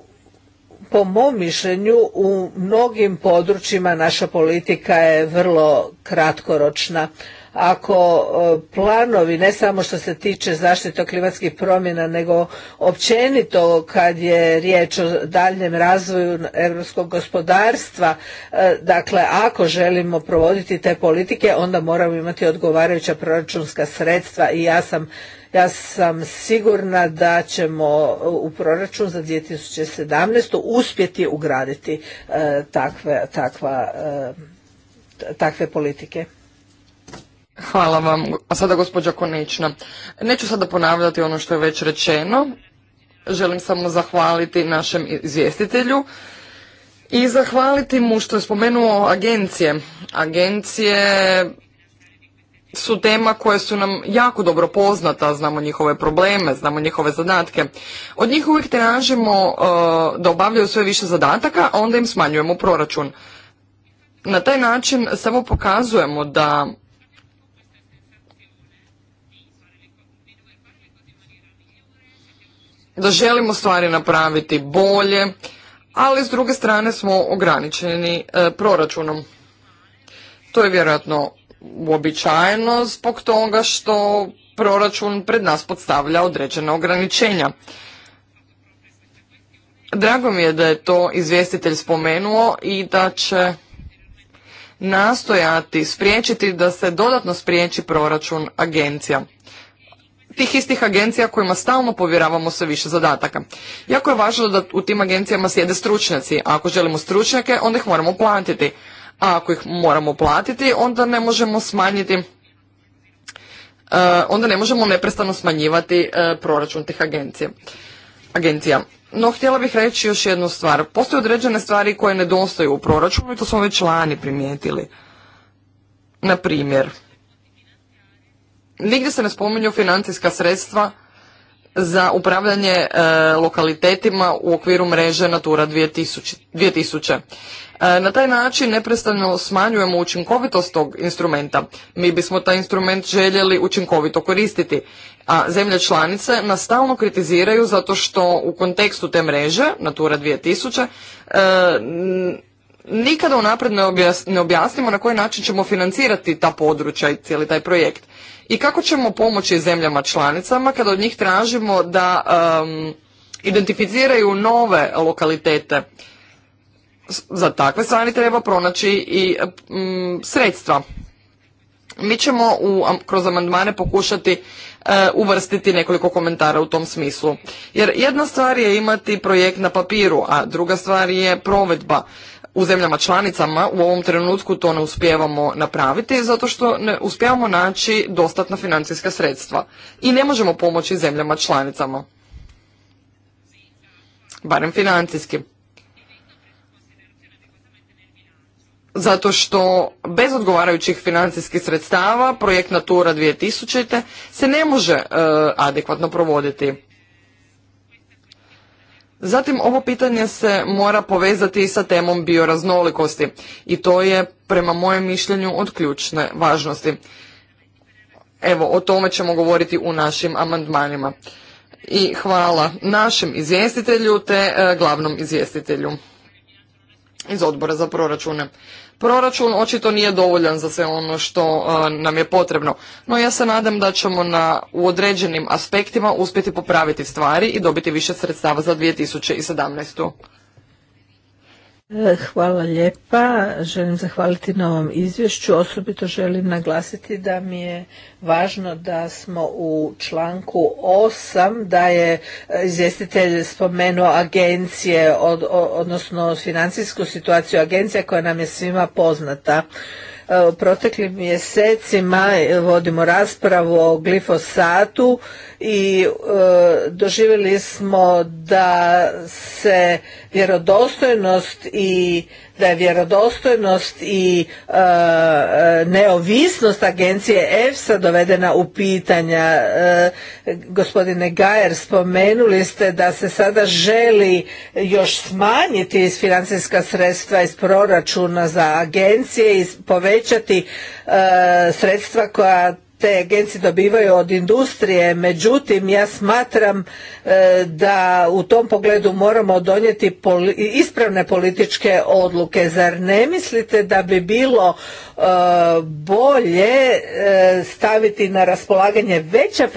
po mom mišljenju u mnogim područjima naša politika je vrlo kratkoročna. Ako e, planovi, ne samo što se tiče zaštite klimatskih promjena, nego općenito kad je riječ o daljem razvoju europskog gospodarstva, e, dakle ako želimo provoditi te politike, onda moramo imati odgovarajuća proračunska sredstva i ja sam ja sam sigurna da ćemo u proračun za 2017. uspjeti ugraditi e, takve, takva, e, takve politike. Hvala vam. A sada gospođa Konečna. Neću sada ponavljati ono što je već rečeno. Želim samo zahvaliti našem izvjestitelju i zahvaliti mu što je spomenuo agencije. Agencije su tema koje su nam jako dobro poznata, znamo njihove probleme, znamo njihove zadatke. Od njih uvijek tražimo e, da obavljaju sve više zadataka, a onda im smanjujemo proračun. Na taj način samo pokazujemo da da želimo stvari napraviti bolje, ali s druge strane smo ograničeni e, proračunom. To je vjerojatno uobičajeno zbog toga što proračun pred nas podstavlja određena ograničenja. Drago mi je da je to izvjestitelj spomenuo i da će nastojati spriječiti da se dodatno spriječi proračun agencija. Tih istih agencija kojima stalno povjeravamo sve više zadataka. Jako je važno da u tim agencijama sjede stručnjaci, a ako želimo stručnjake onda ih moramo platiti a ako ih moramo platiti, onda ne možemo smanjiti e, onda ne možemo neprestano smanjivati e, proračun tih agencije. agencija. No, htjela bih reći još jednu stvar. Postoje određene stvari koje nedostaju u proračunu i to smo već lani primijetili. Na primjer, nigdje se ne spominju financijska sredstva za upravljanje e, lokalitetima u okviru mreže Natura 2000. E, na taj način neprestano smanjujemo učinkovitost tog instrumenta. Mi bismo taj instrument željeli učinkovito koristiti, a zemlje članice nas stalno kritiziraju zato što u kontekstu te mreže Natura 2000 e, nikada unaprijed ne objasnimo na koji način ćemo financirati ta područja i cijeli taj projekt. I kako ćemo pomoći zemljama članicama kada od njih tražimo da um, identificiraju nove lokalitete. Za takve stvari treba pronaći i um, sredstva. Mi ćemo u, kroz amandmane pokušati uh, uvrstiti nekoliko komentara u tom smislu. Jer jedna stvar je imati projekt na papiru, a druga stvar je provedba u zemljama članicama u ovom trenutku to ne uspijevamo napraviti zato što ne uspijevamo naći dostatna financijska sredstva i ne možemo pomoći zemljama članicama. Barem financijski. Zato što bez odgovarajućih financijskih sredstava projekt Natura 2000 se ne može e, adekvatno provoditi. Zatim ovo pitanje se mora povezati i sa temom bioraznolikosti i to je prema mojem mišljenju od ključne važnosti. Evo, o tome ćemo govoriti u našim amandmanima. I hvala našem izvjestitelju te e, glavnom izvjestitelju iz odbora za proračune proračun očito nije dovoljan za sve ono što uh, nam je potrebno. No ja se nadam da ćemo na, u određenim aspektima uspjeti popraviti stvari i dobiti više sredstava za 2017. E, hvala lijepa. Želim zahvaliti na ovom izvješću. Osobito želim naglasiti da mi je važno da smo u članku 8 da je izvjestitelj spomenuo agencije, odnosno financijsku situaciju agencija koja nam je svima poznata. E, u proteklim mjesecima e, vodimo raspravu o glifosatu i e, doživjeli smo da se vjerodostojnost i da je vjerodostojnost i e, e, neovisnost agencije EFSA dovedena u pitanja. E, gospodine Gajer, spomenuli ste da se sada želi još smanjiti iz financijska sredstva iz proračuna za agencije i povećati sredstva koja te agencije dobivaju od industrije, međutim ja smatram e, da u tom pogledu moramo donijeti ispravne političke odluke. Zar ne mislite da bi bilo e, bolje e, staviti na raspolaganje veća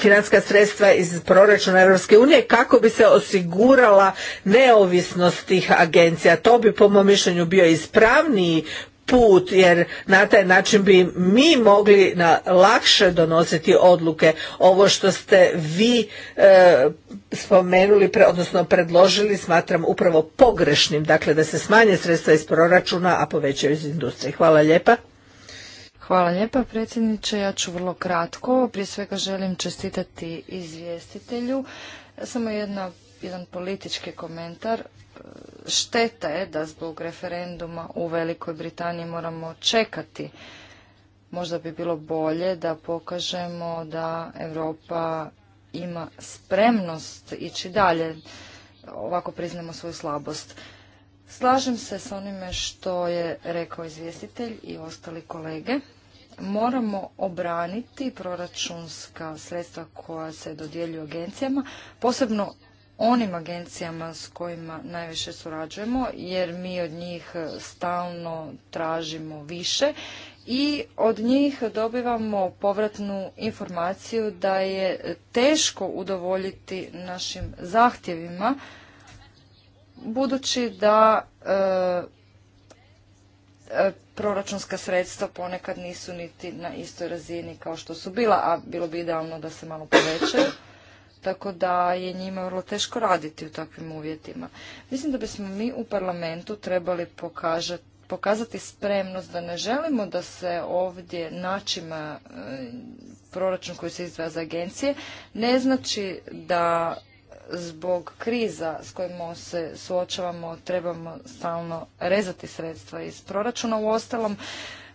financijska sredstva iz proračuna Europske unije kako bi se osigurala neovisnost tih agencija. To bi po mom mišljenju bio ispravniji put jer na taj način bi mi mogli na lakše donositi odluke ovo što ste vi e, spomenuli pre, odnosno predložili smatram upravo pogrešnim dakle da se smanje sredstva iz proračuna a povećaju iz industrije hvala lijepa Hvala lijepa predsjedniče, ja ću vrlo kratko. Prije svega želim čestitati izvjestitelju. Samo jedna, jedan politički komentar šteta je da zbog referenduma u Velikoj Britaniji moramo čekati. Možda bi bilo bolje da pokažemo da Europa ima spremnost ići dalje. Ovako priznemo svoju slabost. Slažem se s onime što je rekao izvjestitelj i ostali kolege. Moramo obraniti proračunska sredstva koja se dodjeljuju agencijama, posebno onim agencijama s kojima najviše surađujemo jer mi od njih stalno tražimo više i od njih dobivamo povratnu informaciju da je teško udovoljiti našim zahtjevima budući da e, e, proračunska sredstva ponekad nisu niti na istoj razini kao što su bila, a bilo bi idealno da se malo povećaju tako da je njima vrlo teško raditi u takvim uvjetima. Mislim da bismo mi u parlamentu trebali pokazati spremnost da ne želimo da se ovdje načima e, proračun koji se izdvaja za agencije ne znači da zbog kriza s kojima se suočavamo trebamo stalno rezati sredstva iz proračuna. Uostalom,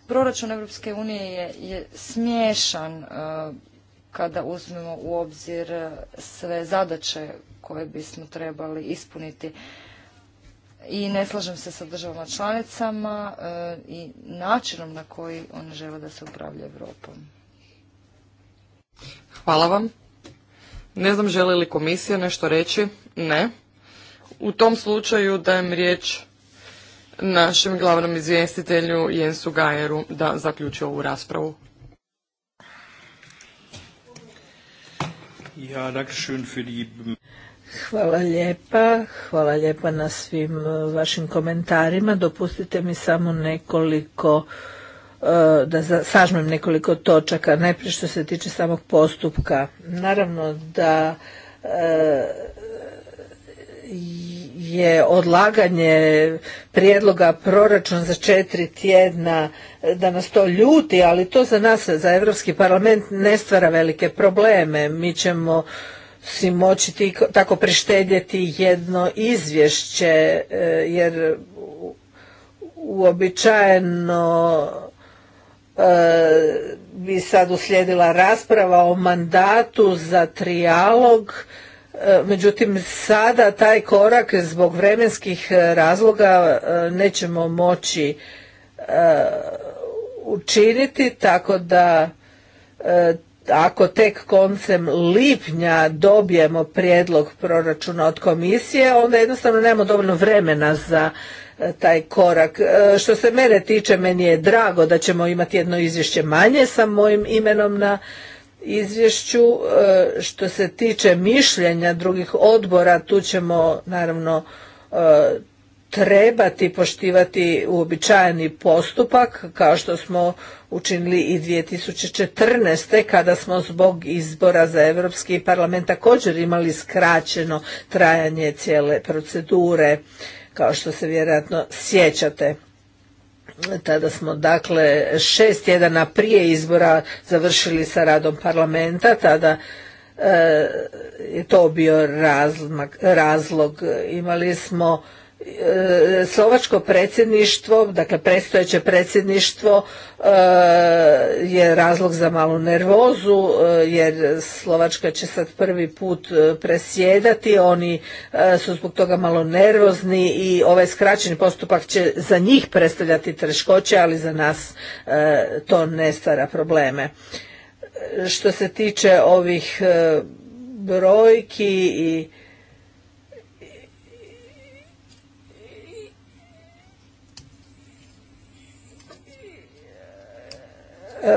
proračun Europske unije je, smiješan e, kada uzmemo u obzir sve zadaće koje bismo trebali ispuniti. I ne slažem se sa državama članicama e, i načinom na koji oni žele da se upravlja Evropom. Hvala vam. Ne znam želi li komisija nešto reći? Ne. U tom slučaju dajem riječ našem glavnom izvjestitelju Jensu Gajeru da zaključi ovu raspravu. Ja, für Hvala lijepa, hvala lijepa na svim e, vašim komentarima. Dopustite mi samo nekoliko e, da sažmem nekoliko točaka, najprije što se tiče samog postupka. Naravno da e, je odlaganje prijedloga proračun za četiri tjedna, e, da nas to ljuti, ali to za nas, za Europski parlament ne stvara velike probleme. Mi ćemo si moći tako preštedjeti jedno izvješće, e, jer uobičajeno e, bi sad uslijedila rasprava o mandatu za trijalog Međutim, sada taj korak zbog vremenskih e, razloga e, nećemo moći e, učiniti, tako da ako tek koncem lipnja dobijemo prijedlog proračuna od komisije, onda jednostavno nemamo dovoljno vremena za taj korak. Što se mene tiče, meni je drago da ćemo imati jedno izvješće manje sa mojim imenom na izvješću. E, što se tiče mišljenja drugih odbora, tu ćemo naravno e, trebati poštivati uobičajeni postupak kao što smo učinili i 2014. kada smo zbog izbora za Europski parlament također imali skraćeno trajanje cijele procedure kao što se vjerojatno sjećate tada smo dakle šest tjedana prije izbora završili sa radom parlamenta, tada e, je to bio razlog. Imali smo E, slovačko predsjedništvo, dakle predstojeće predsjedništvo e, je razlog za malu nervozu e, jer Slovačka će sad prvi put presjedati, oni su zbog toga malo nervozni i ovaj skraćeni postupak će za njih predstavljati treškoće, ali za nas to ne stvara probleme. Što se tiče ovih brojki i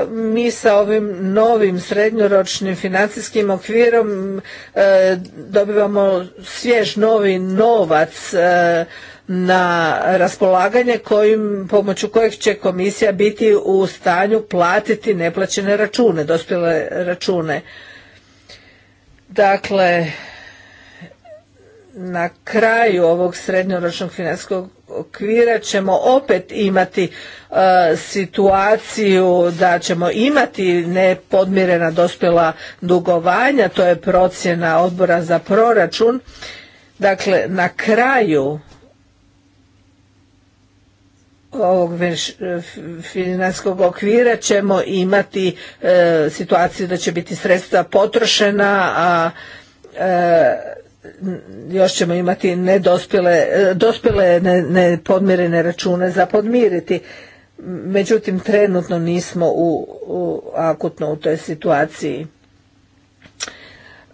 mi sa ovim novim srednjoročnim financijskim okvirom e, dobivamo svjež novi novac e, na raspolaganje kojim, pomoću kojeg će komisija biti u stanju platiti neplaćene račune, dospjele račune. Dakle, na kraju ovog srednjoročnog financijskog okvira ćemo opet imati e, situaciju da ćemo imati nepodmirena dospjela dugovanja, to je procjena odbora za proračun. Dakle, na kraju ovog e, financijskog okvira ćemo imati e, situaciju da će biti sredstva potrošena, a još ćemo imati nedospjele, dospjele nepodmirene ne račune za podmiriti. Međutim, trenutno nismo u, akutno u toj situaciji.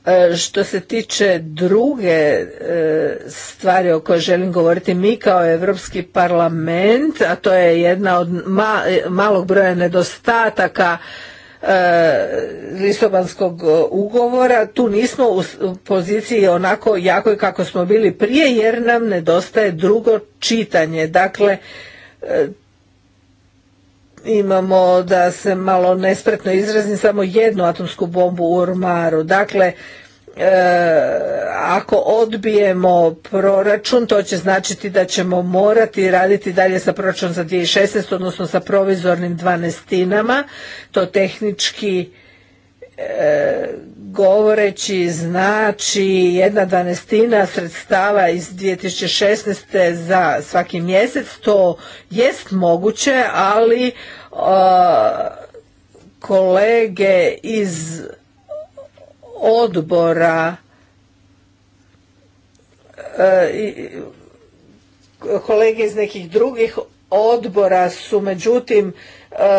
E, što se tiče druge e, stvari o kojoj želim govoriti, mi kao Europski parlament, a to je jedna od malog broja nedostataka E, Lisobanskog e, ugovora. Tu nismo u poziciji onako jakoj kako smo bili prije jer nam nedostaje drugo čitanje. Dakle, e, imamo da se malo nespretno izrazim samo jednu atomsku bombu u ormaru. Dakle, E, ako odbijemo proračun, to će značiti da ćemo morati raditi dalje sa proračunom za 2016, odnosno sa provizornim dvanestinama. To tehnički e, govoreći znači jedna dvanestina sredstava iz 2016. za svaki mjesec. To jest moguće, ali e, kolege iz odbora e, kolege iz nekih drugih odbora su međutim e,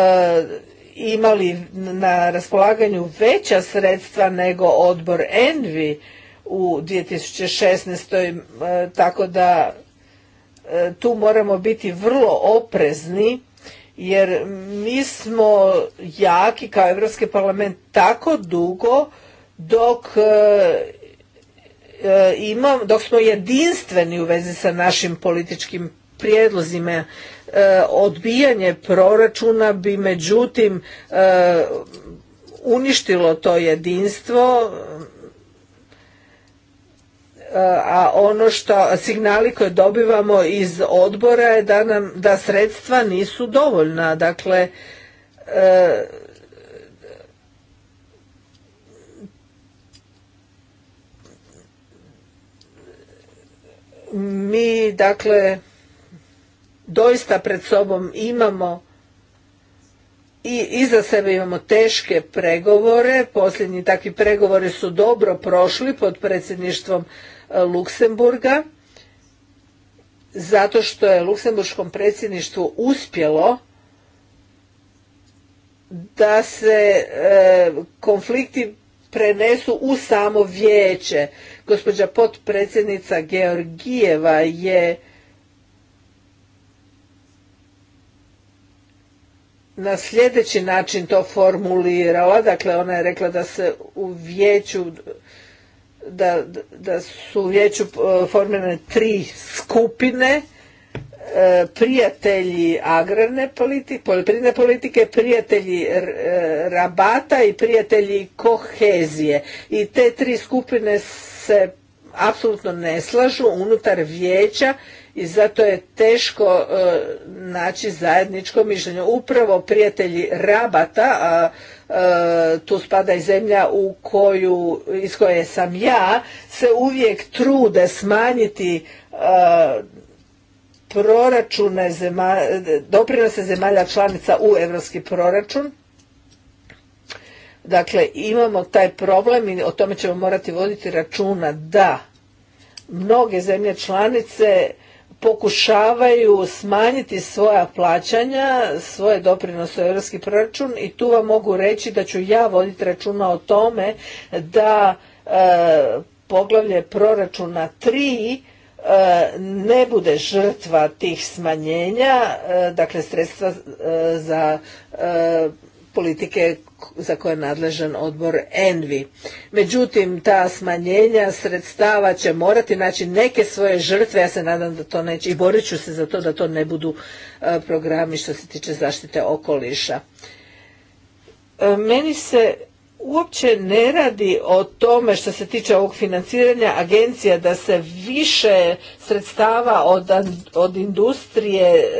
imali na raspolaganju veća sredstva nego odbor Envi u 2016. E, tako da tu moramo biti vrlo oprezni jer mi smo jaki kao Europski parlament tako dugo dok e, e, imam, dok smo jedinstveni u vezi sa našim političkim prijedlozima e, odbijanje proračuna bi međutim uništilo to jedinstvo a ono što signali koje dobivamo iz odbora je da nam da sredstva nisu dovoljna dakle mi dakle doista pred sobom imamo i iza sebe imamo teške pregovore. Posljednji takvi pregovori su dobro prošli pod predsjedništvom e, Luksemburga zato što je luksemburškom predsjedništvu uspjelo da se e, konflikti prenesu u samo vijeće Gospođa potpredsjednica Georgijeva je na sljedeći način to formulirala, dakle ona je rekla da se u vijeću da, da su u vijeću e, formirane tri skupine e, prijatelji agrarne politike, poljoprivredne politike, prijatelji e, rabata i prijatelji kohezije. I te tri skupine se apsolutno ne slažu unutar vijeća i zato je teško e, naći zajedničko mišljenje. Upravo prijatelji rabata, a e, tu spada i zemlja u koju, iz koje sam ja, se uvijek trude smanjiti e, proračune, doprinose zemalja članica u europski proračun Dakle, imamo taj problem i o tome ćemo morati voditi računa da mnoge zemlje članice pokušavaju smanjiti svoja plaćanja, svoje doprinose u europski proračun i tu vam mogu reći da ću ja voditi računa o tome da e, poglavlje proračuna 3 e, ne bude žrtva tih smanjenja, e, dakle sredstva za politike za koje je nadležan odbor Envi. Međutim, ta smanjenja sredstava će morati naći neke svoje žrtve, ja se nadam da to neće i borit ću se za to da to ne budu e, programi što se tiče zaštite okoliša. E, meni se uopće ne radi o tome što se tiče ovog financiranja agencija da se više sredstava od, industrije e,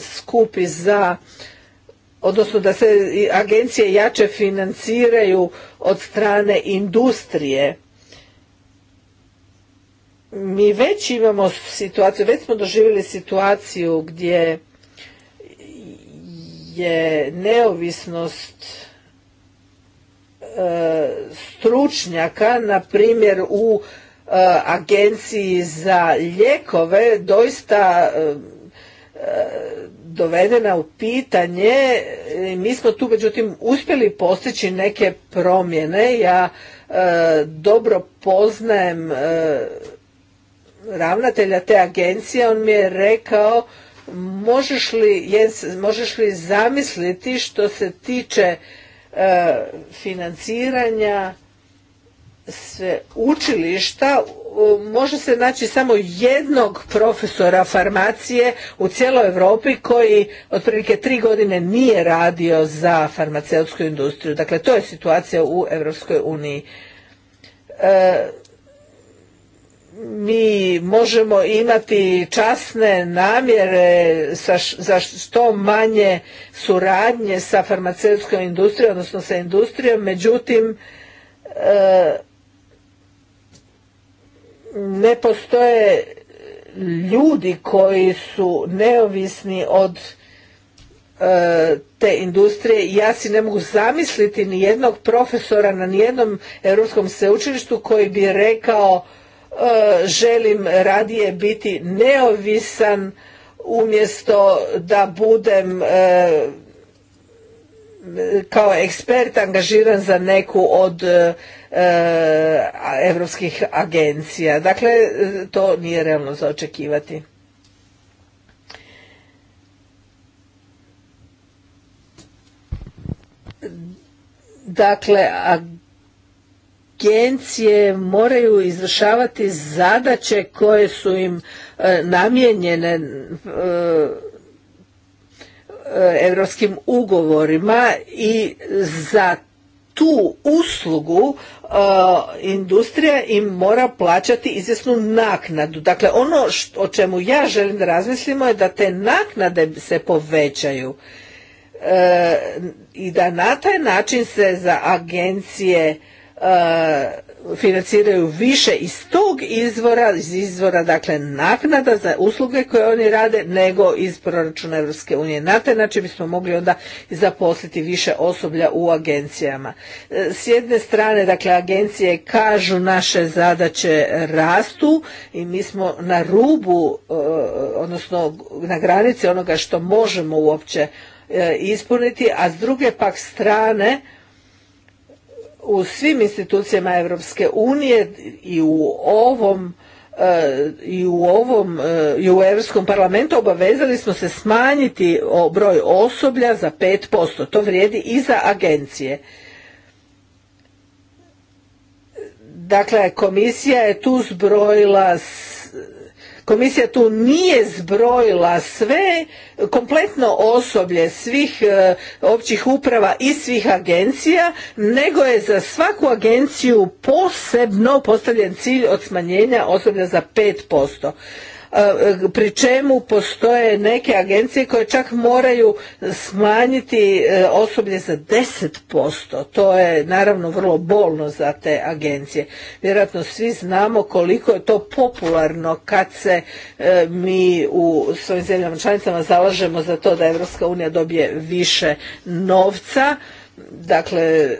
skupi za odnosno da se agencije jače financiraju od strane industrije. Mi već imamo situaciju, već smo doživjeli situaciju gdje je neovisnost e, stručnjaka, na primjer u e, agenciji za ljekove, doista e, dovedena u pitanje. Mi smo tu međutim uspjeli postići neke promjene. Ja e, dobro poznajem e, ravnatelja te agencije, on mi je rekao možeš li, možeš li zamisliti što se tiče e, financiranja sve učilišta može se naći samo jednog profesora farmacije u cijeloj Europi koji otprilike tri godine nije radio za farmaceutsku industriju. Dakle, to je situacija u Europskoj uniji. E, mi možemo imati časne namjere sa za što manje suradnje sa farmaceutskom industrijom, odnosno sa industrijom, međutim, e, ne postoje ljudi koji su neovisni od e, te industrije. Ja si ne mogu zamisliti ni jednog profesora na nijednom europskom sveučilištu koji bi rekao e, želim radije biti neovisan umjesto da budem e, kao ekspert angažiran za neku od europskih eh, agencija. Dakle, to nije realno za očekivati. Dakle, agencije moraju izvršavati zadaće koje su im eh, namijenjene europskim eh, ugovorima i za tu uslugu uh, industrija im mora plaćati izvjesnu naknadu. Dakle, ono o čemu ja želim da razmislimo je da te naknade se povećaju uh, i da na taj način se za agencije uh, financiraju više iz tog izvora, iz izvora dakle naknada za usluge koje oni rade nego iz proračuna Europske unije. Na taj način bismo mogli onda zaposliti više osoblja u agencijama. E, s jedne strane, dakle, agencije kažu naše zadaće rastu i mi smo na rubu, e, odnosno na granici onoga što možemo uopće e, ispuniti, a s druge pak strane, u svim institucijama Europske unije i u ovom e, i u ovom e, i u Europskom parlamentu obavezali smo se smanjiti broj osoblja za 5%. To vrijedi i za agencije. Dakle, komisija je tu zbrojila Komisija tu nije zbrojila sve, kompletno osoblje svih e, općih uprava i svih agencija, nego je za svaku agenciju posebno postavljen cilj od smanjenja osoblja za 5% pri čemu postoje neke agencije koje čak moraju smanjiti e, osoblje za 10%. To je naravno vrlo bolno za te agencije. Vjerojatno svi znamo koliko je to popularno kad se e, mi u svojim zemljama članicama zalažemo za to da Europska unija dobije više novca Dakle, e,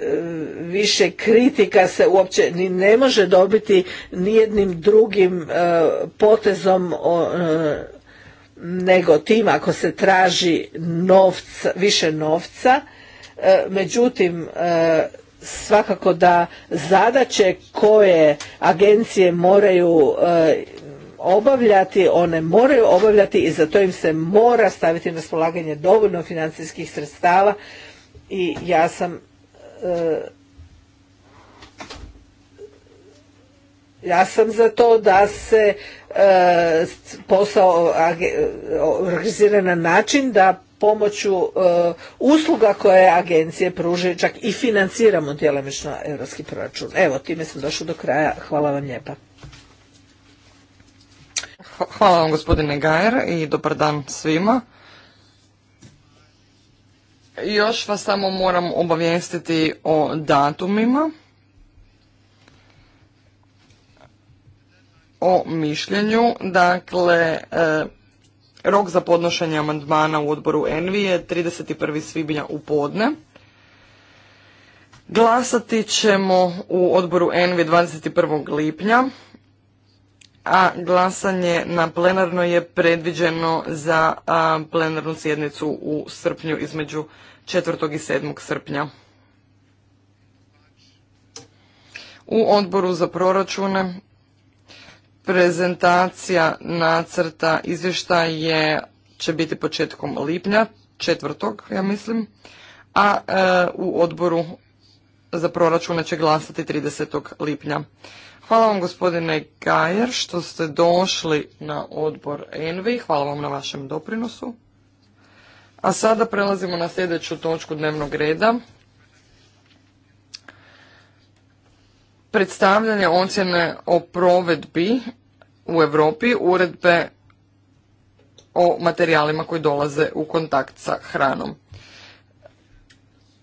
više kritika se uopće ni ne može dobiti nijednim drugim e, potezom e, nego tim ako se traži više novca. Međutim, svakako da zadaće koje agencije moraju obavljati, one moraju obavljati i za to im se mora staviti na raspolaganje dovoljno financijskih sredstava i ja sam e, ja sam za to da se e, posao organizira na način da pomoću e, usluga koje agencije pružaju čak i financiramo djelomično europski proračun. Evo, time sam došao do kraja. Hvala vam lijepa. Hvala vam gospodine Gajer i dobar dan svima. Još vas samo moram obavijestiti o datumima, o mišljenju. Dakle, e, rok za podnošenje amandmana u odboru Envi je 31. svibnja u podne. Glasati ćemo u odboru Envi 21. lipnja a glasanje na plenarno je predviđeno za plenarnu sjednicu u srpnju između 4. i 7. srpnja. U odboru za proračune prezentacija nacrta izvještaja će biti početkom lipnja, četvrtog, ja mislim, a e, u odboru za proračune će glasati 30. lipnja. Hvala vam gospodine Gajer što ste došli na odbor Envi. Hvala vam na vašem doprinosu. A sada prelazimo na sljedeću točku dnevnog reda. Predstavljanje ocjene o provedbi u Europi uredbe o materijalima koji dolaze u kontakt sa hranom.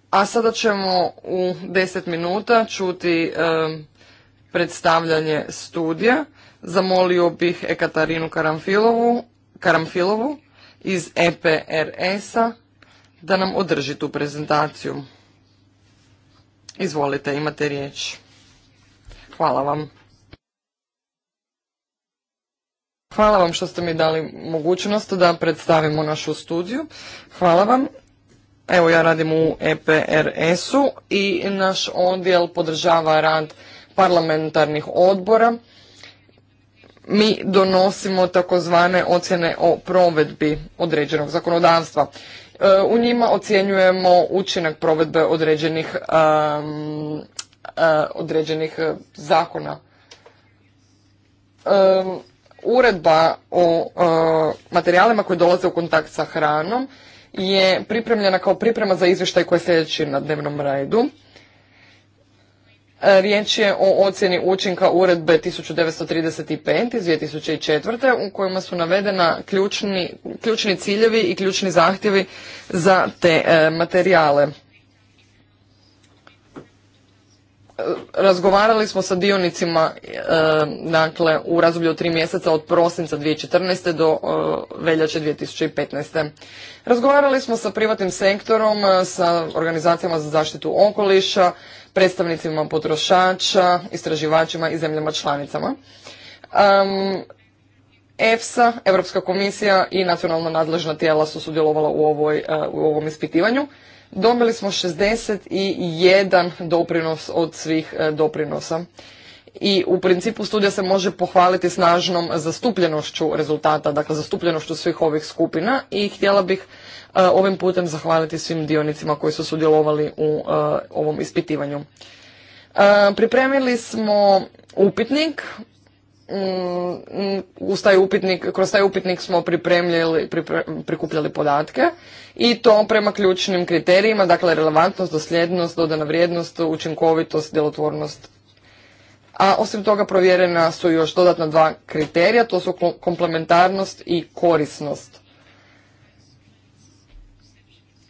A sada ćemo u 10 minuta čuti predstavljanje studija. Zamolio bih Ekatarinu Karamfilovu, Karamfilovu iz EPRS-a da nam održi tu prezentaciju. Izvolite, imate riječ. Hvala vam. Hvala vam što ste mi dali mogućnost da predstavimo našu studiju. Hvala vam. Evo ja radim u EPRS-u i naš odjel podržava rad parlamentarnih odbora mi donosimo takozvane ocjene o provedbi određenog zakonodavstva. E, u njima ocjenjujemo učinak provedbe određenih, određenih zakona. uredba o materijalima koji dolaze u kontakt sa hranom je pripremljena kao priprema za izvještaj koji je sljedeći na dnevnom redu. E, riječ je o ocjeni učinka uredbe 1935 iz 2004. u kojima su navedena ključni, ključni ciljevi i ključni zahtjevi za te e, materijale. E, razgovarali smo sa dionicima dakle, u razdoblju od tri mjeseca od prosinca 2014. do e, veljače 2015. Razgovarali smo sa privatnim sektorom, sa organizacijama za zaštitu okoliša, predstavnicima potrošača, istraživačima i zemljama članicama. EFSA, Europska komisija i nacionalna nadležna tijela su sudjelovala u, ovoj, e, u ovom ispitivanju. Dobili smo 61 doprinos od svih e, doprinosa i u principu studija se može pohvaliti snažnom zastupljenošću rezultata, dakle zastupljenošću svih ovih skupina i htjela bih e, ovim putem zahvaliti svim dionicima koji su sudjelovali u e, ovom ispitivanju. E, pripremili smo upitnik, mm, mm, upitnik, kroz taj upitnik smo prikupljali podatke i to prema ključnim kriterijima, dakle relevantnost, dosljednost, dodana vrijednost, učinkovitost, djelotvornost a osim toga provjerena su još dodatna dva kriterija, to su komplementarnost i korisnost.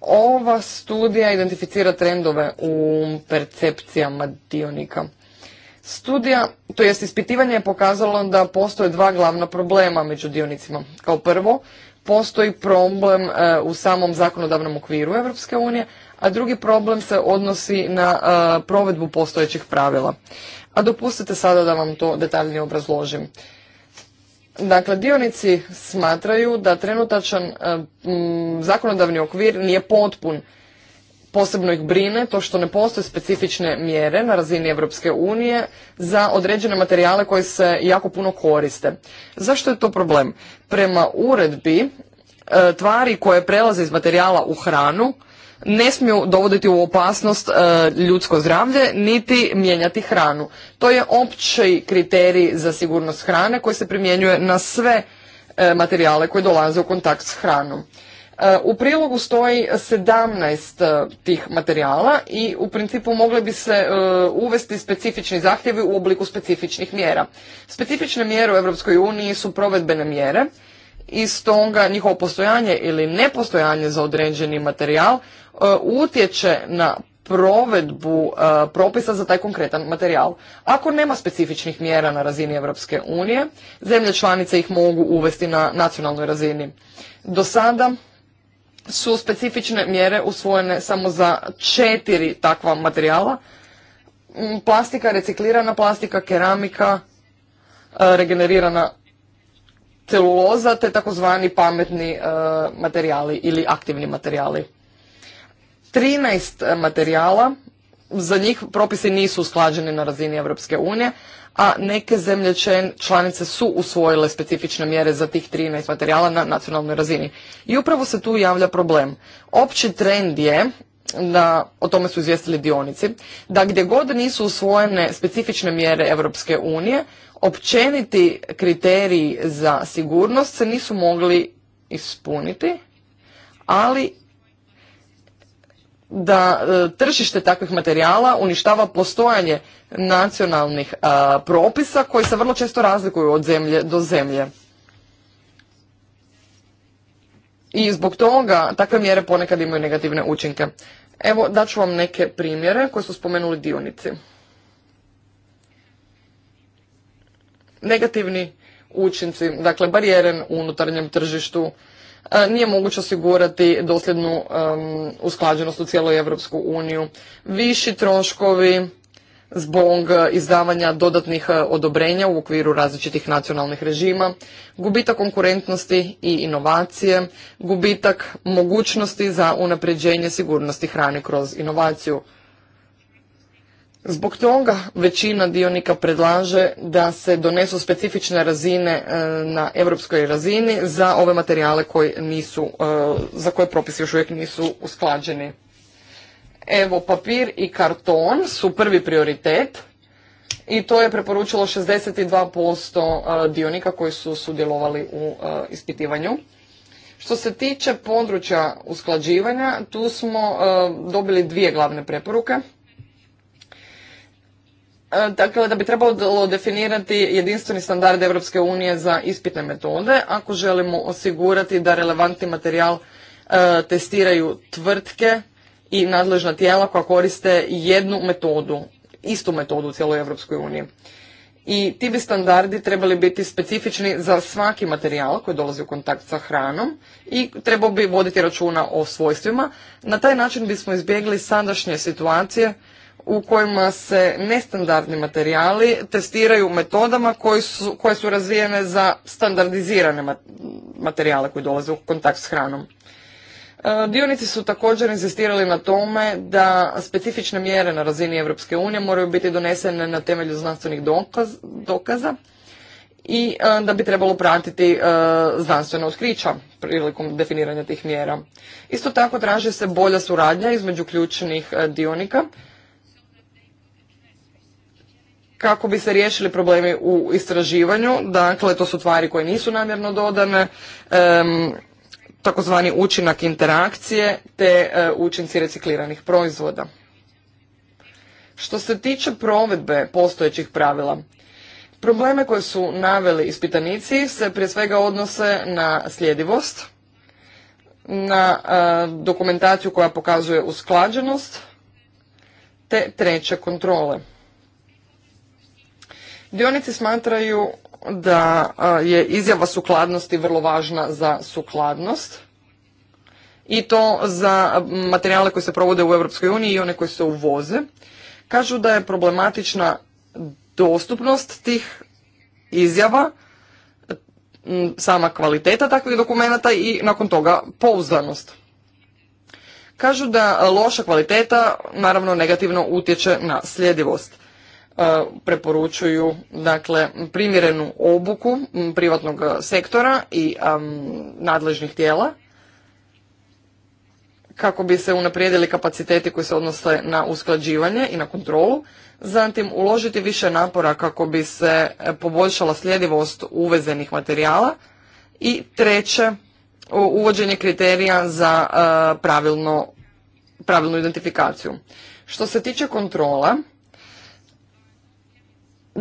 Ova studija identificira trendove u percepcijama dionika. Studija, to jest ispitivanje je pokazalo da postoje dva glavna problema među dionicima. Kao prvo, postoji problem e, u samom zakonodavnom okviru Europske unije, a drugi problem se odnosi na e, provedbu postojećih pravila a dopustite sada da vam to detaljnije obrazložim. Dakle, dionici smatraju da trenutačan e, zakonodavni okvir nije potpun. Posebno ih brine to što ne postoje specifične mjere na razini Europske unije za određene materijale koji se jako puno koriste. Zašto je to problem? Prema uredbi, e, tvari koje prelaze iz materijala u hranu ne smiju dovoditi u opasnost e, ljudsko zdravlje niti mijenjati hranu. To je opći kriterij za sigurnost hrane koji se primjenjuje na sve e, materijale koji dolaze u kontakt s hranom. E, u prilogu stoji 17 tih materijala i u principu mogli bi se uvesti specifični zahtjevi u obliku specifičnih mjera. Specifične mjere u Europskoj uniji su provedbene mjere i stoga njihovo postojanje ili nepostojanje za određeni materijal E, utječe na provedbu e, propisa za taj konkretan materijal. Ako nema specifičnih mjera na razini Europske unije, zemlje članice ih mogu uvesti na nacionalnoj razini. Do sada su specifične mjere usvojene samo za četiri takva materijala. Mm, plastika, reciklirana plastika, keramika, e, regenerirana celuloza te takozvani pametni materijali ili aktivni materijali. 13 materijala, za njih propisi nisu usklađeni na razini Europske unije, a neke zemlje članice su usvojile specifične mjere za tih 13 materijala na nacionalnoj razini. I upravo se tu javlja problem. Opći trend je da, o tome su izvijestili dionici, da gdje god nisu usvojene specifične mjere Europske unije, općeniti kriteriji za sigurnost se nisu mogli ispuniti, ali da e, tržište takvih materijala uništava postojanje nacionalnih e, propisa koji se vrlo često razlikuju od zemlje do zemlje. I zbog toga takve mjere ponekad imaju negativne učinke. Evo daću vam neke primjere koje su spomenuli dionici. Negativni učinci, dakle barijere u unutarnjem tržištu, nije moguće osigurati dosljednu usklađenost u cijeloj Evropsku uniju. Viši troškovi zbog izdavanja dodatnih e, odobrenja u okviru različitih nacionalnih režima, gubitak konkurentnosti i inovacije, gubitak mogućnosti za unapređenje sigurnosti hrane kroz inovaciju. Zbog toga većina dionika predlaže da se donesu specifične razine e, na europskoj razini za ove materijale koji nisu, e, za koje propisi još uvijek nisu usklađeni. Evo, papir i karton su prvi prioritet i to je preporučilo 62% e, dionika koji su sudjelovali u ispitivanju. Što se tiče područja usklađivanja, tu smo dobili dvije glavne preporuke – E, dakle, da bi trebalo definirati jedinstveni standard Europske unije za ispitne metode ako želimo osigurati da relevantni materijal e, testiraju tvrtke i nadležna tijela koja koriste jednu metodu, istu metodu u cijeloj Europskoj uniji. I ti bi standardi trebali biti specifični za svaki materijal koji dolazi u kontakt sa hranom i trebao bi voditi računa o svojstvima. Na taj način bismo izbjegli sadašnje situacije u kojima se nestandardni materijali testiraju metodama su, koje su razvijene za standardizirane materijale koji dolaze u kontakt s hranom. E, dionici su također insistirali na tome da specifične mjere na razini Europske unije moraju biti donesene na temelju znanstvenih dokaza i e, da bi trebalo pratiti e, znanstvena otkrića prilikom definiranja tih mjera. Isto tako traži se bolja suradnja između ključnih dionika kako bi se riješili problemi u istraživanju, dakle to su tvari koje nisu namjerno dodane, takozvani učinak interakcije te e, učinci recikliranih proizvoda. Što se tiče provedbe postojećih pravila, probleme koje su naveli ispitanici se prije svega odnose na sljedivost, na e, dokumentaciju koja pokazuje usklađenost, te treće kontrole. Dionici smatraju da je izjava sukladnosti vrlo važna za sukladnost i to za materijale koji se provode u EU i one koji se uvoze. Kažu da je problematična dostupnost tih izjava, sama kvaliteta takvih dokumenata i nakon toga pouzdanost. Kažu da loša kvaliteta naravno negativno utječe na sljedivost. E, preporučuju dakle primjerenu obuku privatnog sektora i nadležnih tijela kako bi se unaprijedili kapaciteti koji se odnose na usklađivanje i na kontrolu, zatim uložiti više napora kako bi se e, poboljšala sljedivost uvezenih materijala i treće, uvođenje kriterija za e, pravilno, pravilnu identifikaciju. Što se tiče kontrola,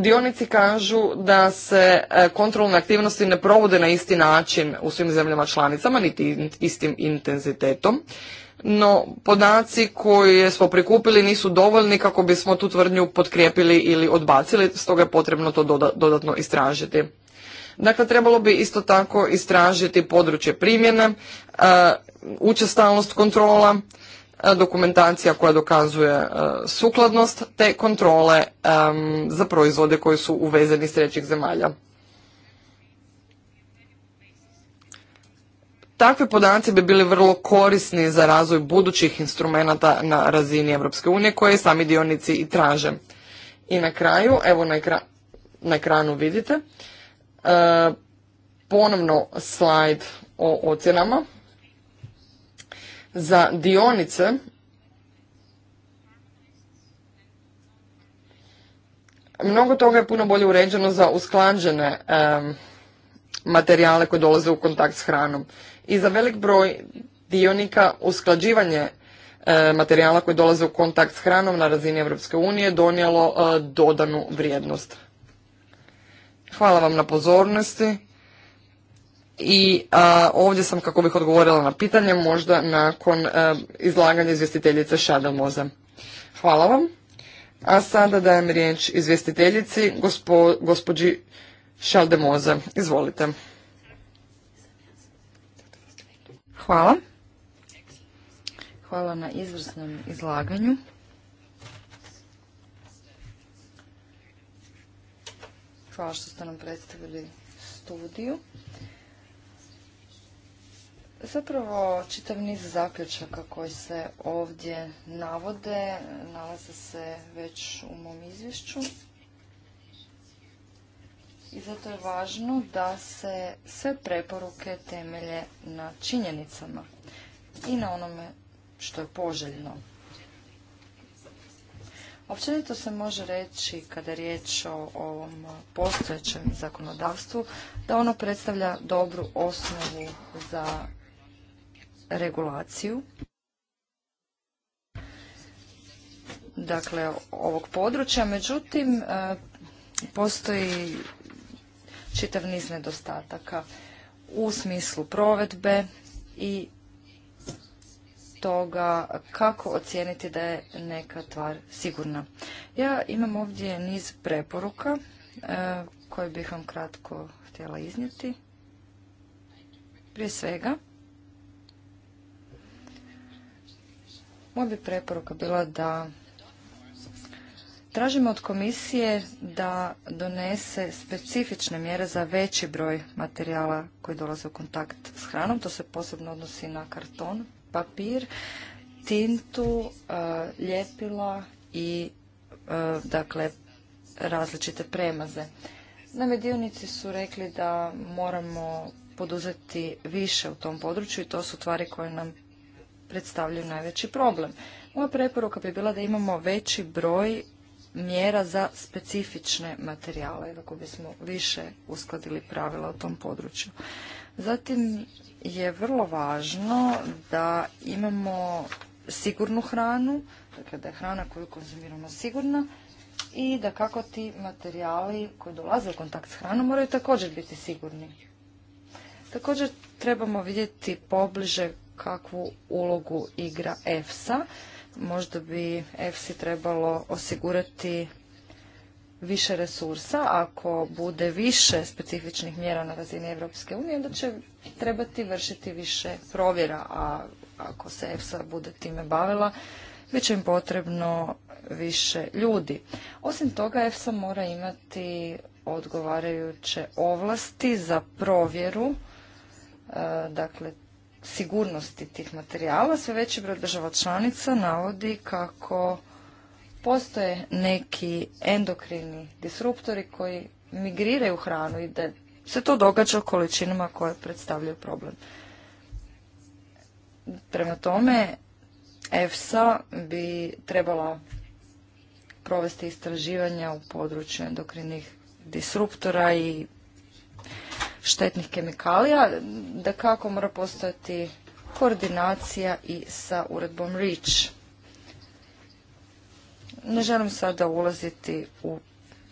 Dionici kažu da se e, kontrolne aktivnosti ne provode na isti način u svim zemljama članicama, niti istim intenzitetom, no podaci koje smo prikupili nisu dovoljni kako bismo tu tvrdnju potkrijepili ili odbacili, stoga je potrebno to dodatno istražiti. Dakle, trebalo bi isto tako istražiti područje primjene, e, učestalnost kontrola, dokumentacija koja dokazuje e, sukladnost te kontrole e, za proizvode koji su uvezeni iz trećih zemalja. Takvi podaci bi bili vrlo korisni za razvoj budućih instrumenata na razini EU koje sami dionici i traže. I na kraju, evo na, ekranu vidite, e, ponovno slajd o ocjenama za dionice mnogo toga je puno bolje uređeno za usklađene materijale koji dolaze u kontakt s hranom i za velik broj dionika usklađivanje e, materijala koji dolaze u kontakt s hranom na razini Europske unije donijelo e, dodanu vrijednost. Hvala vam na pozornosti i ovdje sam kako bih odgovorila na pitanje možda nakon izlaganja izvjestiteljice Šada Moza. Hvala vam. A sada dajem riječ izvjestiteljici gospo, gospođi Šalde Moza. Izvolite. Hvala. Hvala na izvrsnom izlaganju. Hvala što ste nam predstavili studiju. Zapravo, čitav niz zaključaka koji se ovdje navode nalaze se već u mom izvješću. I zato je važno da se sve preporuke temelje na činjenicama i na onome što je poželjno. Općenito se može reći, kada je riječ o ovom postojećem zakonodavstvu, da ono predstavlja dobru osnovu za regulaciju dakle ovog područja, međutim e, postoji čitav niz nedostataka u smislu provedbe i toga kako ocijeniti da je neka tvar sigurna. Ja imam ovdje niz preporuka e, koje bih vam kratko htjela iznijeti. Prije svega, Moja bi preporuka bila da tražimo od komisije da donese specifične mjere za veći broj materijala koji dolaze u kontakt s hranom. To se posebno odnosi na karton, papir, tintu, e, ljepila i e, dakle različite premaze. Na medijunici su rekli da moramo poduzeti više u tom području i to su tvari koje nam predstavljaju najveći problem. Moja preporuka bi bila da imamo veći broj mjera za specifične materijale, kako bismo više uskladili pravila u tom području. Zatim je vrlo važno da imamo sigurnu hranu, dakle da je hrana koju konzumiramo sigurna i da kako ti materijali koji dolaze u kontakt s hranom moraju također biti sigurni. Također trebamo vidjeti pobliže kakvu ulogu igra EFSA. Možda bi EFSI trebalo osigurati više resursa, ako bude više specifičnih mjera na razini Europske unije, onda će trebati vršiti više provjera, a ako se EFSA bude time bavila, bit će im potrebno više ljudi. Osim toga, EFSA mora imati odgovarajuće ovlasti za provjeru, e, dakle sigurnosti tih materijala, sve veći broj država članica navodi kako postoje neki endokrini disruptori koji migriraju hranu i da se to događa u količinama koje predstavljaju problem. Prema tome, EFSA bi trebala provesti istraživanja u području endokrinih disruptora i štetnih kemikalija. Da kako mora postojati koordinacija i sa uredbom REACH. Ne želim sada ulaziti u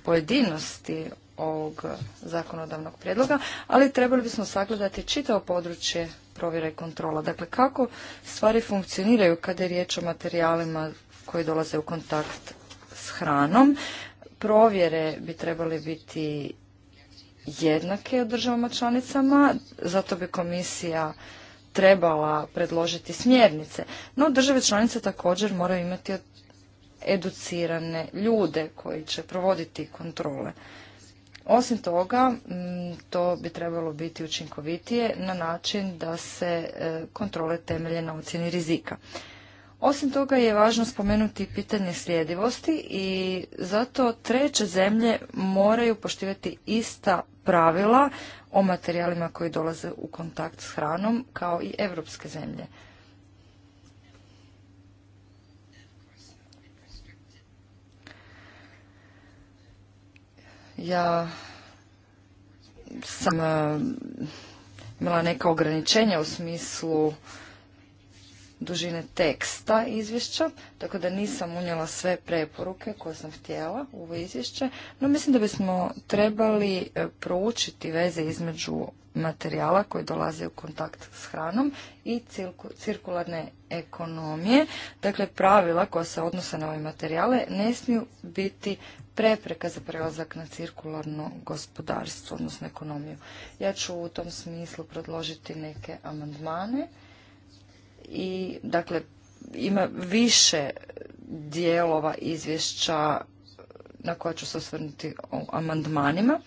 pojedinosti ovog zakonodavnog prijedloga, ali trebali bismo sagledati čitavo područje provjera i kontrola. Dakle, kako stvari funkcioniraju kada je riječ o materijalima koji dolaze u kontakt s hranom. Provjere bi trebali biti jednake u državama članicama, zato bi komisija trebala predložiti smjernice. No države članice također moraju imati educirane ljude koji će provoditi kontrole. Osim toga, to bi trebalo biti učinkovitije na način da se e, kontrole temelje na ocjeni rizika. Osim toga je važno spomenuti pitanje sljedivosti i zato treće zemlje moraju poštivati ista pravila o materijalima koji dolaze u kontakt s hranom kao i evropske zemlje. Ja sam eh, imala neka ograničenja u smislu dužine teksta izvješća, tako da nisam unijela sve preporuke koje sam htjela u ovo izvješće, no mislim da bismo trebali e, proučiti veze između materijala koji dolaze u kontakt s hranom i cirkularne ekonomije. Dakle, pravila koja se odnose na ove materijale ne smiju biti prepreka za prelazak na cirkularno gospodarstvo, odnosno ekonomiju. Ja ću u tom smislu predložiti neke amandmane i dakle ima više dijelova izvješća na koja ću se osvrnuti o amandmanima.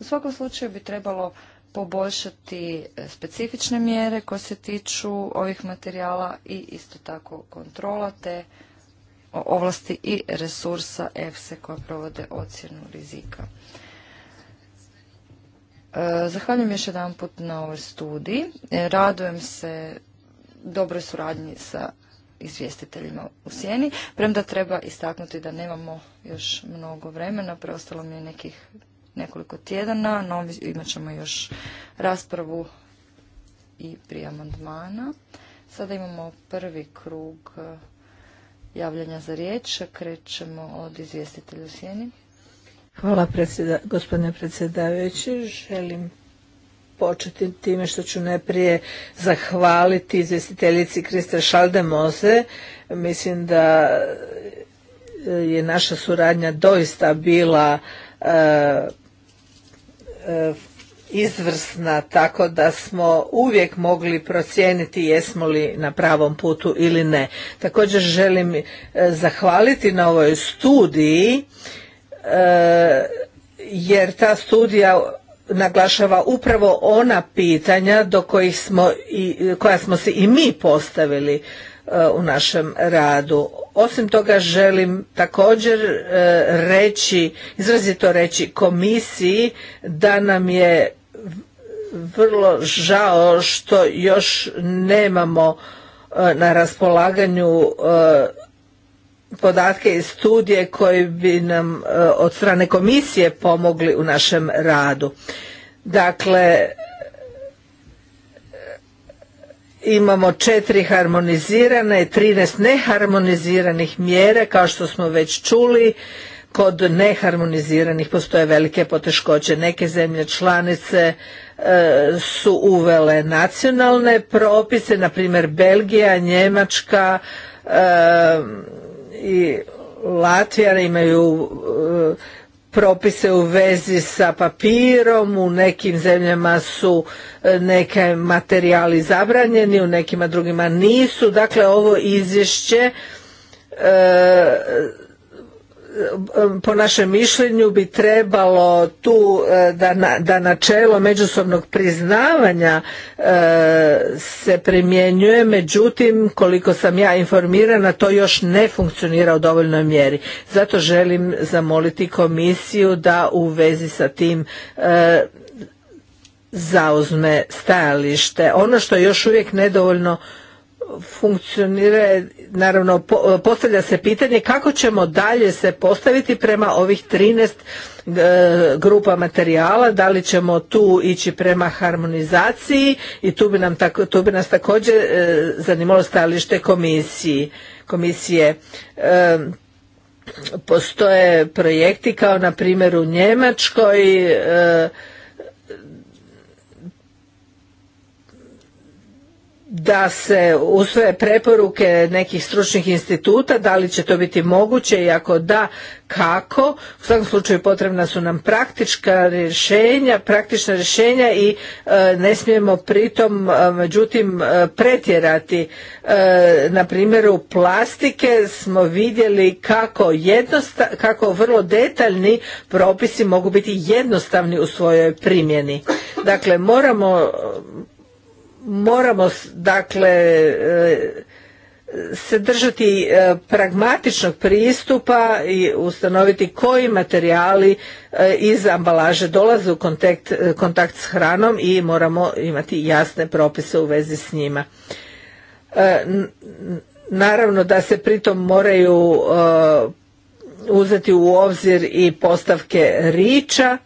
U svakom slučaju bi trebalo poboljšati specifične mjere koje se tiču ovih materijala i isto tako kontrola te ovlasti i resursa EFSE koja provode ocjenu rizika. E, zahvaljujem još jedan put na ovoj studiji. E, radujem se dobroj suradnji sa izvjestiteljima u sjeni, premda treba istaknuti da nemamo još mnogo vremena, preostalo mi je nekih nekoliko tjedana, no imat ćemo još raspravu i prije amandmana. Sada imamo prvi krug eh, javljanja za riječ, krećemo od izvjestitelja u sjeni. Hvala gospodine predsjedavajući, želim početi time što ću najprije zahvaliti izvjestiteljici Kriste Šaldemoze. Mislim da eh, je naša suradnja doista bila eh, eh, izvrsna tako da smo uvijek mogli procijeniti jesmo li na pravom putu ili ne. Također želim zahvaliti na ovoj studiji jer ta studija naglašava upravo ona pitanja do kojih smo i, koja smo se i mi postavili e, u našem radu. Osim toga želim također e, reći, izrazito reći komisiji da nam je vrlo žao što još nemamo e, na raspolaganju podatke i studije koji bi nam e, od strane komisije pomogli u našem radu. Dakle, e, imamo četiri harmonizirane i 13 neharmoniziranih mjere, kao što smo već čuli. Kod neharmoniziranih postoje velike poteškoće. Neke zemlje članice e, su uvele nacionalne propise, na primjer Belgija, Njemačka, i Latvija imaju e, propise u vezi sa papirom, u nekim zemljama su e, neke materijali zabranjeni, u nekima drugima nisu. Dakle, ovo izvješće e, po našem mišljenju bi trebalo tu e, da, da načelo međusobnog priznavanja e, se primjenjuje, međutim koliko sam ja informirana to još ne funkcionira u dovoljnoj mjeri. Zato želim zamoliti komisiju da u vezi sa tim e, zauzme stajalište. Ono što još uvijek nedovoljno funkcionira, naravno postavlja se pitanje kako ćemo dalje se postaviti prema ovih 13 e, grupa materijala, da li ćemo tu ići prema harmonizaciji i tu bi, nam, tu bi nas također e, zanimalo stajalište komisiji, komisije. E, postoje projekti kao na primjer u Njemačkoj, da se usvoje preporuke nekih stručnih instituta, da li će to biti moguće i ako da, kako. U svakom slučaju potrebna su nam praktička rješenja, praktična rješenja i e, ne smijemo pritom e, međutim e, pretjerati. Na primjeru plastike smo vidjeli kako, kako vrlo detaljni propisi mogu biti jednostavni u svojoj primjeni. Dakle, moramo moramo dakle e, se držati e, pragmatičnog pristupa i ustanoviti koji materijali e, iz ambalaže dolaze u kontakt, kontakt s hranom i moramo imati jasne propise u vezi s njima. Naravno da se pritom moraju uzeti u obzir i postavke riča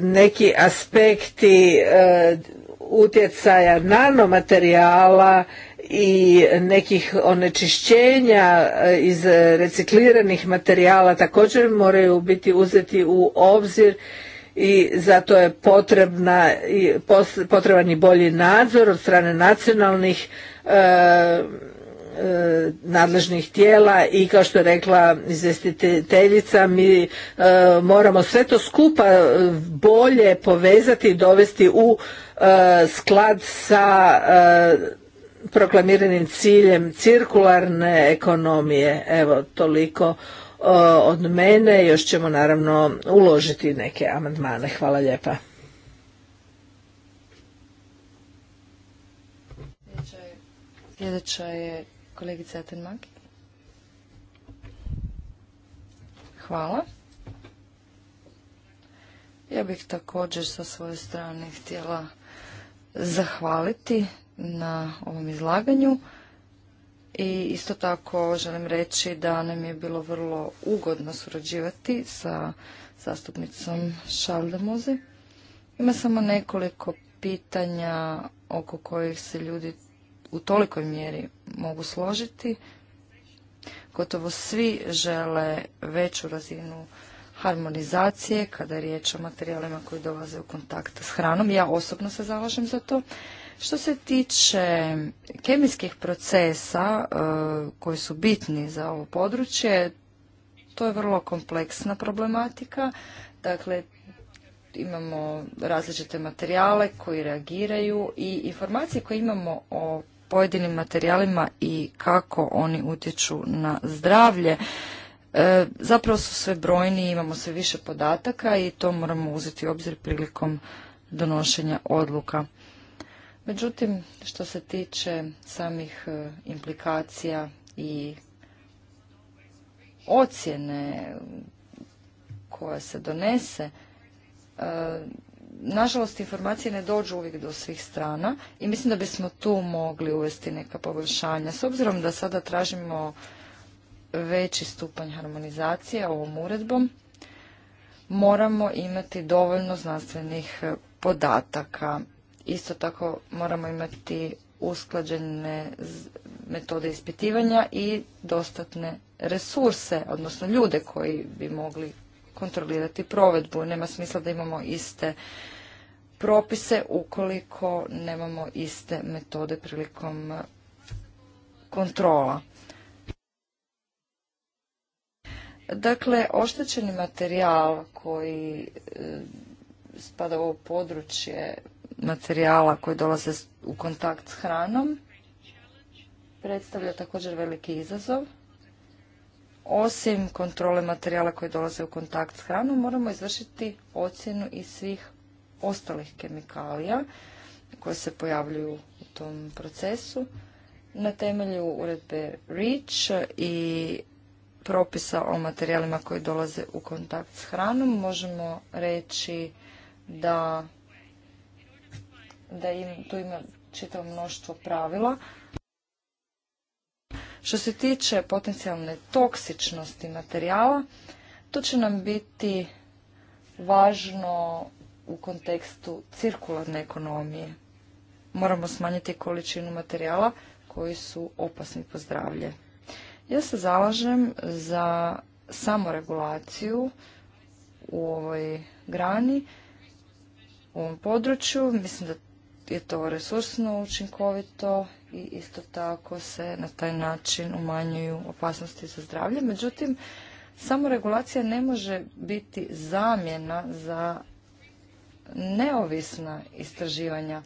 neki aspekti e, utjecaja nanomaterijala i nekih onečišćenja e, iz recikliranih materijala također moraju biti uzeti u obzir i zato je potrebna, potreban i bolji nadzor od strane nacionalnih e, E, nadležnih tijela i kao što je rekla izvjestiteljica mi e, moramo sve to skupa e, bolje povezati i dovesti u sklad sa proklamiranim ciljem cirkularne ekonomije evo toliko od mene još ćemo naravno uložiti neke amandmane hvala lijepa Sljedeća je Kolegica Atenmaki. Hvala. Ja bih također sa svoje strane htjela zahvaliti na ovom izlaganju i isto tako želim reći da nam je bilo vrlo ugodno surađivati sa zastupnicom Šaldemoze. Ima samo nekoliko pitanja oko kojih se ljudi u tolikoj mjeri mogu složiti. Gotovo svi žele veću razinu harmonizacije kada je riječ o materijalima koji dolaze u kontakt s hranom. Ja osobno se zalažem za to. Što se tiče kemijskih procesa e, koji su bitni za ovo područje, to je vrlo kompleksna problematika. Dakle, imamo različite materijale koji reagiraju i informacije koje imamo o pojedinim materijalima i kako oni utječu na zdravlje e, zapravo su sve brojni imamo sve više podataka i to moramo uzeti u obzir prilikom donošenja odluka međutim što se tiče samih e, implikacija i ocjene koja se donese e, nažalost, informacije ne dođu uvijek do svih strana i mislim da bismo tu mogli uvesti neka poboljšanja. S obzirom da sada tražimo veći stupanj harmonizacije ovom uredbom, moramo imati dovoljno znanstvenih podataka. Isto tako moramo imati usklađene metode ispitivanja i dostatne resurse, odnosno ljude koji bi mogli kontrolirati provedbu. Nema smisla da imamo iste propise ukoliko nemamo iste metode prilikom kontrola. Dakle, oštećeni materijal koji e, spada u ovo područje materijala koji dolaze u kontakt s hranom predstavlja također veliki izazov osim kontrole materijala koji dolaze u kontakt s hranom, moramo izvršiti ocjenu i svih ostalih kemikalija koje se pojavljuju u tom procesu. Na temelju uredbe REACH i propisa o materijalima koji dolaze u kontakt s hranom možemo reći da, da im, tu ima čitavo mnoštvo pravila što se tiče potencijalne toksičnosti materijala, to će nam biti važno u kontekstu cirkularne ekonomije. Moramo smanjiti količinu materijala koji su opasni po zdravlje. Ja se zalažem za samoregulaciju u ovoj grani, u ovom području. Mislim da je to resursno učinkovito i isto tako se na taj način umanjuju opasnosti za zdravlje. Međutim, samo regulacija ne može biti zamjena za neovisna istraživanja.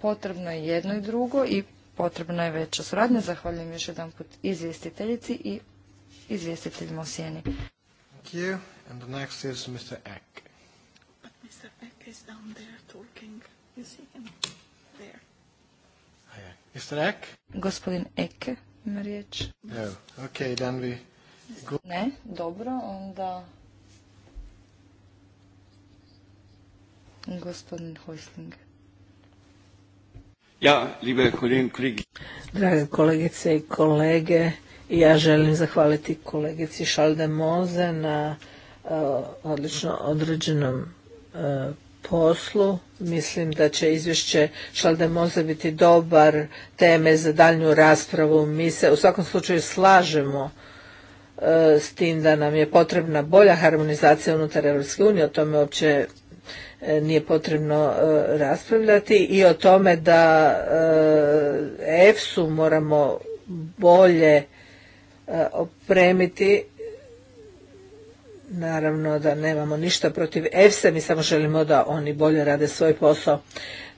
Potrebno je jedno i drugo i potrebna je veća suradnja. Zahvaljujem još jedan put izvjestiteljici i izvjestiteljima u sjeni. Thank And the next is Mr. Eck. But Mr. Eck is down there talking. You see Gospodin Eke ima riječ. Okay, then we Ne, dobro, onda... Gospodin Hoisling. Ja, liebe Kolleginnen Drage kolegice i kolege, ja želim zahvaliti kolegici Šalde Moze na eh, odlično određenom eh, poslu. Mislim da će izvješće Moza biti dobar teme za daljnju raspravu. Mi se u svakom slučaju slažemo e, s tim da nam je potrebna bolja harmonizacija unutar Europske unije, o tome uopće e, nije potrebno e, raspravljati i o tome da EFSU moramo bolje opremiti Naravno da nemamo ništa protiv EFSA, mi samo želimo da oni bolje rade svoj posao.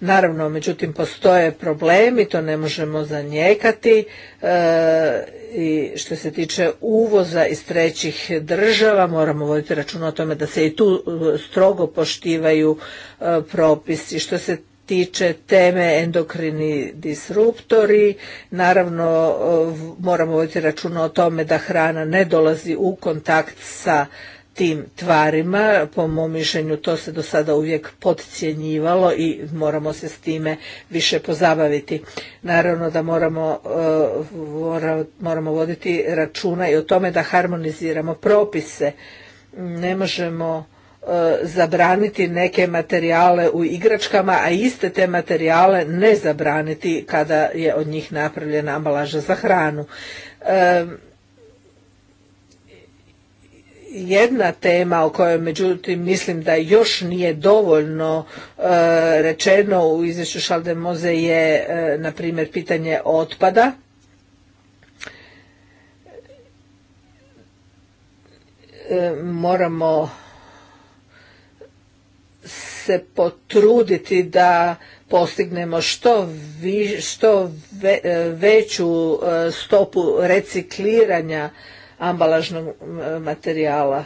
Naravno, međutim, postoje problemi, to ne možemo zanijekati e, i što se tiče uvoza iz trećih država, moramo voditi računa o tome da se i tu e, strogo poštivaju e, propisi. Što se tiče teme endokrini disruptori. Naravno moramo voditi računa o tome da hrana ne dolazi u kontakt sa tim tvarima. Po mom mišljenju to se do sada uvijek podcjenjivalo i moramo se s time više pozabaviti. Naravno da moramo, eh, moramo voditi računa i o tome da harmoniziramo propise. Ne možemo eh, zabraniti neke materijale u igračkama, a iste te materijale ne zabraniti kada je od njih napravljena ambalaža za hranu. Eh, jedna tema o kojoj međutim mislim da još nije dovoljno e, rečeno u izvješću Šaldemoze je e, na primjer pitanje otpada. E, moramo se potruditi da postignemo što, što veću stopu recikliranja ambalažnog materijala.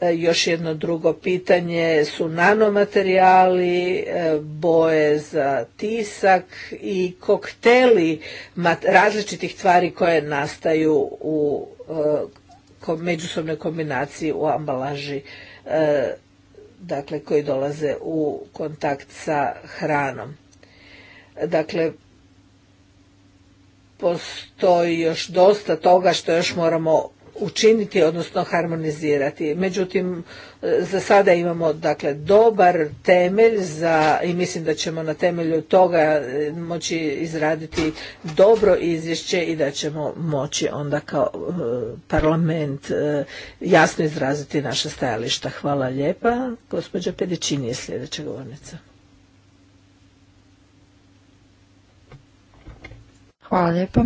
E, još jedno drugo pitanje su nanomaterijali, e, boje za tisak i kokteli različitih tvari koje nastaju u e, međusobnoj kombinaciji u ambalaži, dakle koji dolaze u kontakt sa hranom. Dakle, postoji još dosta toga što još moramo učiniti, odnosno harmonizirati. Međutim, e, za sada imamo dakle dobar temelj za i mislim da ćemo na temelju toga e, moći izraditi dobro izvješće i da ćemo moći onda kao e, parlament jasno izraziti naše stajališta. Hvala lijepa. Gospođa Pedićini je sljedeća govornica. Hvala lijepo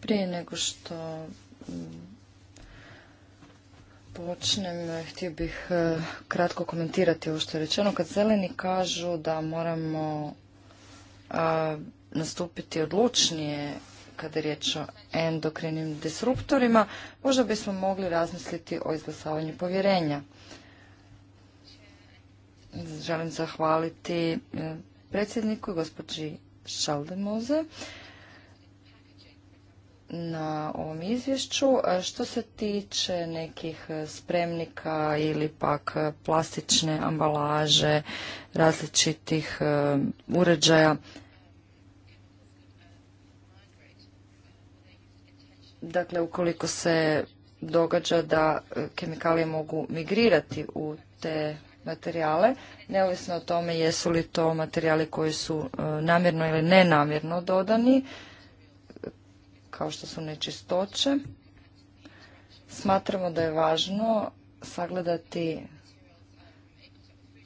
Prije nego što mm, počnem, htio bih e, kratko komentirati ovo što je rečeno. Kad zeleni kažu da moramo e, nastupiti odlučnije kada je riječ o endokrinim disruptorima, možda bismo mogli razmisliti o izglasavanju povjerenja. Želim zahvaliti e, predsjedniku i gospođi Šaldemoze na ovom izvješću. Što se tiče nekih spremnika ili pak plastične ambalaže, različitih e, uređaja, dakle ukoliko se događa da e, kemikalije mogu migrirati u te materijale, neovisno o tome jesu li to materijali koji su e, namjerno ili nenamjerno dodani, kao što su nečistoće. Smatramo da je važno sagledati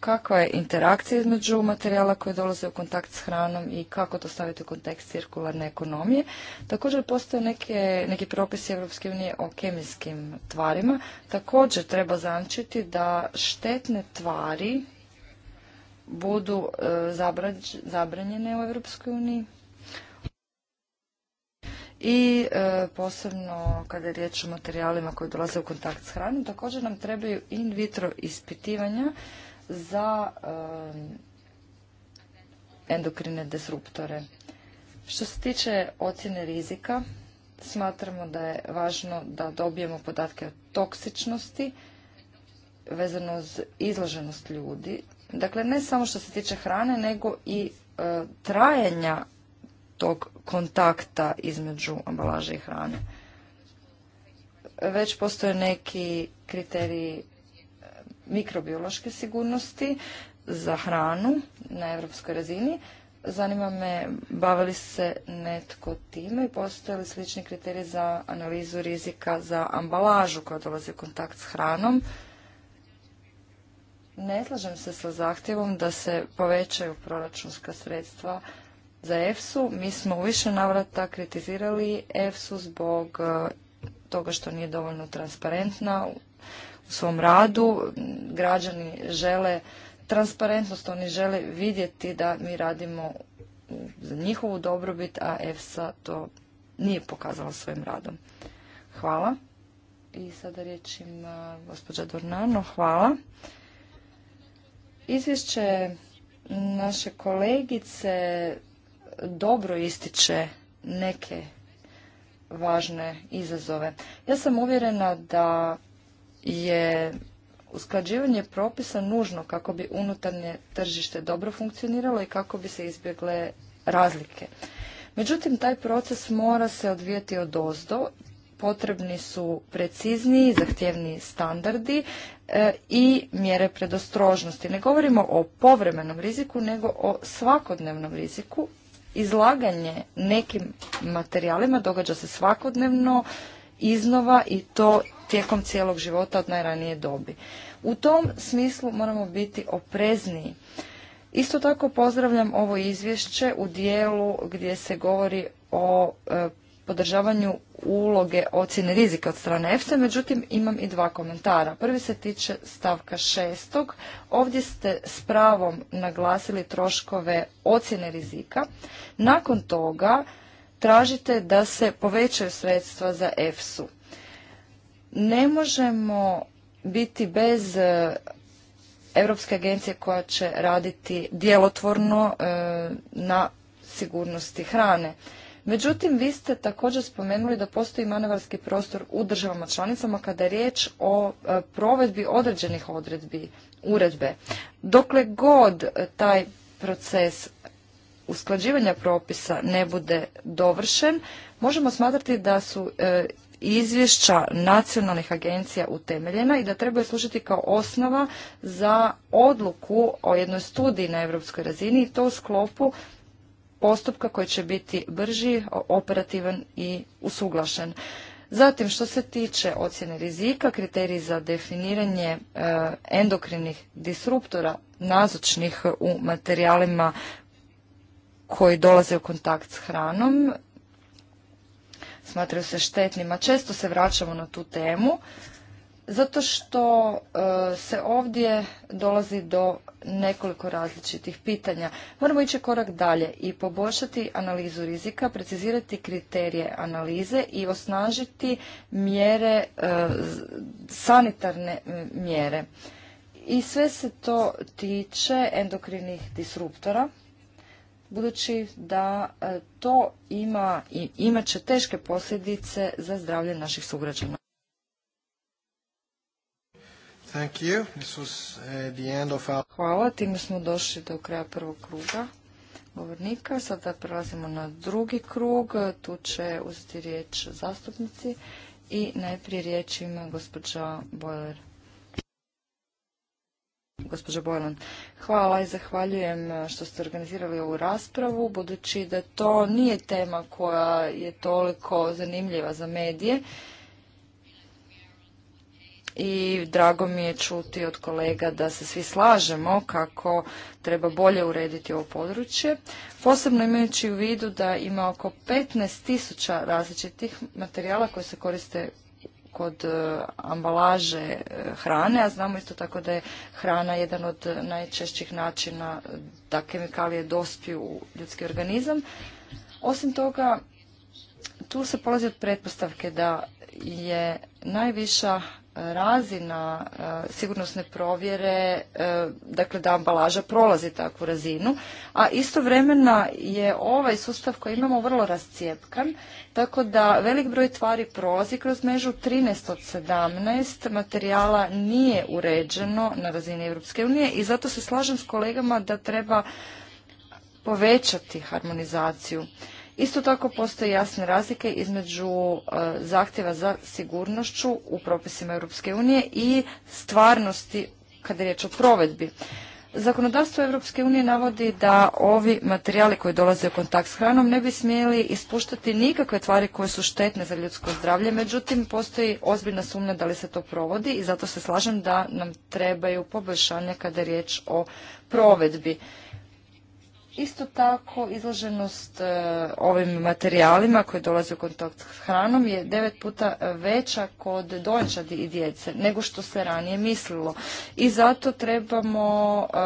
kakva je interakcija između materijala koji dolaze u kontakt s hranom i kako to staviti u kontekst cirkularne ekonomije. Također postoje neke, neki propisi Europske unije o kemijskim tvarima. Također treba zančiti da štetne tvari budu e, zabranjene u Europskoj uniji. I e, posebno kada je riječ o materijalima koji dolaze u kontakt s hranom, također nam trebaju in vitro ispitivanja za endokrine disruptore. Što se tiče ocjene rizika, smatramo da je važno da dobijemo podatke o toksičnosti vezano uz izloženost ljudi. Dakle, ne samo što se tiče hrane, nego i e, trajanja tog kontakta između ambalaže i hrane. Već postoje neki kriteriji mikrobiološke sigurnosti za hranu na europskoj razini. Zanima me, bavili se netko time i postoje li slični kriteriji za analizu rizika za ambalažu koja dolazi u kontakt s hranom? Ne slažem se sa zahtjevom da se povećaju proračunska sredstva za EFSU. Mi smo u više navrata kritizirali EFSU zbog eh, toga što nije dovoljno transparentna svom radu. Građani žele transparentnost, oni žele vidjeti da mi radimo za njihovu dobrobit, a EFSA to nije pokazala svojim radom. Hvala. I sada riječ ima gospođa Dornano. Hvala. Izvješće naše kolegice dobro ističe neke važne izazove. Ja sam uvjerena da je usklađivanje propisa nužno kako bi unutarnje tržište dobro funkcioniralo i kako bi se izbjegle razlike. Međutim, taj proces mora se odvijeti od ozdo, potrebni su precizniji, zahtjevniji standardi e, i mjere predostrožnosti. Ne govorimo o povremenom riziku, nego o svakodnevnom riziku. Izlaganje nekim materijalima događa se svakodnevno, iznova i to tijekom cijelog života od najranije dobi. U tom smislu moramo biti oprezniji. Isto tako pozdravljam ovo izvješće u dijelu gdje se govori o e, podržavanju uloge ocjene rizika od strane EFSA, međutim imam i dva komentara. Prvi se tiče stavka šestog. Ovdje ste s pravom naglasili troškove ocjene rizika. Nakon toga tražite da se povećaju sredstva za EFSU. Ne možemo biti bez e, Europske agencije koja će raditi djelotvorno e, na sigurnosti hrane. Međutim, vi ste također spomenuli da postoji manevarski prostor u državama članicama kada je riječ o e, provedbi određenih odredbi uredbe. Dokle god taj proces usklađivanja propisa ne bude dovršen, možemo smatrati da su e, izvješća nacionalnih agencija utemeljena i da trebaju služiti kao osnova za odluku o jednoj studiji na europskoj razini i to u sklopu postupka koji će biti brži, operativan i usuglašen. Zatim, što se tiče ocjene rizika, kriteriji za definiranje e, endokrinih disruptora nazočnih u materijalima koji dolaze u kontakt s hranom smatraju se štetnima. Često se vraćamo na tu temu zato što e, se ovdje dolazi do nekoliko različitih pitanja. Moramo ići korak dalje i poboljšati analizu rizika, precizirati kriterije analize i osnažiti mjere e, sanitarne mjere. I sve se to tiče endokrinih disruptora budući da e, to ima i imat će teške posljedice za zdravlje naših sugrađana. Uh, Hvala, time smo došli do kraja prvog kruga govornika. Sada prelazimo na drugi krug, tu će uzeti riječ zastupnici i najprije riječ ima gospođa Bojler gospođa Bojlan. Hvala i zahvaljujem što ste organizirali ovu raspravu, budući da to nije tema koja je toliko zanimljiva za medije. I drago mi je čuti od kolega da se svi slažemo kako treba bolje urediti ovo područje. Posebno imajući u vidu da ima oko 15.000 različitih materijala koji se koriste kod e, ambalaže e, hrane, a znamo isto tako da je hrana jedan od najčešćih načina da kemikalije dospiju u ljudski organizam. Osim toga, tu se polazi od pretpostavke da je najviša razina e, sigurnosne provjere, e, dakle da ambalaža prolazi takvu razinu, a istovremeno je ovaj sustav koji imamo vrlo rascijepkan, tako da velik broj tvari prolazi kroz mežu, 13 od 17 materijala nije uređeno na razini Europske unije i zato se slažem s kolegama da treba povećati harmonizaciju. Isto tako postoje jasne razlike između e, zahtjeva za sigurnošću u propisima Europske unije i stvarnosti kada je riječ o provedbi. Zakonodavstvo Europske unije navodi da ovi materijali koji dolaze u kontakt s hranom ne bi smjeli ispuštati nikakve tvari koje su štetne za ljudsko zdravlje, međutim postoji ozbiljna sumnja da li se to provodi i zato se slažem da nam trebaju poboljšanja kada je riječ o provedbi. Isto tako, izloženost e, ovim materijalima koji dolaze u kontakt s hranom je devet puta veća kod dojenčadi i djece nego što se ranije mislilo. I zato trebamo e,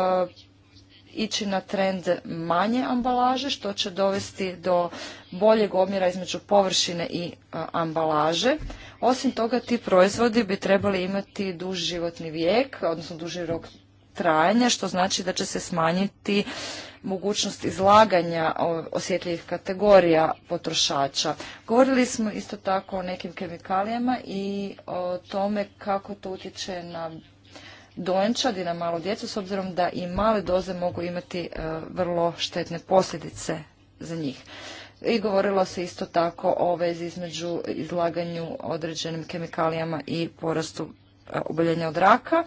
ići na trend manje ambalaže, što će dovesti do boljeg omjera između površine i e, ambalaže. Osim toga, ti proizvodi bi trebali imati duži životni vijek, odnosno duži rok trajanja, što znači da će se smanjiti mogućnost izlaganja osjetljivih kategorija potrošača. Govorili smo isto tako o nekim kemikalijama i o tome kako to utječe na dojenčad i na malu djecu s obzirom da i male doze mogu imati e, vrlo štetne posljedice za njih. I govorilo se isto tako o vezi između izlaganju određenim kemikalijama i porastu e, oboljenja od raka.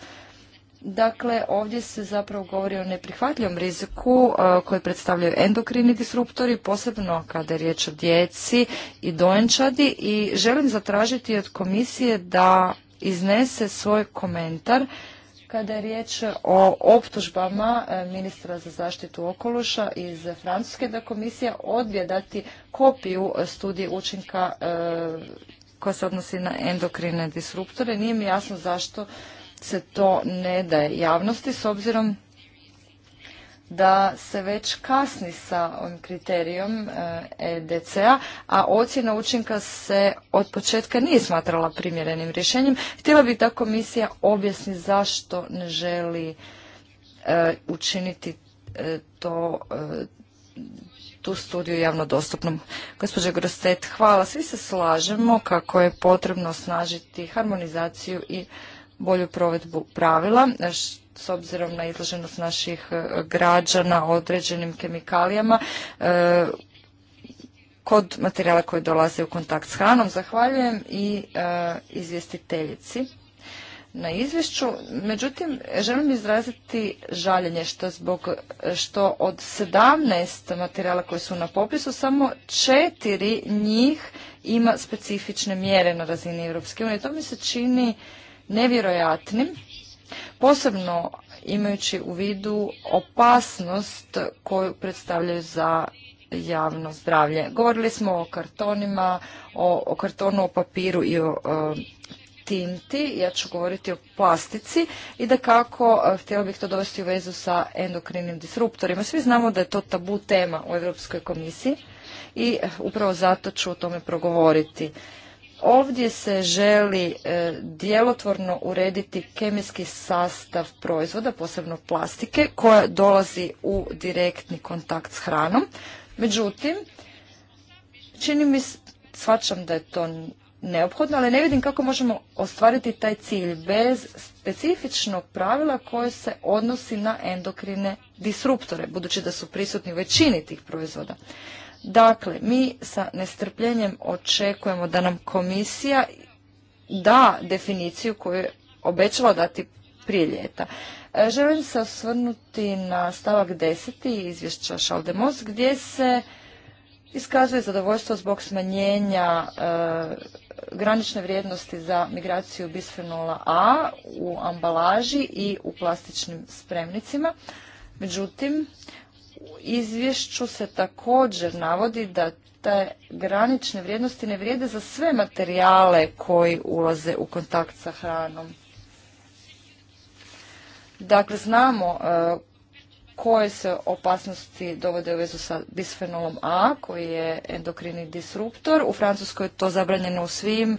Dakle, ovdje se zapravo govori o neprihvatljivom riziku uh, koji predstavljaju endokrini disruptori, posebno kada je riječ o djeci i dojenčadi i želim zatražiti od komisije da iznese svoj komentar kada je riječ o optužbama uh, ministra za zaštitu okoliša iz Francuske da komisija odbije dati kopiju studije učinka uh, koja se odnosi na endokrine disruptore. Nije mi jasno zašto se to ne daje javnosti s obzirom da se već kasni sa ovim kriterijom EDC-a, eh, e a ocjena učinka se od početka nije smatrala primjerenim rješenjem. Htjela bi da komisija objasni zašto ne želi eh, učiniti eh, to tu studiju javno dostupnom. Gospođa Grostet, hvala. Svi se slažemo kako je potrebno snažiti harmonizaciju i bolju provedbu pravila s obzirom na izloženost naših e, građana određenim kemikalijama e, kod materijala koji dolaze u kontakt s hranom. Zahvaljujem i e, izvjestiteljici na izvješću. Međutim, želim izraziti žaljenje što zbog što od 17 materijala koji su na popisu samo četiri njih ima specifične mjere na razini Europske unije. To mi se čini nevjerojatnim, posebno imajući u vidu opasnost koju predstavljaju za javno zdravlje. Govorili smo o kartonima, o, kartonu, o papiru i o, e, tinti, ja ću govoriti o plastici i da kako e, htjela bih to dovesti u vezu sa endokrinim disruptorima. Svi znamo da je to tabu tema u Europskoj komisiji i e, upravo zato ću o tome progovoriti. Ovdje se želi e, djelotvorno urediti kemijski sastav proizvoda, posebno plastike, koja dolazi u direktni kontakt s hranom. Međutim, čini mi, shvaćam da je to neophodno, ali ne vidim kako možemo ostvariti taj cilj bez specifičnog pravila koje se odnosi na endokrine disruptore, budući da su prisutni u većini tih proizvoda. Dakle, mi sa nestrpljenjem očekujemo da nam komisija da definiciju koju je obećala dati prije ljeta. E, želim se osvrnuti na stavak 10. izvješća Šaldemos gdje se iskazuje zadovoljstvo zbog smanjenja e, granične vrijednosti za migraciju bisfenola A u ambalaži i u plastičnim spremnicima. Međutim, izvješću se također navodi da te granične vrijednosti ne vrijede za sve materijale koji ulaze u kontakt sa hranom. Dakle, znamo e, koje se opasnosti dovode u vezu sa bisfenolom A, koji je endokrini disruptor. U Francuskoj je to zabranjeno u svim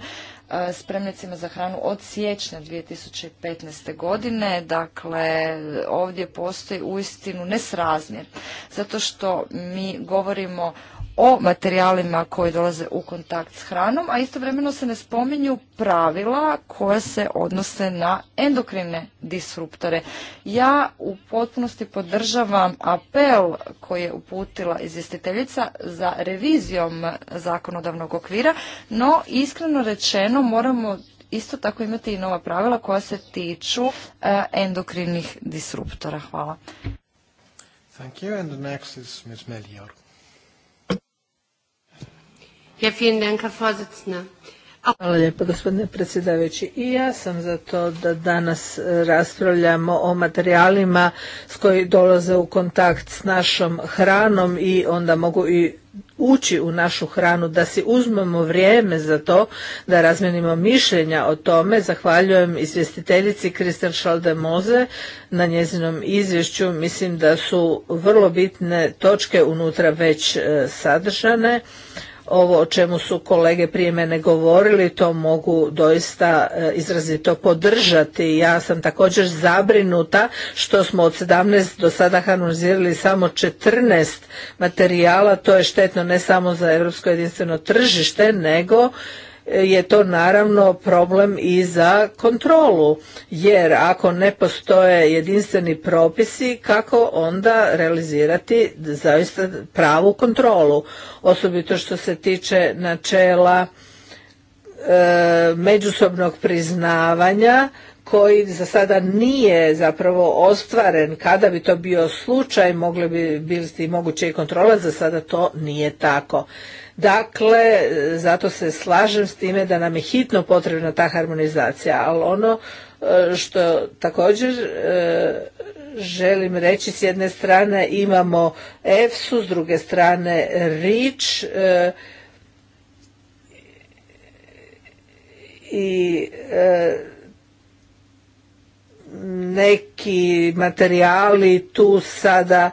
spremnicima za hranu od siječnja 2015. godine. Dakle, ovdje postoji uistinu nesrazmjer, zato što mi govorimo o materijalima koji dolaze u kontakt s hranom, a istovremeno se ne spominju pravila koja se odnose na endokrine disruptore. Ja u potpunosti podržavam apel koji je uputila izvjestiteljica za revizijom zakonodavnog okvira, no iskreno rečeno moramo isto tako imati i nova pravila koja se tiču e, endokrinih disruptora. Hvala. Thank you. And the next is Hvala lijepo gospodine predsjedavajući. I ja sam za to da danas e, raspravljamo o materijalima s koji dolaze u kontakt s našom hranom i onda mogu i ući u našu hranu, da si uzmemo vrijeme za to, da razmenimo mišljenja o tome. Zahvaljujem izvjestiteljici Kristel Moze na njezinom izvješću. Mislim da su vrlo bitne točke unutra već e, sadržane ovo o čemu su kolege prije mene govorili, to mogu doista e, izrazito podržati. Ja sam također zabrinuta što smo od 17 do sada harmonizirali samo 14 materijala, to je štetno ne samo za Europsko jedinstveno tržište, nego je to naravno problem i za kontrolu jer ako ne postoje jedinstveni propisi kako onda realizirati zaista pravu kontrolu osobito što se tiče načela e, međusobnog priznavanja koji za sada nije zapravo ostvaren kada bi to bio slučaj mogli bi biti moguće i kontrola za sada to nije tako Dakle, zato se slažem s time da nam je hitno potrebna ta harmonizacija, ali ono e, što također e, želim reći, s jedne strane imamo EFSU, s druge strane RIČ e, i neki materijali tu sada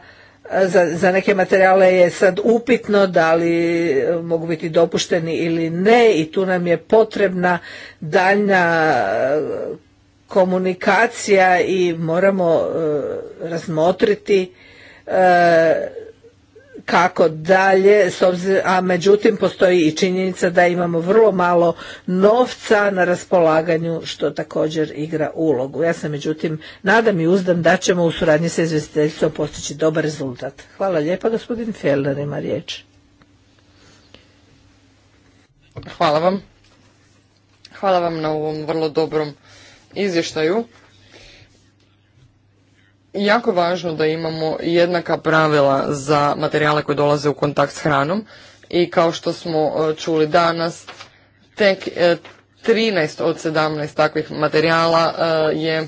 za, neke materijale je sad upitno da li e, mogu biti dopušteni ili ne i tu nam je potrebna daljna e, komunikacija i moramo e, razmotriti kako dalje, a međutim postoji i činjenica da imamo vrlo malo novca na raspolaganju što također igra ulogu. Ja sam međutim nadam i uzdam da ćemo u suradnji sa izvjestiteljstvom postići dobar rezultat. Hvala lijepa gospodin Fjellner ima riječ. Hvala vam. Hvala vam na ovom vrlo dobrom izvještaju jako važno da imamo jednaka pravila za materijale koji dolaze u kontakt s hranom i kao što smo e, čuli danas, tek 13 e, od 17 takvih materijala e, je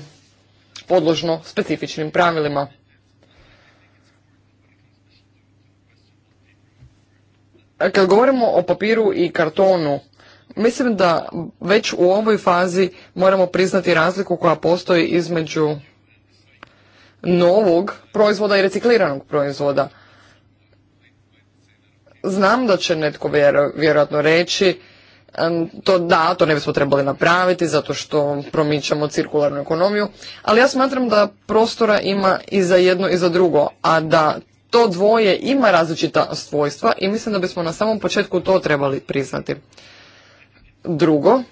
podložno specifičnim pravilima. Kad govorimo o papiru i kartonu, mislim da već u ovoj fazi moramo priznati razliku koja postoji između novog proizvoda i recikliranog proizvoda. Znam da će netko vjerojatno reći to da, to ne bismo trebali napraviti zato što promičamo cirkularnu ekonomiju, ali ja smatram da prostora ima i za jedno i za drugo, a da to dvoje ima različita svojstva i mislim da bismo na samom početku to trebali priznati. Drugo,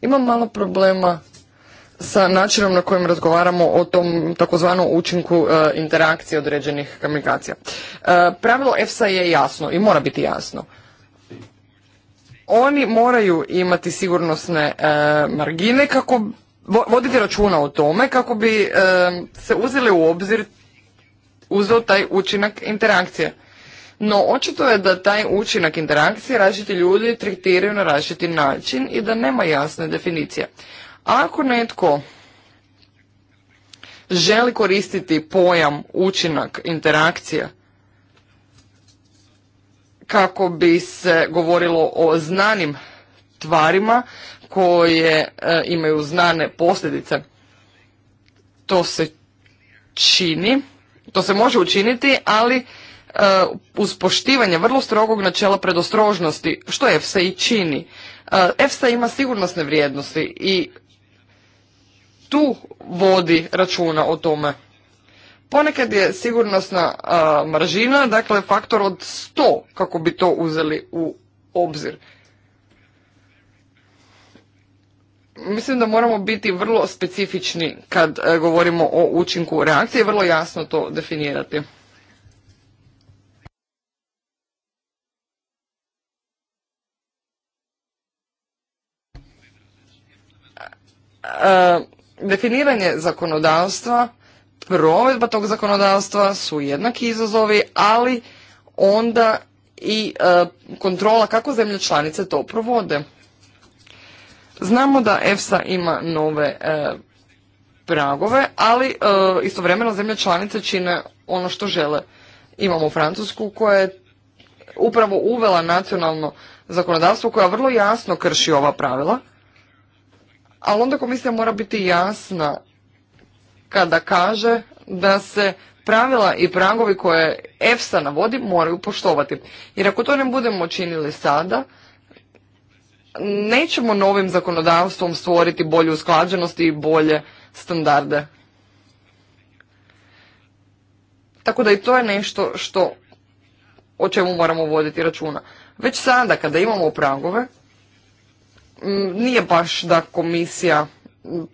Imam malo problema sa načinom na kojem razgovaramo o tom takozvanom učinku e, interakcije određenih komunikacija. E, pravilo EFSA je jasno i mora biti jasno. Oni moraju imati sigurnosne e, margine kako voditi računa o tome kako bi se uzeli u obzir uzeo taj učinak interakcije. No, očito je da taj učinak interakcije različiti ljudi tretiraju na različiti način i da nema jasne definicije. Ako netko želi koristiti pojam učinak interakcija kako bi se govorilo o znanim tvarima koje e, imaju znane posljedice. To se čini, to se može učiniti, ali Uh, uz poštivanje vrlo strogog načela predostrožnosti, što EFSA i čini. EFSA uh, ima sigurnosne vrijednosti i tu vodi računa o tome. Ponekad je sigurnosna uh, maržina, dakle faktor od 100, kako bi to uzeli u obzir. Mislim da moramo biti vrlo specifični kad govorimo o učinku reakcije i vrlo jasno to definirati. E, definiranje zakonodavstva, provedba tog zakonodavstva su jednaki izazovi, ali onda i e, kontrola kako zemlje članice to provode. Znamo da EFSA ima nove e, pragove, ali istovremeno zemlje članice čine ono što žele. Imamo Francusku koja je upravo uvela nacionalno zakonodavstvo koja vrlo jasno krši ova pravila ali onda komisija mora biti jasna kada kaže da se pravila i pragovi koje EFSA navodi moraju poštovati. Jer ako to ne budemo činili sada, nećemo novim zakonodavstvom stvoriti bolju usklađenost i bolje standarde. Tako da i to je nešto što o čemu moramo voditi računa. Već sada kada imamo pragove, Mm, nije baš da komisija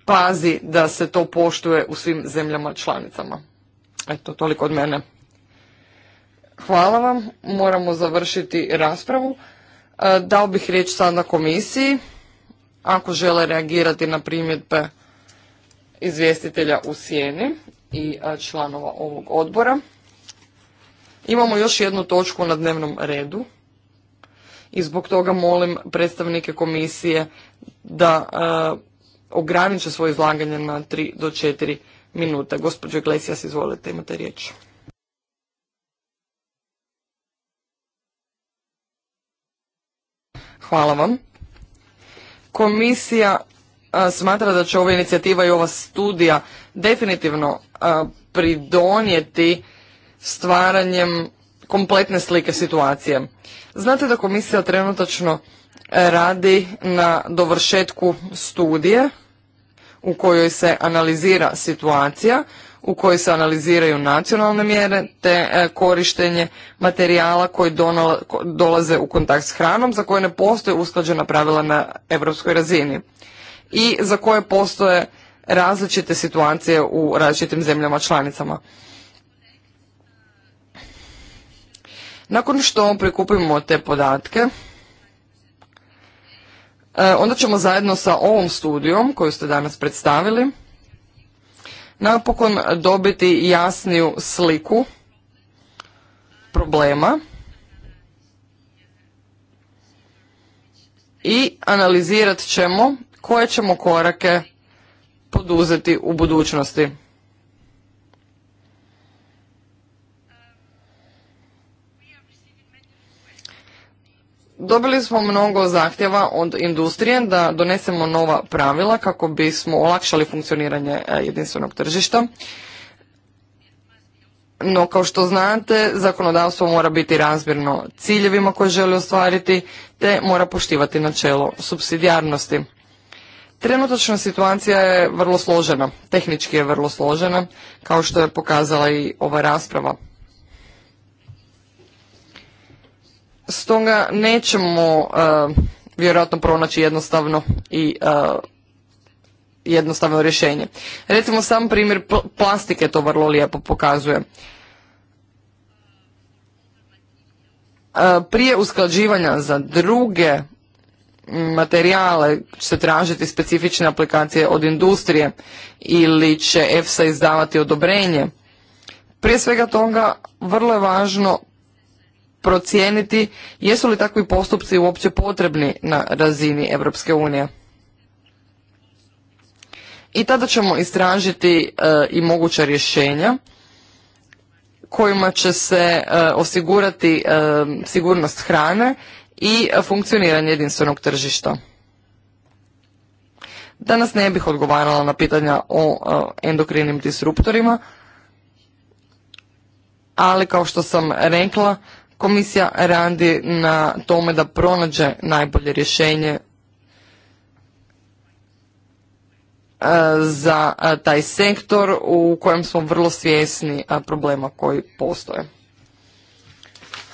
pazi da se to poštuje u svim zemljama članicama. Eto, toliko od mene. Hvala vam, moramo završiti raspravu. E, dao bih riječ sada komisiji, ako žele reagirati na primjedbe izvjestitelja u sjeni i e, članova ovog odbora. Imamo još jednu točku na dnevnom redu i zbog toga molim predstavnike komisije da e, ograniče svoje izlaganje na 3 do 4 minuta. Gospođo Iglesias, izvolite, imate riječ. Hvala vam. Komisija e, smatra da će ova inicijativa i ova studija definitivno e, pridonijeti stvaranjem kompletne slike situacije. Znate da komisija trenutačno e, radi na dovršetku studije u kojoj se analizira situacija, u kojoj se analiziraju nacionalne mjere te e, korištenje materijala koji dolaze u kontakt s hranom za koje ne postoje usklađena pravila na europskoj razini i za koje postoje različite situacije u različitim zemljama članicama. Nakon što prikupimo te podatke, e, onda ćemo zajedno sa ovom studijom koju ste danas predstavili napokon dobiti jasniju sliku problema i analizirat ćemo koje ćemo korake poduzeti u budućnosti. Dobili smo mnogo zahtjeva od industrije da donesemo nova pravila kako bismo olakšali funkcioniranje e, jedinstvenog tržišta. No, kao što znate, zakonodavstvo mora biti razmjerno ciljevima koje želi ostvariti, te mora poštivati načelo subsidijarnosti. Trenutačna situacija je vrlo složena, tehnički je vrlo složena, kao što je pokazala i ova rasprava. Stoga nećemo uh, vjerojatno pronaći jednostavno i e, jednostavno rješenje. Recimo sam primjer plastike to vrlo lijepo pokazuje. E, prije usklađivanja za druge materijale će se tražiti specifične aplikacije od industrije ili će EFSA izdavati odobrenje. Prije svega toga vrlo je važno procijeniti jesu li takvi postupci uopće potrebni na razini Europske unije. I tada ćemo istražiti e, i moguća rješenja kojima će se e, osigurati e, sigurnost hrane i funkcioniranje jedinstvenog tržišta. Danas ne bih odgovarala na pitanja o endokrinim disruptorima, ali kao što sam rekla, Komisija radi na tome da pronađe najbolje rješenje e, za e, taj sektor u kojem smo vrlo svjesni problema koji postoje.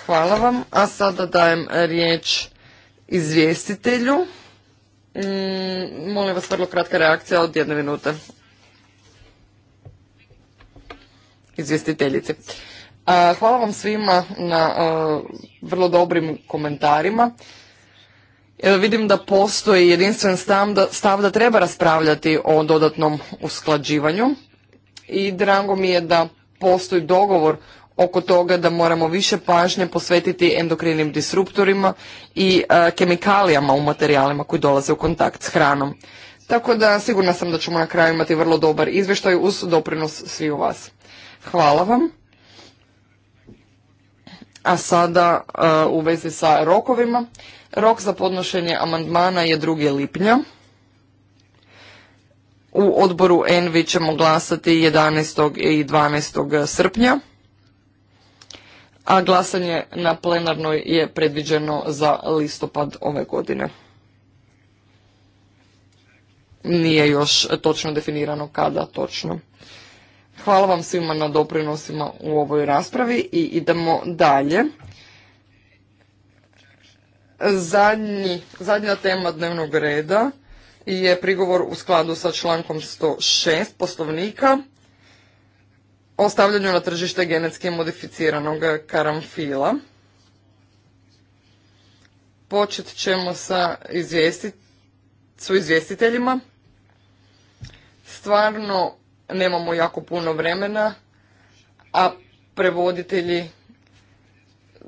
Hvala vam. A sada dajem riječ izvjestitelju. Mm, molim vas vrlo kratka reakcija od jedne minute. Izvjestiteljice. Hvala vam svima na vrlo dobrim komentarima. Vidim da postoji jedinstven stav da, treba raspravljati o dodatnom usklađivanju i drago mi je da postoji dogovor oko toga da moramo više pažnje posvetiti endokrinim disruptorima i kemikalijama u materijalima koji dolaze u kontakt s hranom. Tako da sigurna sam da ćemo na kraju imati vrlo dobar izvještaj uz doprinos u vas. Hvala vam. A sada e, u vezi sa rokovima. Rok za podnošenje amandmana je 2. lipnja. U odboru Envi ćemo glasati 11. i 12. srpnja, a glasanje na plenarnoj je predviđeno za listopad ove godine. Nije još točno definirano kada točno. Hvala vam svima na doprinosima u ovoj raspravi i idemo dalje. Zadnji, zadnja tema dnevnog reda je prigovor u skladu sa člankom 106 poslovnika o stavljanju na tržište genetski modificiranog karamfila. Počet ćemo sa izvjestiteljima. Stvarno nemamo jako puno vremena, a prevoditelji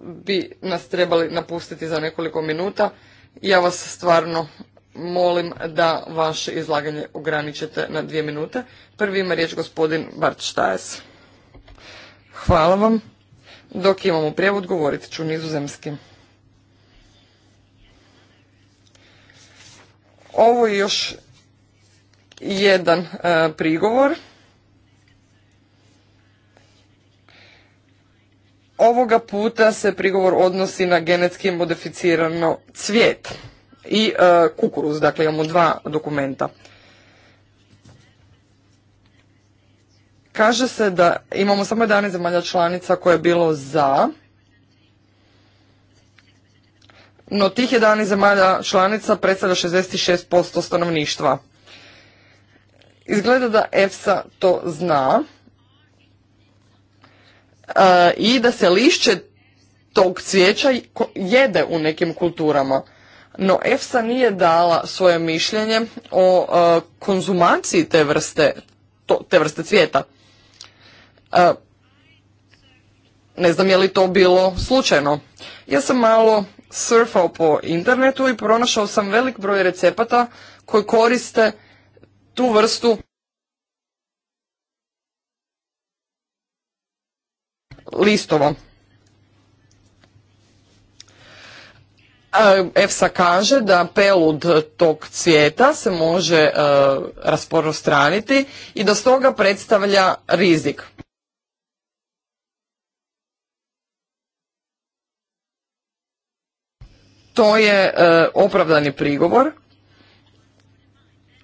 bi nas trebali napustiti za nekoliko minuta. Ja vas stvarno molim da vaše izlaganje ograničite na dvije minute. Prvi ima riječ gospodin Bart Štajes. Hvala vam. Dok imamo prijevod, govorit ću nizozemski. Ovo je još jedan e, prigovor Ovoga puta se prigovor odnosi na genetski modificirano cvijet i e, kukuruz, dakle imamo dva dokumenta. Kaže se da imamo samo 11 zemalja članica koje je bilo za, no tih 11 zemalja članica predstavlja 66% stanovništva. Izgleda da EFSA to zna i da se lišće tog cvijeća jede u nekim kulturama. No EFSA nije dala svoje mišljenje o e, konzumaciji te vrste, te vrste cvijeta. E, ne znam je li to bilo slučajno. Ja sam malo surfao po internetu i pronašao sam velik broj recepata koji koriste tu vrstu listovo. E, EFSA kaže da pelud tog cvijeta se može e, rasporostraniti i da stoga predstavlja rizik. To je e, opravdani prigovor.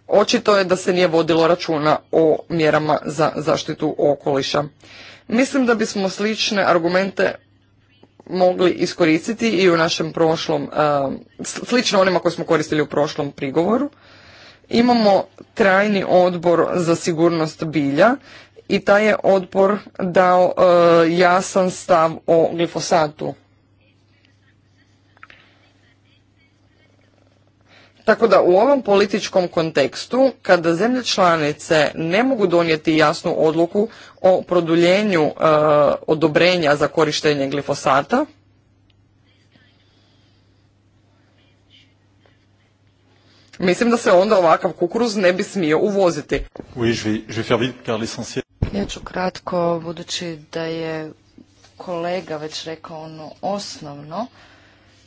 Očito je da se nije vodilo računa o mjerama za zaštitu okoliša. Mislim da bismo slične argumente mogli iskoristiti i u našem prošlom, slično onima koje smo koristili u prošlom prigovoru. Imamo trajni odbor za sigurnost bilja i taj je odbor dao jasan stav o glifosatu. Tako da u ovom političkom kontekstu, kada zemlje članice ne mogu donijeti jasnu odluku o produljenju e, odobrenja za korištenje glifosata, Mislim da se onda ovakav kukuruz ne bi smio uvoziti. Ja ću kratko, budući da je kolega već rekao ono osnovno.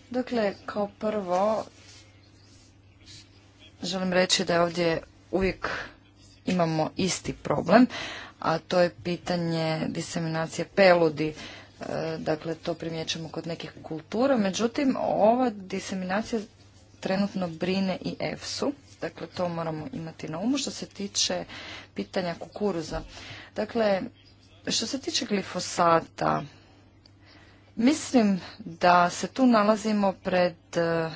Dakle, kao prvo, želim reći da ovdje uvijek imamo isti problem, a to je pitanje diseminacije peludi. E, dakle, to primjećamo kod nekih kultura. Međutim, ova diseminacija trenutno brine i EFSU. Dakle, to moramo imati na umu. Što se tiče pitanja kukuruza. Dakle, što se tiče glifosata, mislim da se tu nalazimo pred e,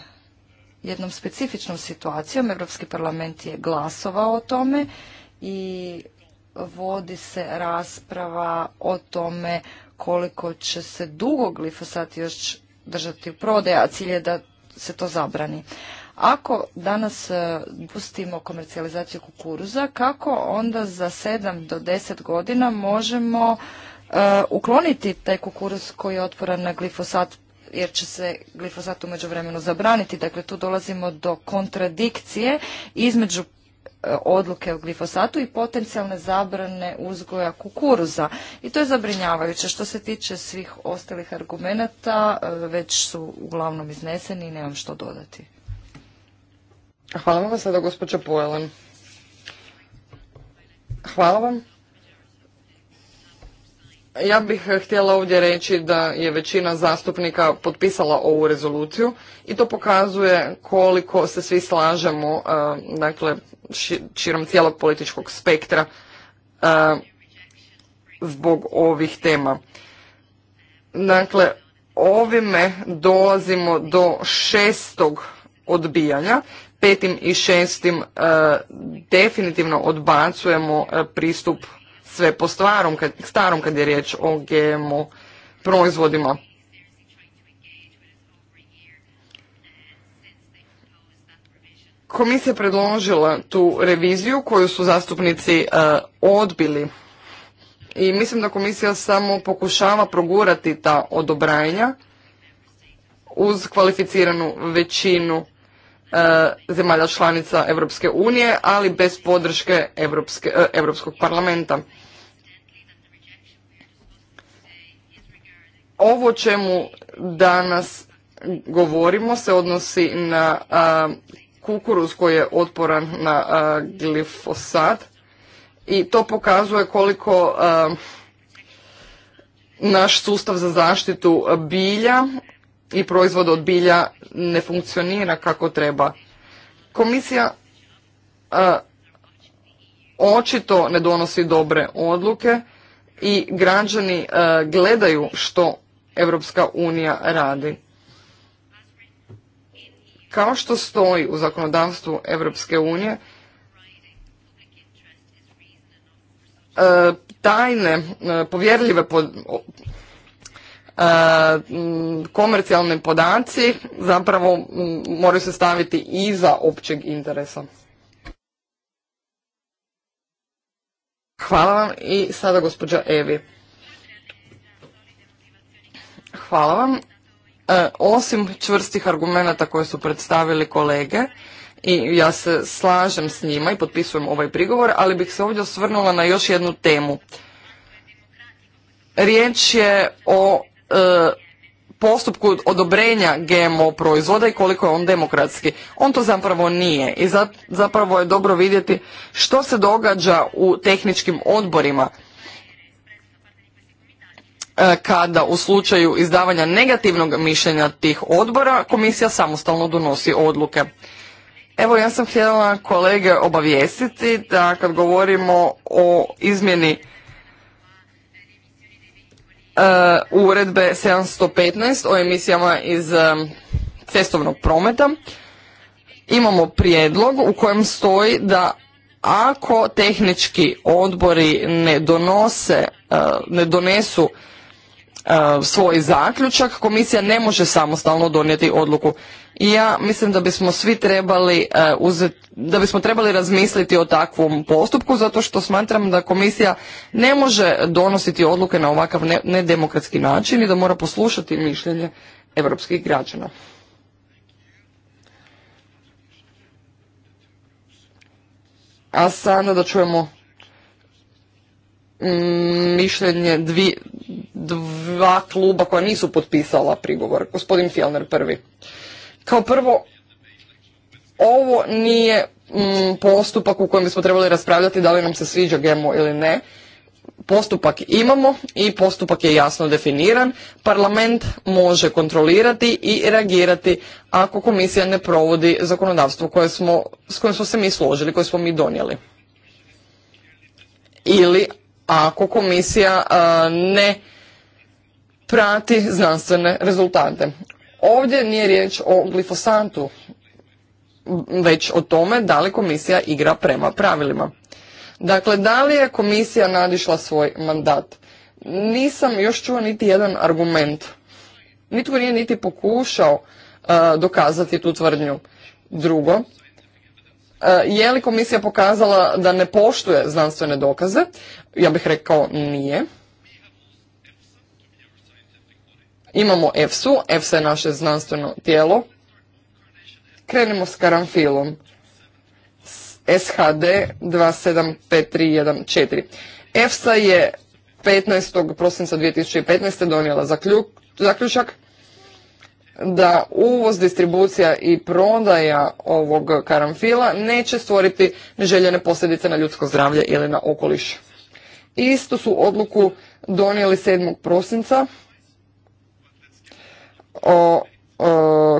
jednom specifičnom situacijom. Europski parlament je glasovao o tome i vodi se rasprava o tome koliko će se dugo glifosat još držati u prodaji, a cilj je da se to zabrani. Ako danas e, pustimo komercijalizaciju kukuruza, kako onda za 7 do 10 godina možemo e, ukloniti taj kukuruz koji je otporan na glifosat jer će se glifosat u međuvremenu zabraniti. Dakle, tu dolazimo do kontradikcije između e, odluke o glifosatu i potencijalne zabrane uzgoja kukuruza. I to je zabrinjavajuće. Što se tiče svih ostalih argumenata, e, već su uglavnom izneseni i nemam što dodati. Hvala vam sada, gospođa Pojelan. Hvala vam. Ja bih eh, htjela ovdje reći da je većina zastupnika potpisala ovu rezoluciju i to pokazuje koliko se svi slažemo, eh, dakle, širom cijelog političkog spektra eh, zbog ovih tema. Dakle, ovime dolazimo do šestog odbijanja. Petim i šestim definitivno odbacujemo pristup sve po starom kad, starom kad je riječ o GMO proizvodima. Komisija predložila tu reviziju koju su zastupnici e, odbili i mislim da komisija samo pokušava progurati ta odobranja uz kvalificiranu većinu e, zemalja članica Europske unije, ali bez podrške Europskog e, parlamenta. Ovo čemu danas govorimo se odnosi na kukuruz koji je otporan na glifosat i to pokazuje koliko naš sustav za zaštitu bilja i proizvoda od bilja ne funkcionira kako treba. Komisija očito ne donosi dobre odluke i građani gledaju što Europska unija radi. Kao što stoji u zakonodavstvu Europske unije, e, tajne, e, povjerljive e, komercijalne podaci zapravo moraju se staviti iza općeg interesa. Hvala vam i sada gospođa Evi. Hvala vam. E, osim čvrstih argumenata koje su predstavili kolege, i ja se slažem s njima i potpisujem ovaj prigovor, ali bih se ovdje osvrnula na još jednu temu. Riječ je o e, postupku odobrenja GMO proizvoda i koliko je on demokratski. On to zapravo nije i zapravo je dobro vidjeti što se događa u tehničkim odborima E, kada u slučaju izdavanja negativnog mišljenja tih odbora komisija samostalno donosi odluke. Evo ja sam htjela kolege obavijestiti da kad govorimo o izmjeni uh, uredbe 715 o emisijama iz e, cestovnog prometa, imamo prijedlog u kojem stoji da ako tehnički odbori ne donose, ne donesu E, svoj zaključak, komisija ne može samostalno donijeti odluku. I ja mislim da bismo svi trebali e, uzeti, da bismo trebali razmisliti o takvom postupku zato što smatram da komisija ne može donositi odluke na ovakav nedemokratski način i da mora poslušati mišljenje europskih građana. A sada da čujemo mm, mišljenje dva kluba koja nisu potpisala prigovor. Gospodin Fjellner prvi. Kao prvo, ovo nije mm, postupak u kojem bismo trebali raspravljati da li nam se sviđa GMO ili ne. Postupak imamo i postupak je jasno definiran. Parlament može kontrolirati i reagirati ako komisija ne provodi zakonodavstvo koje smo, s kojim smo se mi složili, koje smo mi donijeli. Ili ako komisija ne prati znanstvene rezultate. Ovdje nije riječ o glifosantu, već o tome da li komisija igra prema pravilima. Dakle, da li je komisija nadišla svoj mandat? Nisam još čuo niti jedan argument. Nitko nije niti pokušao e, dokazati tu tvrdnju. Drugo, uh, je li komisija pokazala da ne poštuje znanstvene dokaze? Ja bih rekao nije. Imamo EFSU, EFSA je naše znanstveno tijelo. Krenimo s karamfilom. SHD 275314. EFSA je 15. prosinca 2015. donijela zaključak da uvoz, distribucija i prodaja ovog karamfila neće stvoriti neželjene posljedice na ljudsko zdravlje ili na okoliš. Istu su odluku donijeli 7. prosinca o,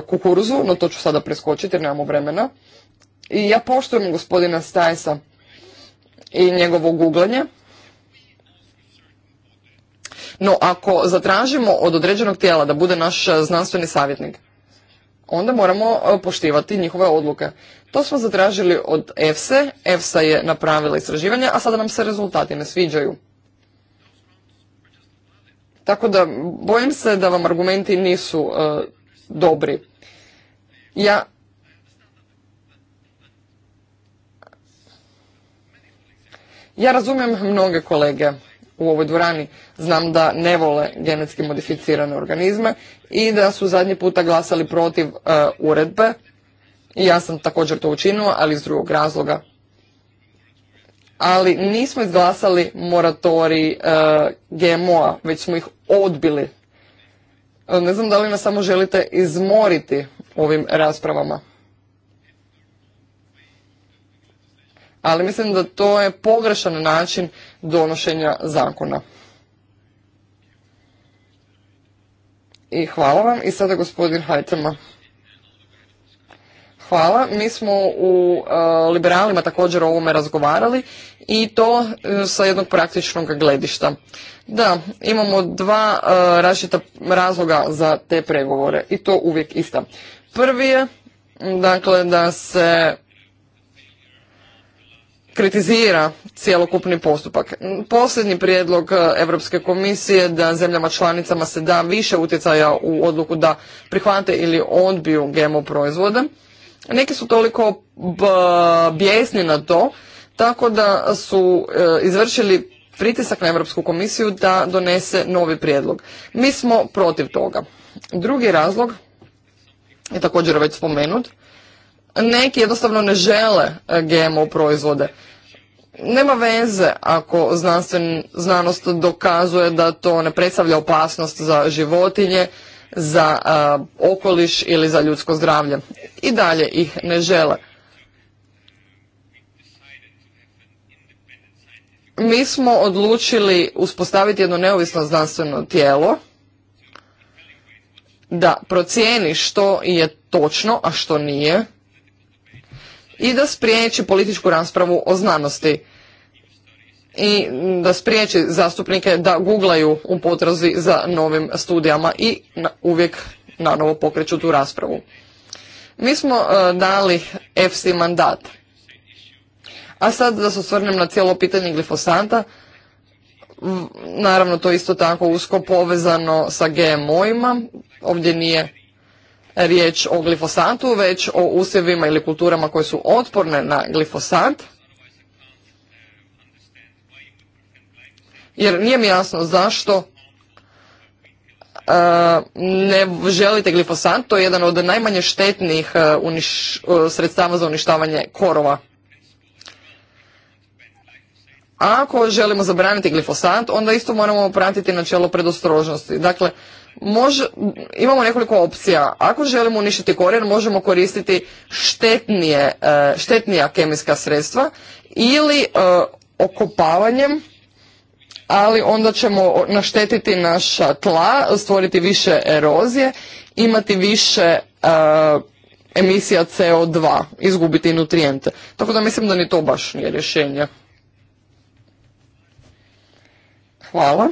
kukuruzu, no to ću sada preskočiti jer nemamo vremena. I ja poštujem gospodina Stajsa i njegovo guglanje. No ako zatražimo od određenog tijela da bude naš znanstveni savjetnik, onda moramo e, poštivati njihove odluke. To smo zatražili od EFSE, EFSA je napravila istraživanje, a sada nam se rezultati ne sviđaju. Tako da bojim se da vam argumenti nisu e, dobri. Ja razumijem mnoge kolege u ovoj dvorani. Znam da ne vole genetski modificirane organizme i da su zadnji puta glasali protiv e, uredbe. I ja sam također to učinila, ali iz drugog razloga ali nismo izglasali moratorij e, GMO-a, već smo ih odbili. E, ne znam da li nas samo želite izmoriti ovim raspravama. Ali mislim da to je pogrešan način donošenja zakona. I hvala vam i sada gospodin Hajtema. Hvala. Mi smo u e, liberalima također o ovome razgovarali i to e, sa jednog praktičnog gledišta. Da, imamo dva e, različita razloga za te pregovore i to uvijek ista. Prvi je dakle da se kritizira cjelokupni postupak. Posljednji prijedlog Europske komisije da zemljama članicama se da više utjecaja u odluku da prihvate ili odbiju GMO proizvode neki su toliko bijesni na to, tako da su e, izvršili pritisak na Europsku komisiju da donese novi prijedlog. Mi smo protiv toga. Drugi razlog je također već spomenut. Neki jednostavno ne žele e, GMO proizvode. Nema veze ako znanstven, znanost dokazuje da to ne predstavlja opasnost za životinje, za okoliš ili za ljudsko zdravlje. I dalje ih ne žele. Mi smo odlučili uspostaviti jedno neovisno znanstveno tijelo da procijeni što je točno, a što nije i da spriječi političku raspravu o znanosti i da spriječi zastupnike da guglaju u potrazi za novim studijama i uvijek novo pokreću tu raspravu. Mi smo e, dali FC mandat. A sad da se osvrnem na cijelo pitanje glifosanta, naravno to je isto tako usko povezano sa GMO-ima, ovdje nije riječ o glifosatu, već o usjevima ili kulturama koje su otporne na glifosat. Jer nije mi jasno zašto e, ne želite glifosat, to je jedan od najmanje štetnih e, e, sredstava za uništavanje korova. Ako želimo zabraniti glifosat, onda isto moramo pratiti načelo predostrožnosti. Dakle, imamo nekoliko opcija. Ako želimo uništiti korijen, možemo koristiti štetnije, štetnija kemijska sredstva ili okopavanjem ali onda ćemo naštetiti naša tla, stvoriti više erozije, imati više e, emisija CO2, izgubiti nutrijente. Tako da mislim da ni to baš nije rješenje. Hvala.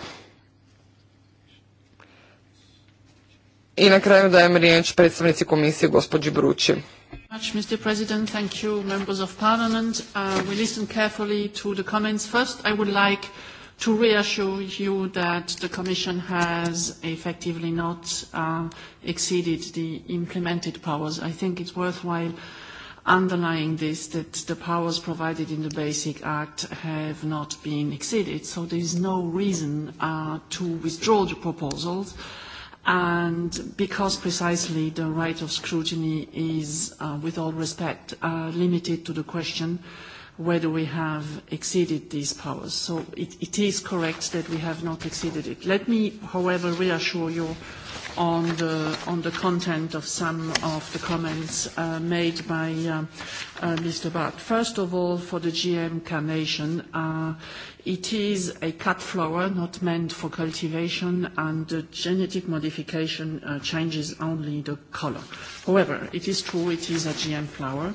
I na kraju dajem riječ predstavnici komisije gospođi Brući. Mr. President, thank you members of parliament. Uh, we listen carefully to the comments. First, I would like to reassure you that the Commission has effectively not uh, exceeded the implemented powers. I think it's worthwhile underlying this, that the powers provided in the Basic Act have not been exceeded, so there is no reason uh, to withdraw the proposals. And because precisely the right of scrutiny is, uh, with all respect, uh, limited to the question whether we have exceeded these powers. So it, it is correct that we have not exceeded it. Let me, however, reassure you on the, on the content of some of the comments uh, made by uh, uh, Mr. Bart. First of all, for the GM carnation, uh, it is a cut flower not meant for cultivation, and the genetic modification uh, changes only the color. However, it is true it is a GM flower.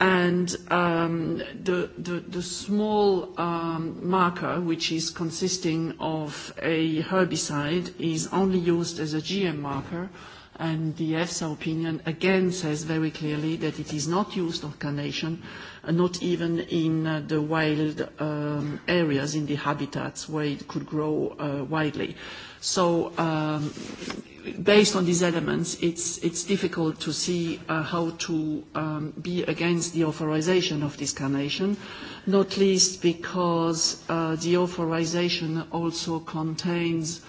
and um, the, the, the small um, marker, which is consisting of a herbicide, is only used as a GM marker, and the EFSA opinion again says very clearly that it is not used on carnation, uh, not even in uh, the wild um, areas, in the habitats where it could grow uh, widely. So um, based on these elements, it's, it's difficult to see uh, how to um, be against the authorization of this carnation, not least because uh, the authorization also contains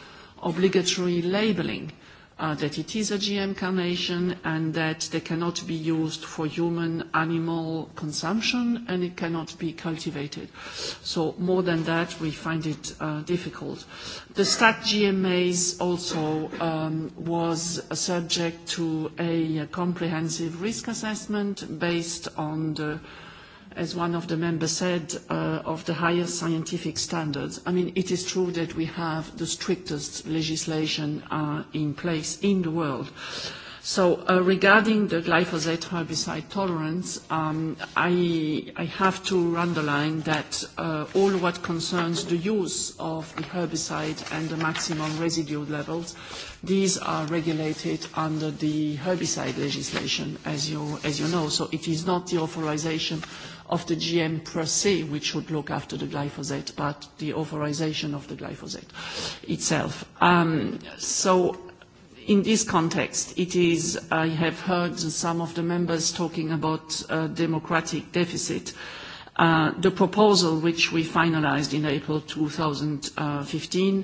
obligatory labeling that it is a GM carnation and that they cannot be used for human animal consumption and it cannot be cultivated. So more than that, we find it uh, difficult. The stat GMAs also um, was subject to a comprehensive risk assessment based on the as one of the members said, uh, of the highest scientific standards. I mean, it is true that we have the strictest legislation uh, in place in the world. So uh, regarding the glyphosate herbicide tolerance, um, I, have to underline that all what concerns the use of the herbicide and the maximum residue levels, these are regulated under the herbicide legislation, as you, as you know. So it is not the authorization of the GM per se, which should look after the glyphosate, but the authorization of the glyphosate itself. Um, so in this context, it is, I have heard some of the members talking about uh, democratic deficit. Uh, the proposal which we finalized in April 2015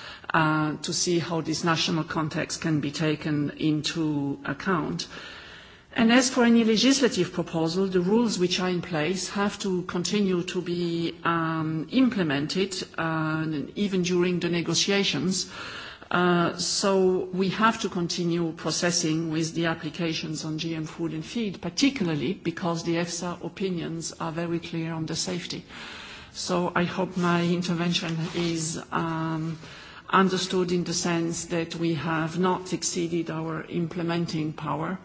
Uh, to see how this national context can be taken into account. And as for any legislative proposal, the rules which are in place have to continue to be um, implemented uh, even during the negotiations. Uh, so we have to continue processing with the applications on GM food and feed, particularly because the EFSA opinions are very clear on the safety. So I hope my intervention is um, understood in the sense that we have not exceeded our implementing power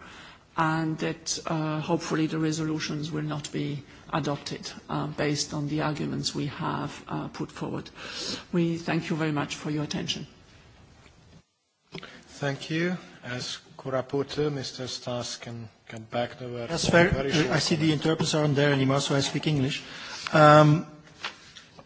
and that uh, hopefully the resolutions will not be adopted uh, based on the arguments we have uh, put forward. We thank you very much for your attention. Thank you. As Mr. Stas can come back. Yes, very, I see the interpreters aren't there anymore, so I speak English. Um,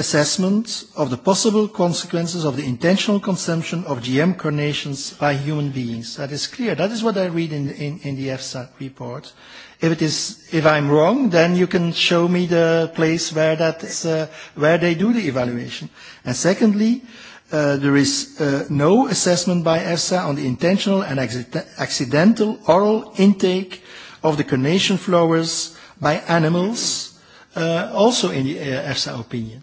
assessment of the possible consequences of the intentional consumption of GM carnations by human beings. That is clear. That is what I read in, in, in the EFSA report. If, it is, if I'm wrong, then you can show me the place where, that is, uh, where they do the evaluation. And secondly, uh, there is uh, no assessment by EFSA on the intentional and accidental oral intake of the carnation flowers by animals, uh, also in the EFSA opinion.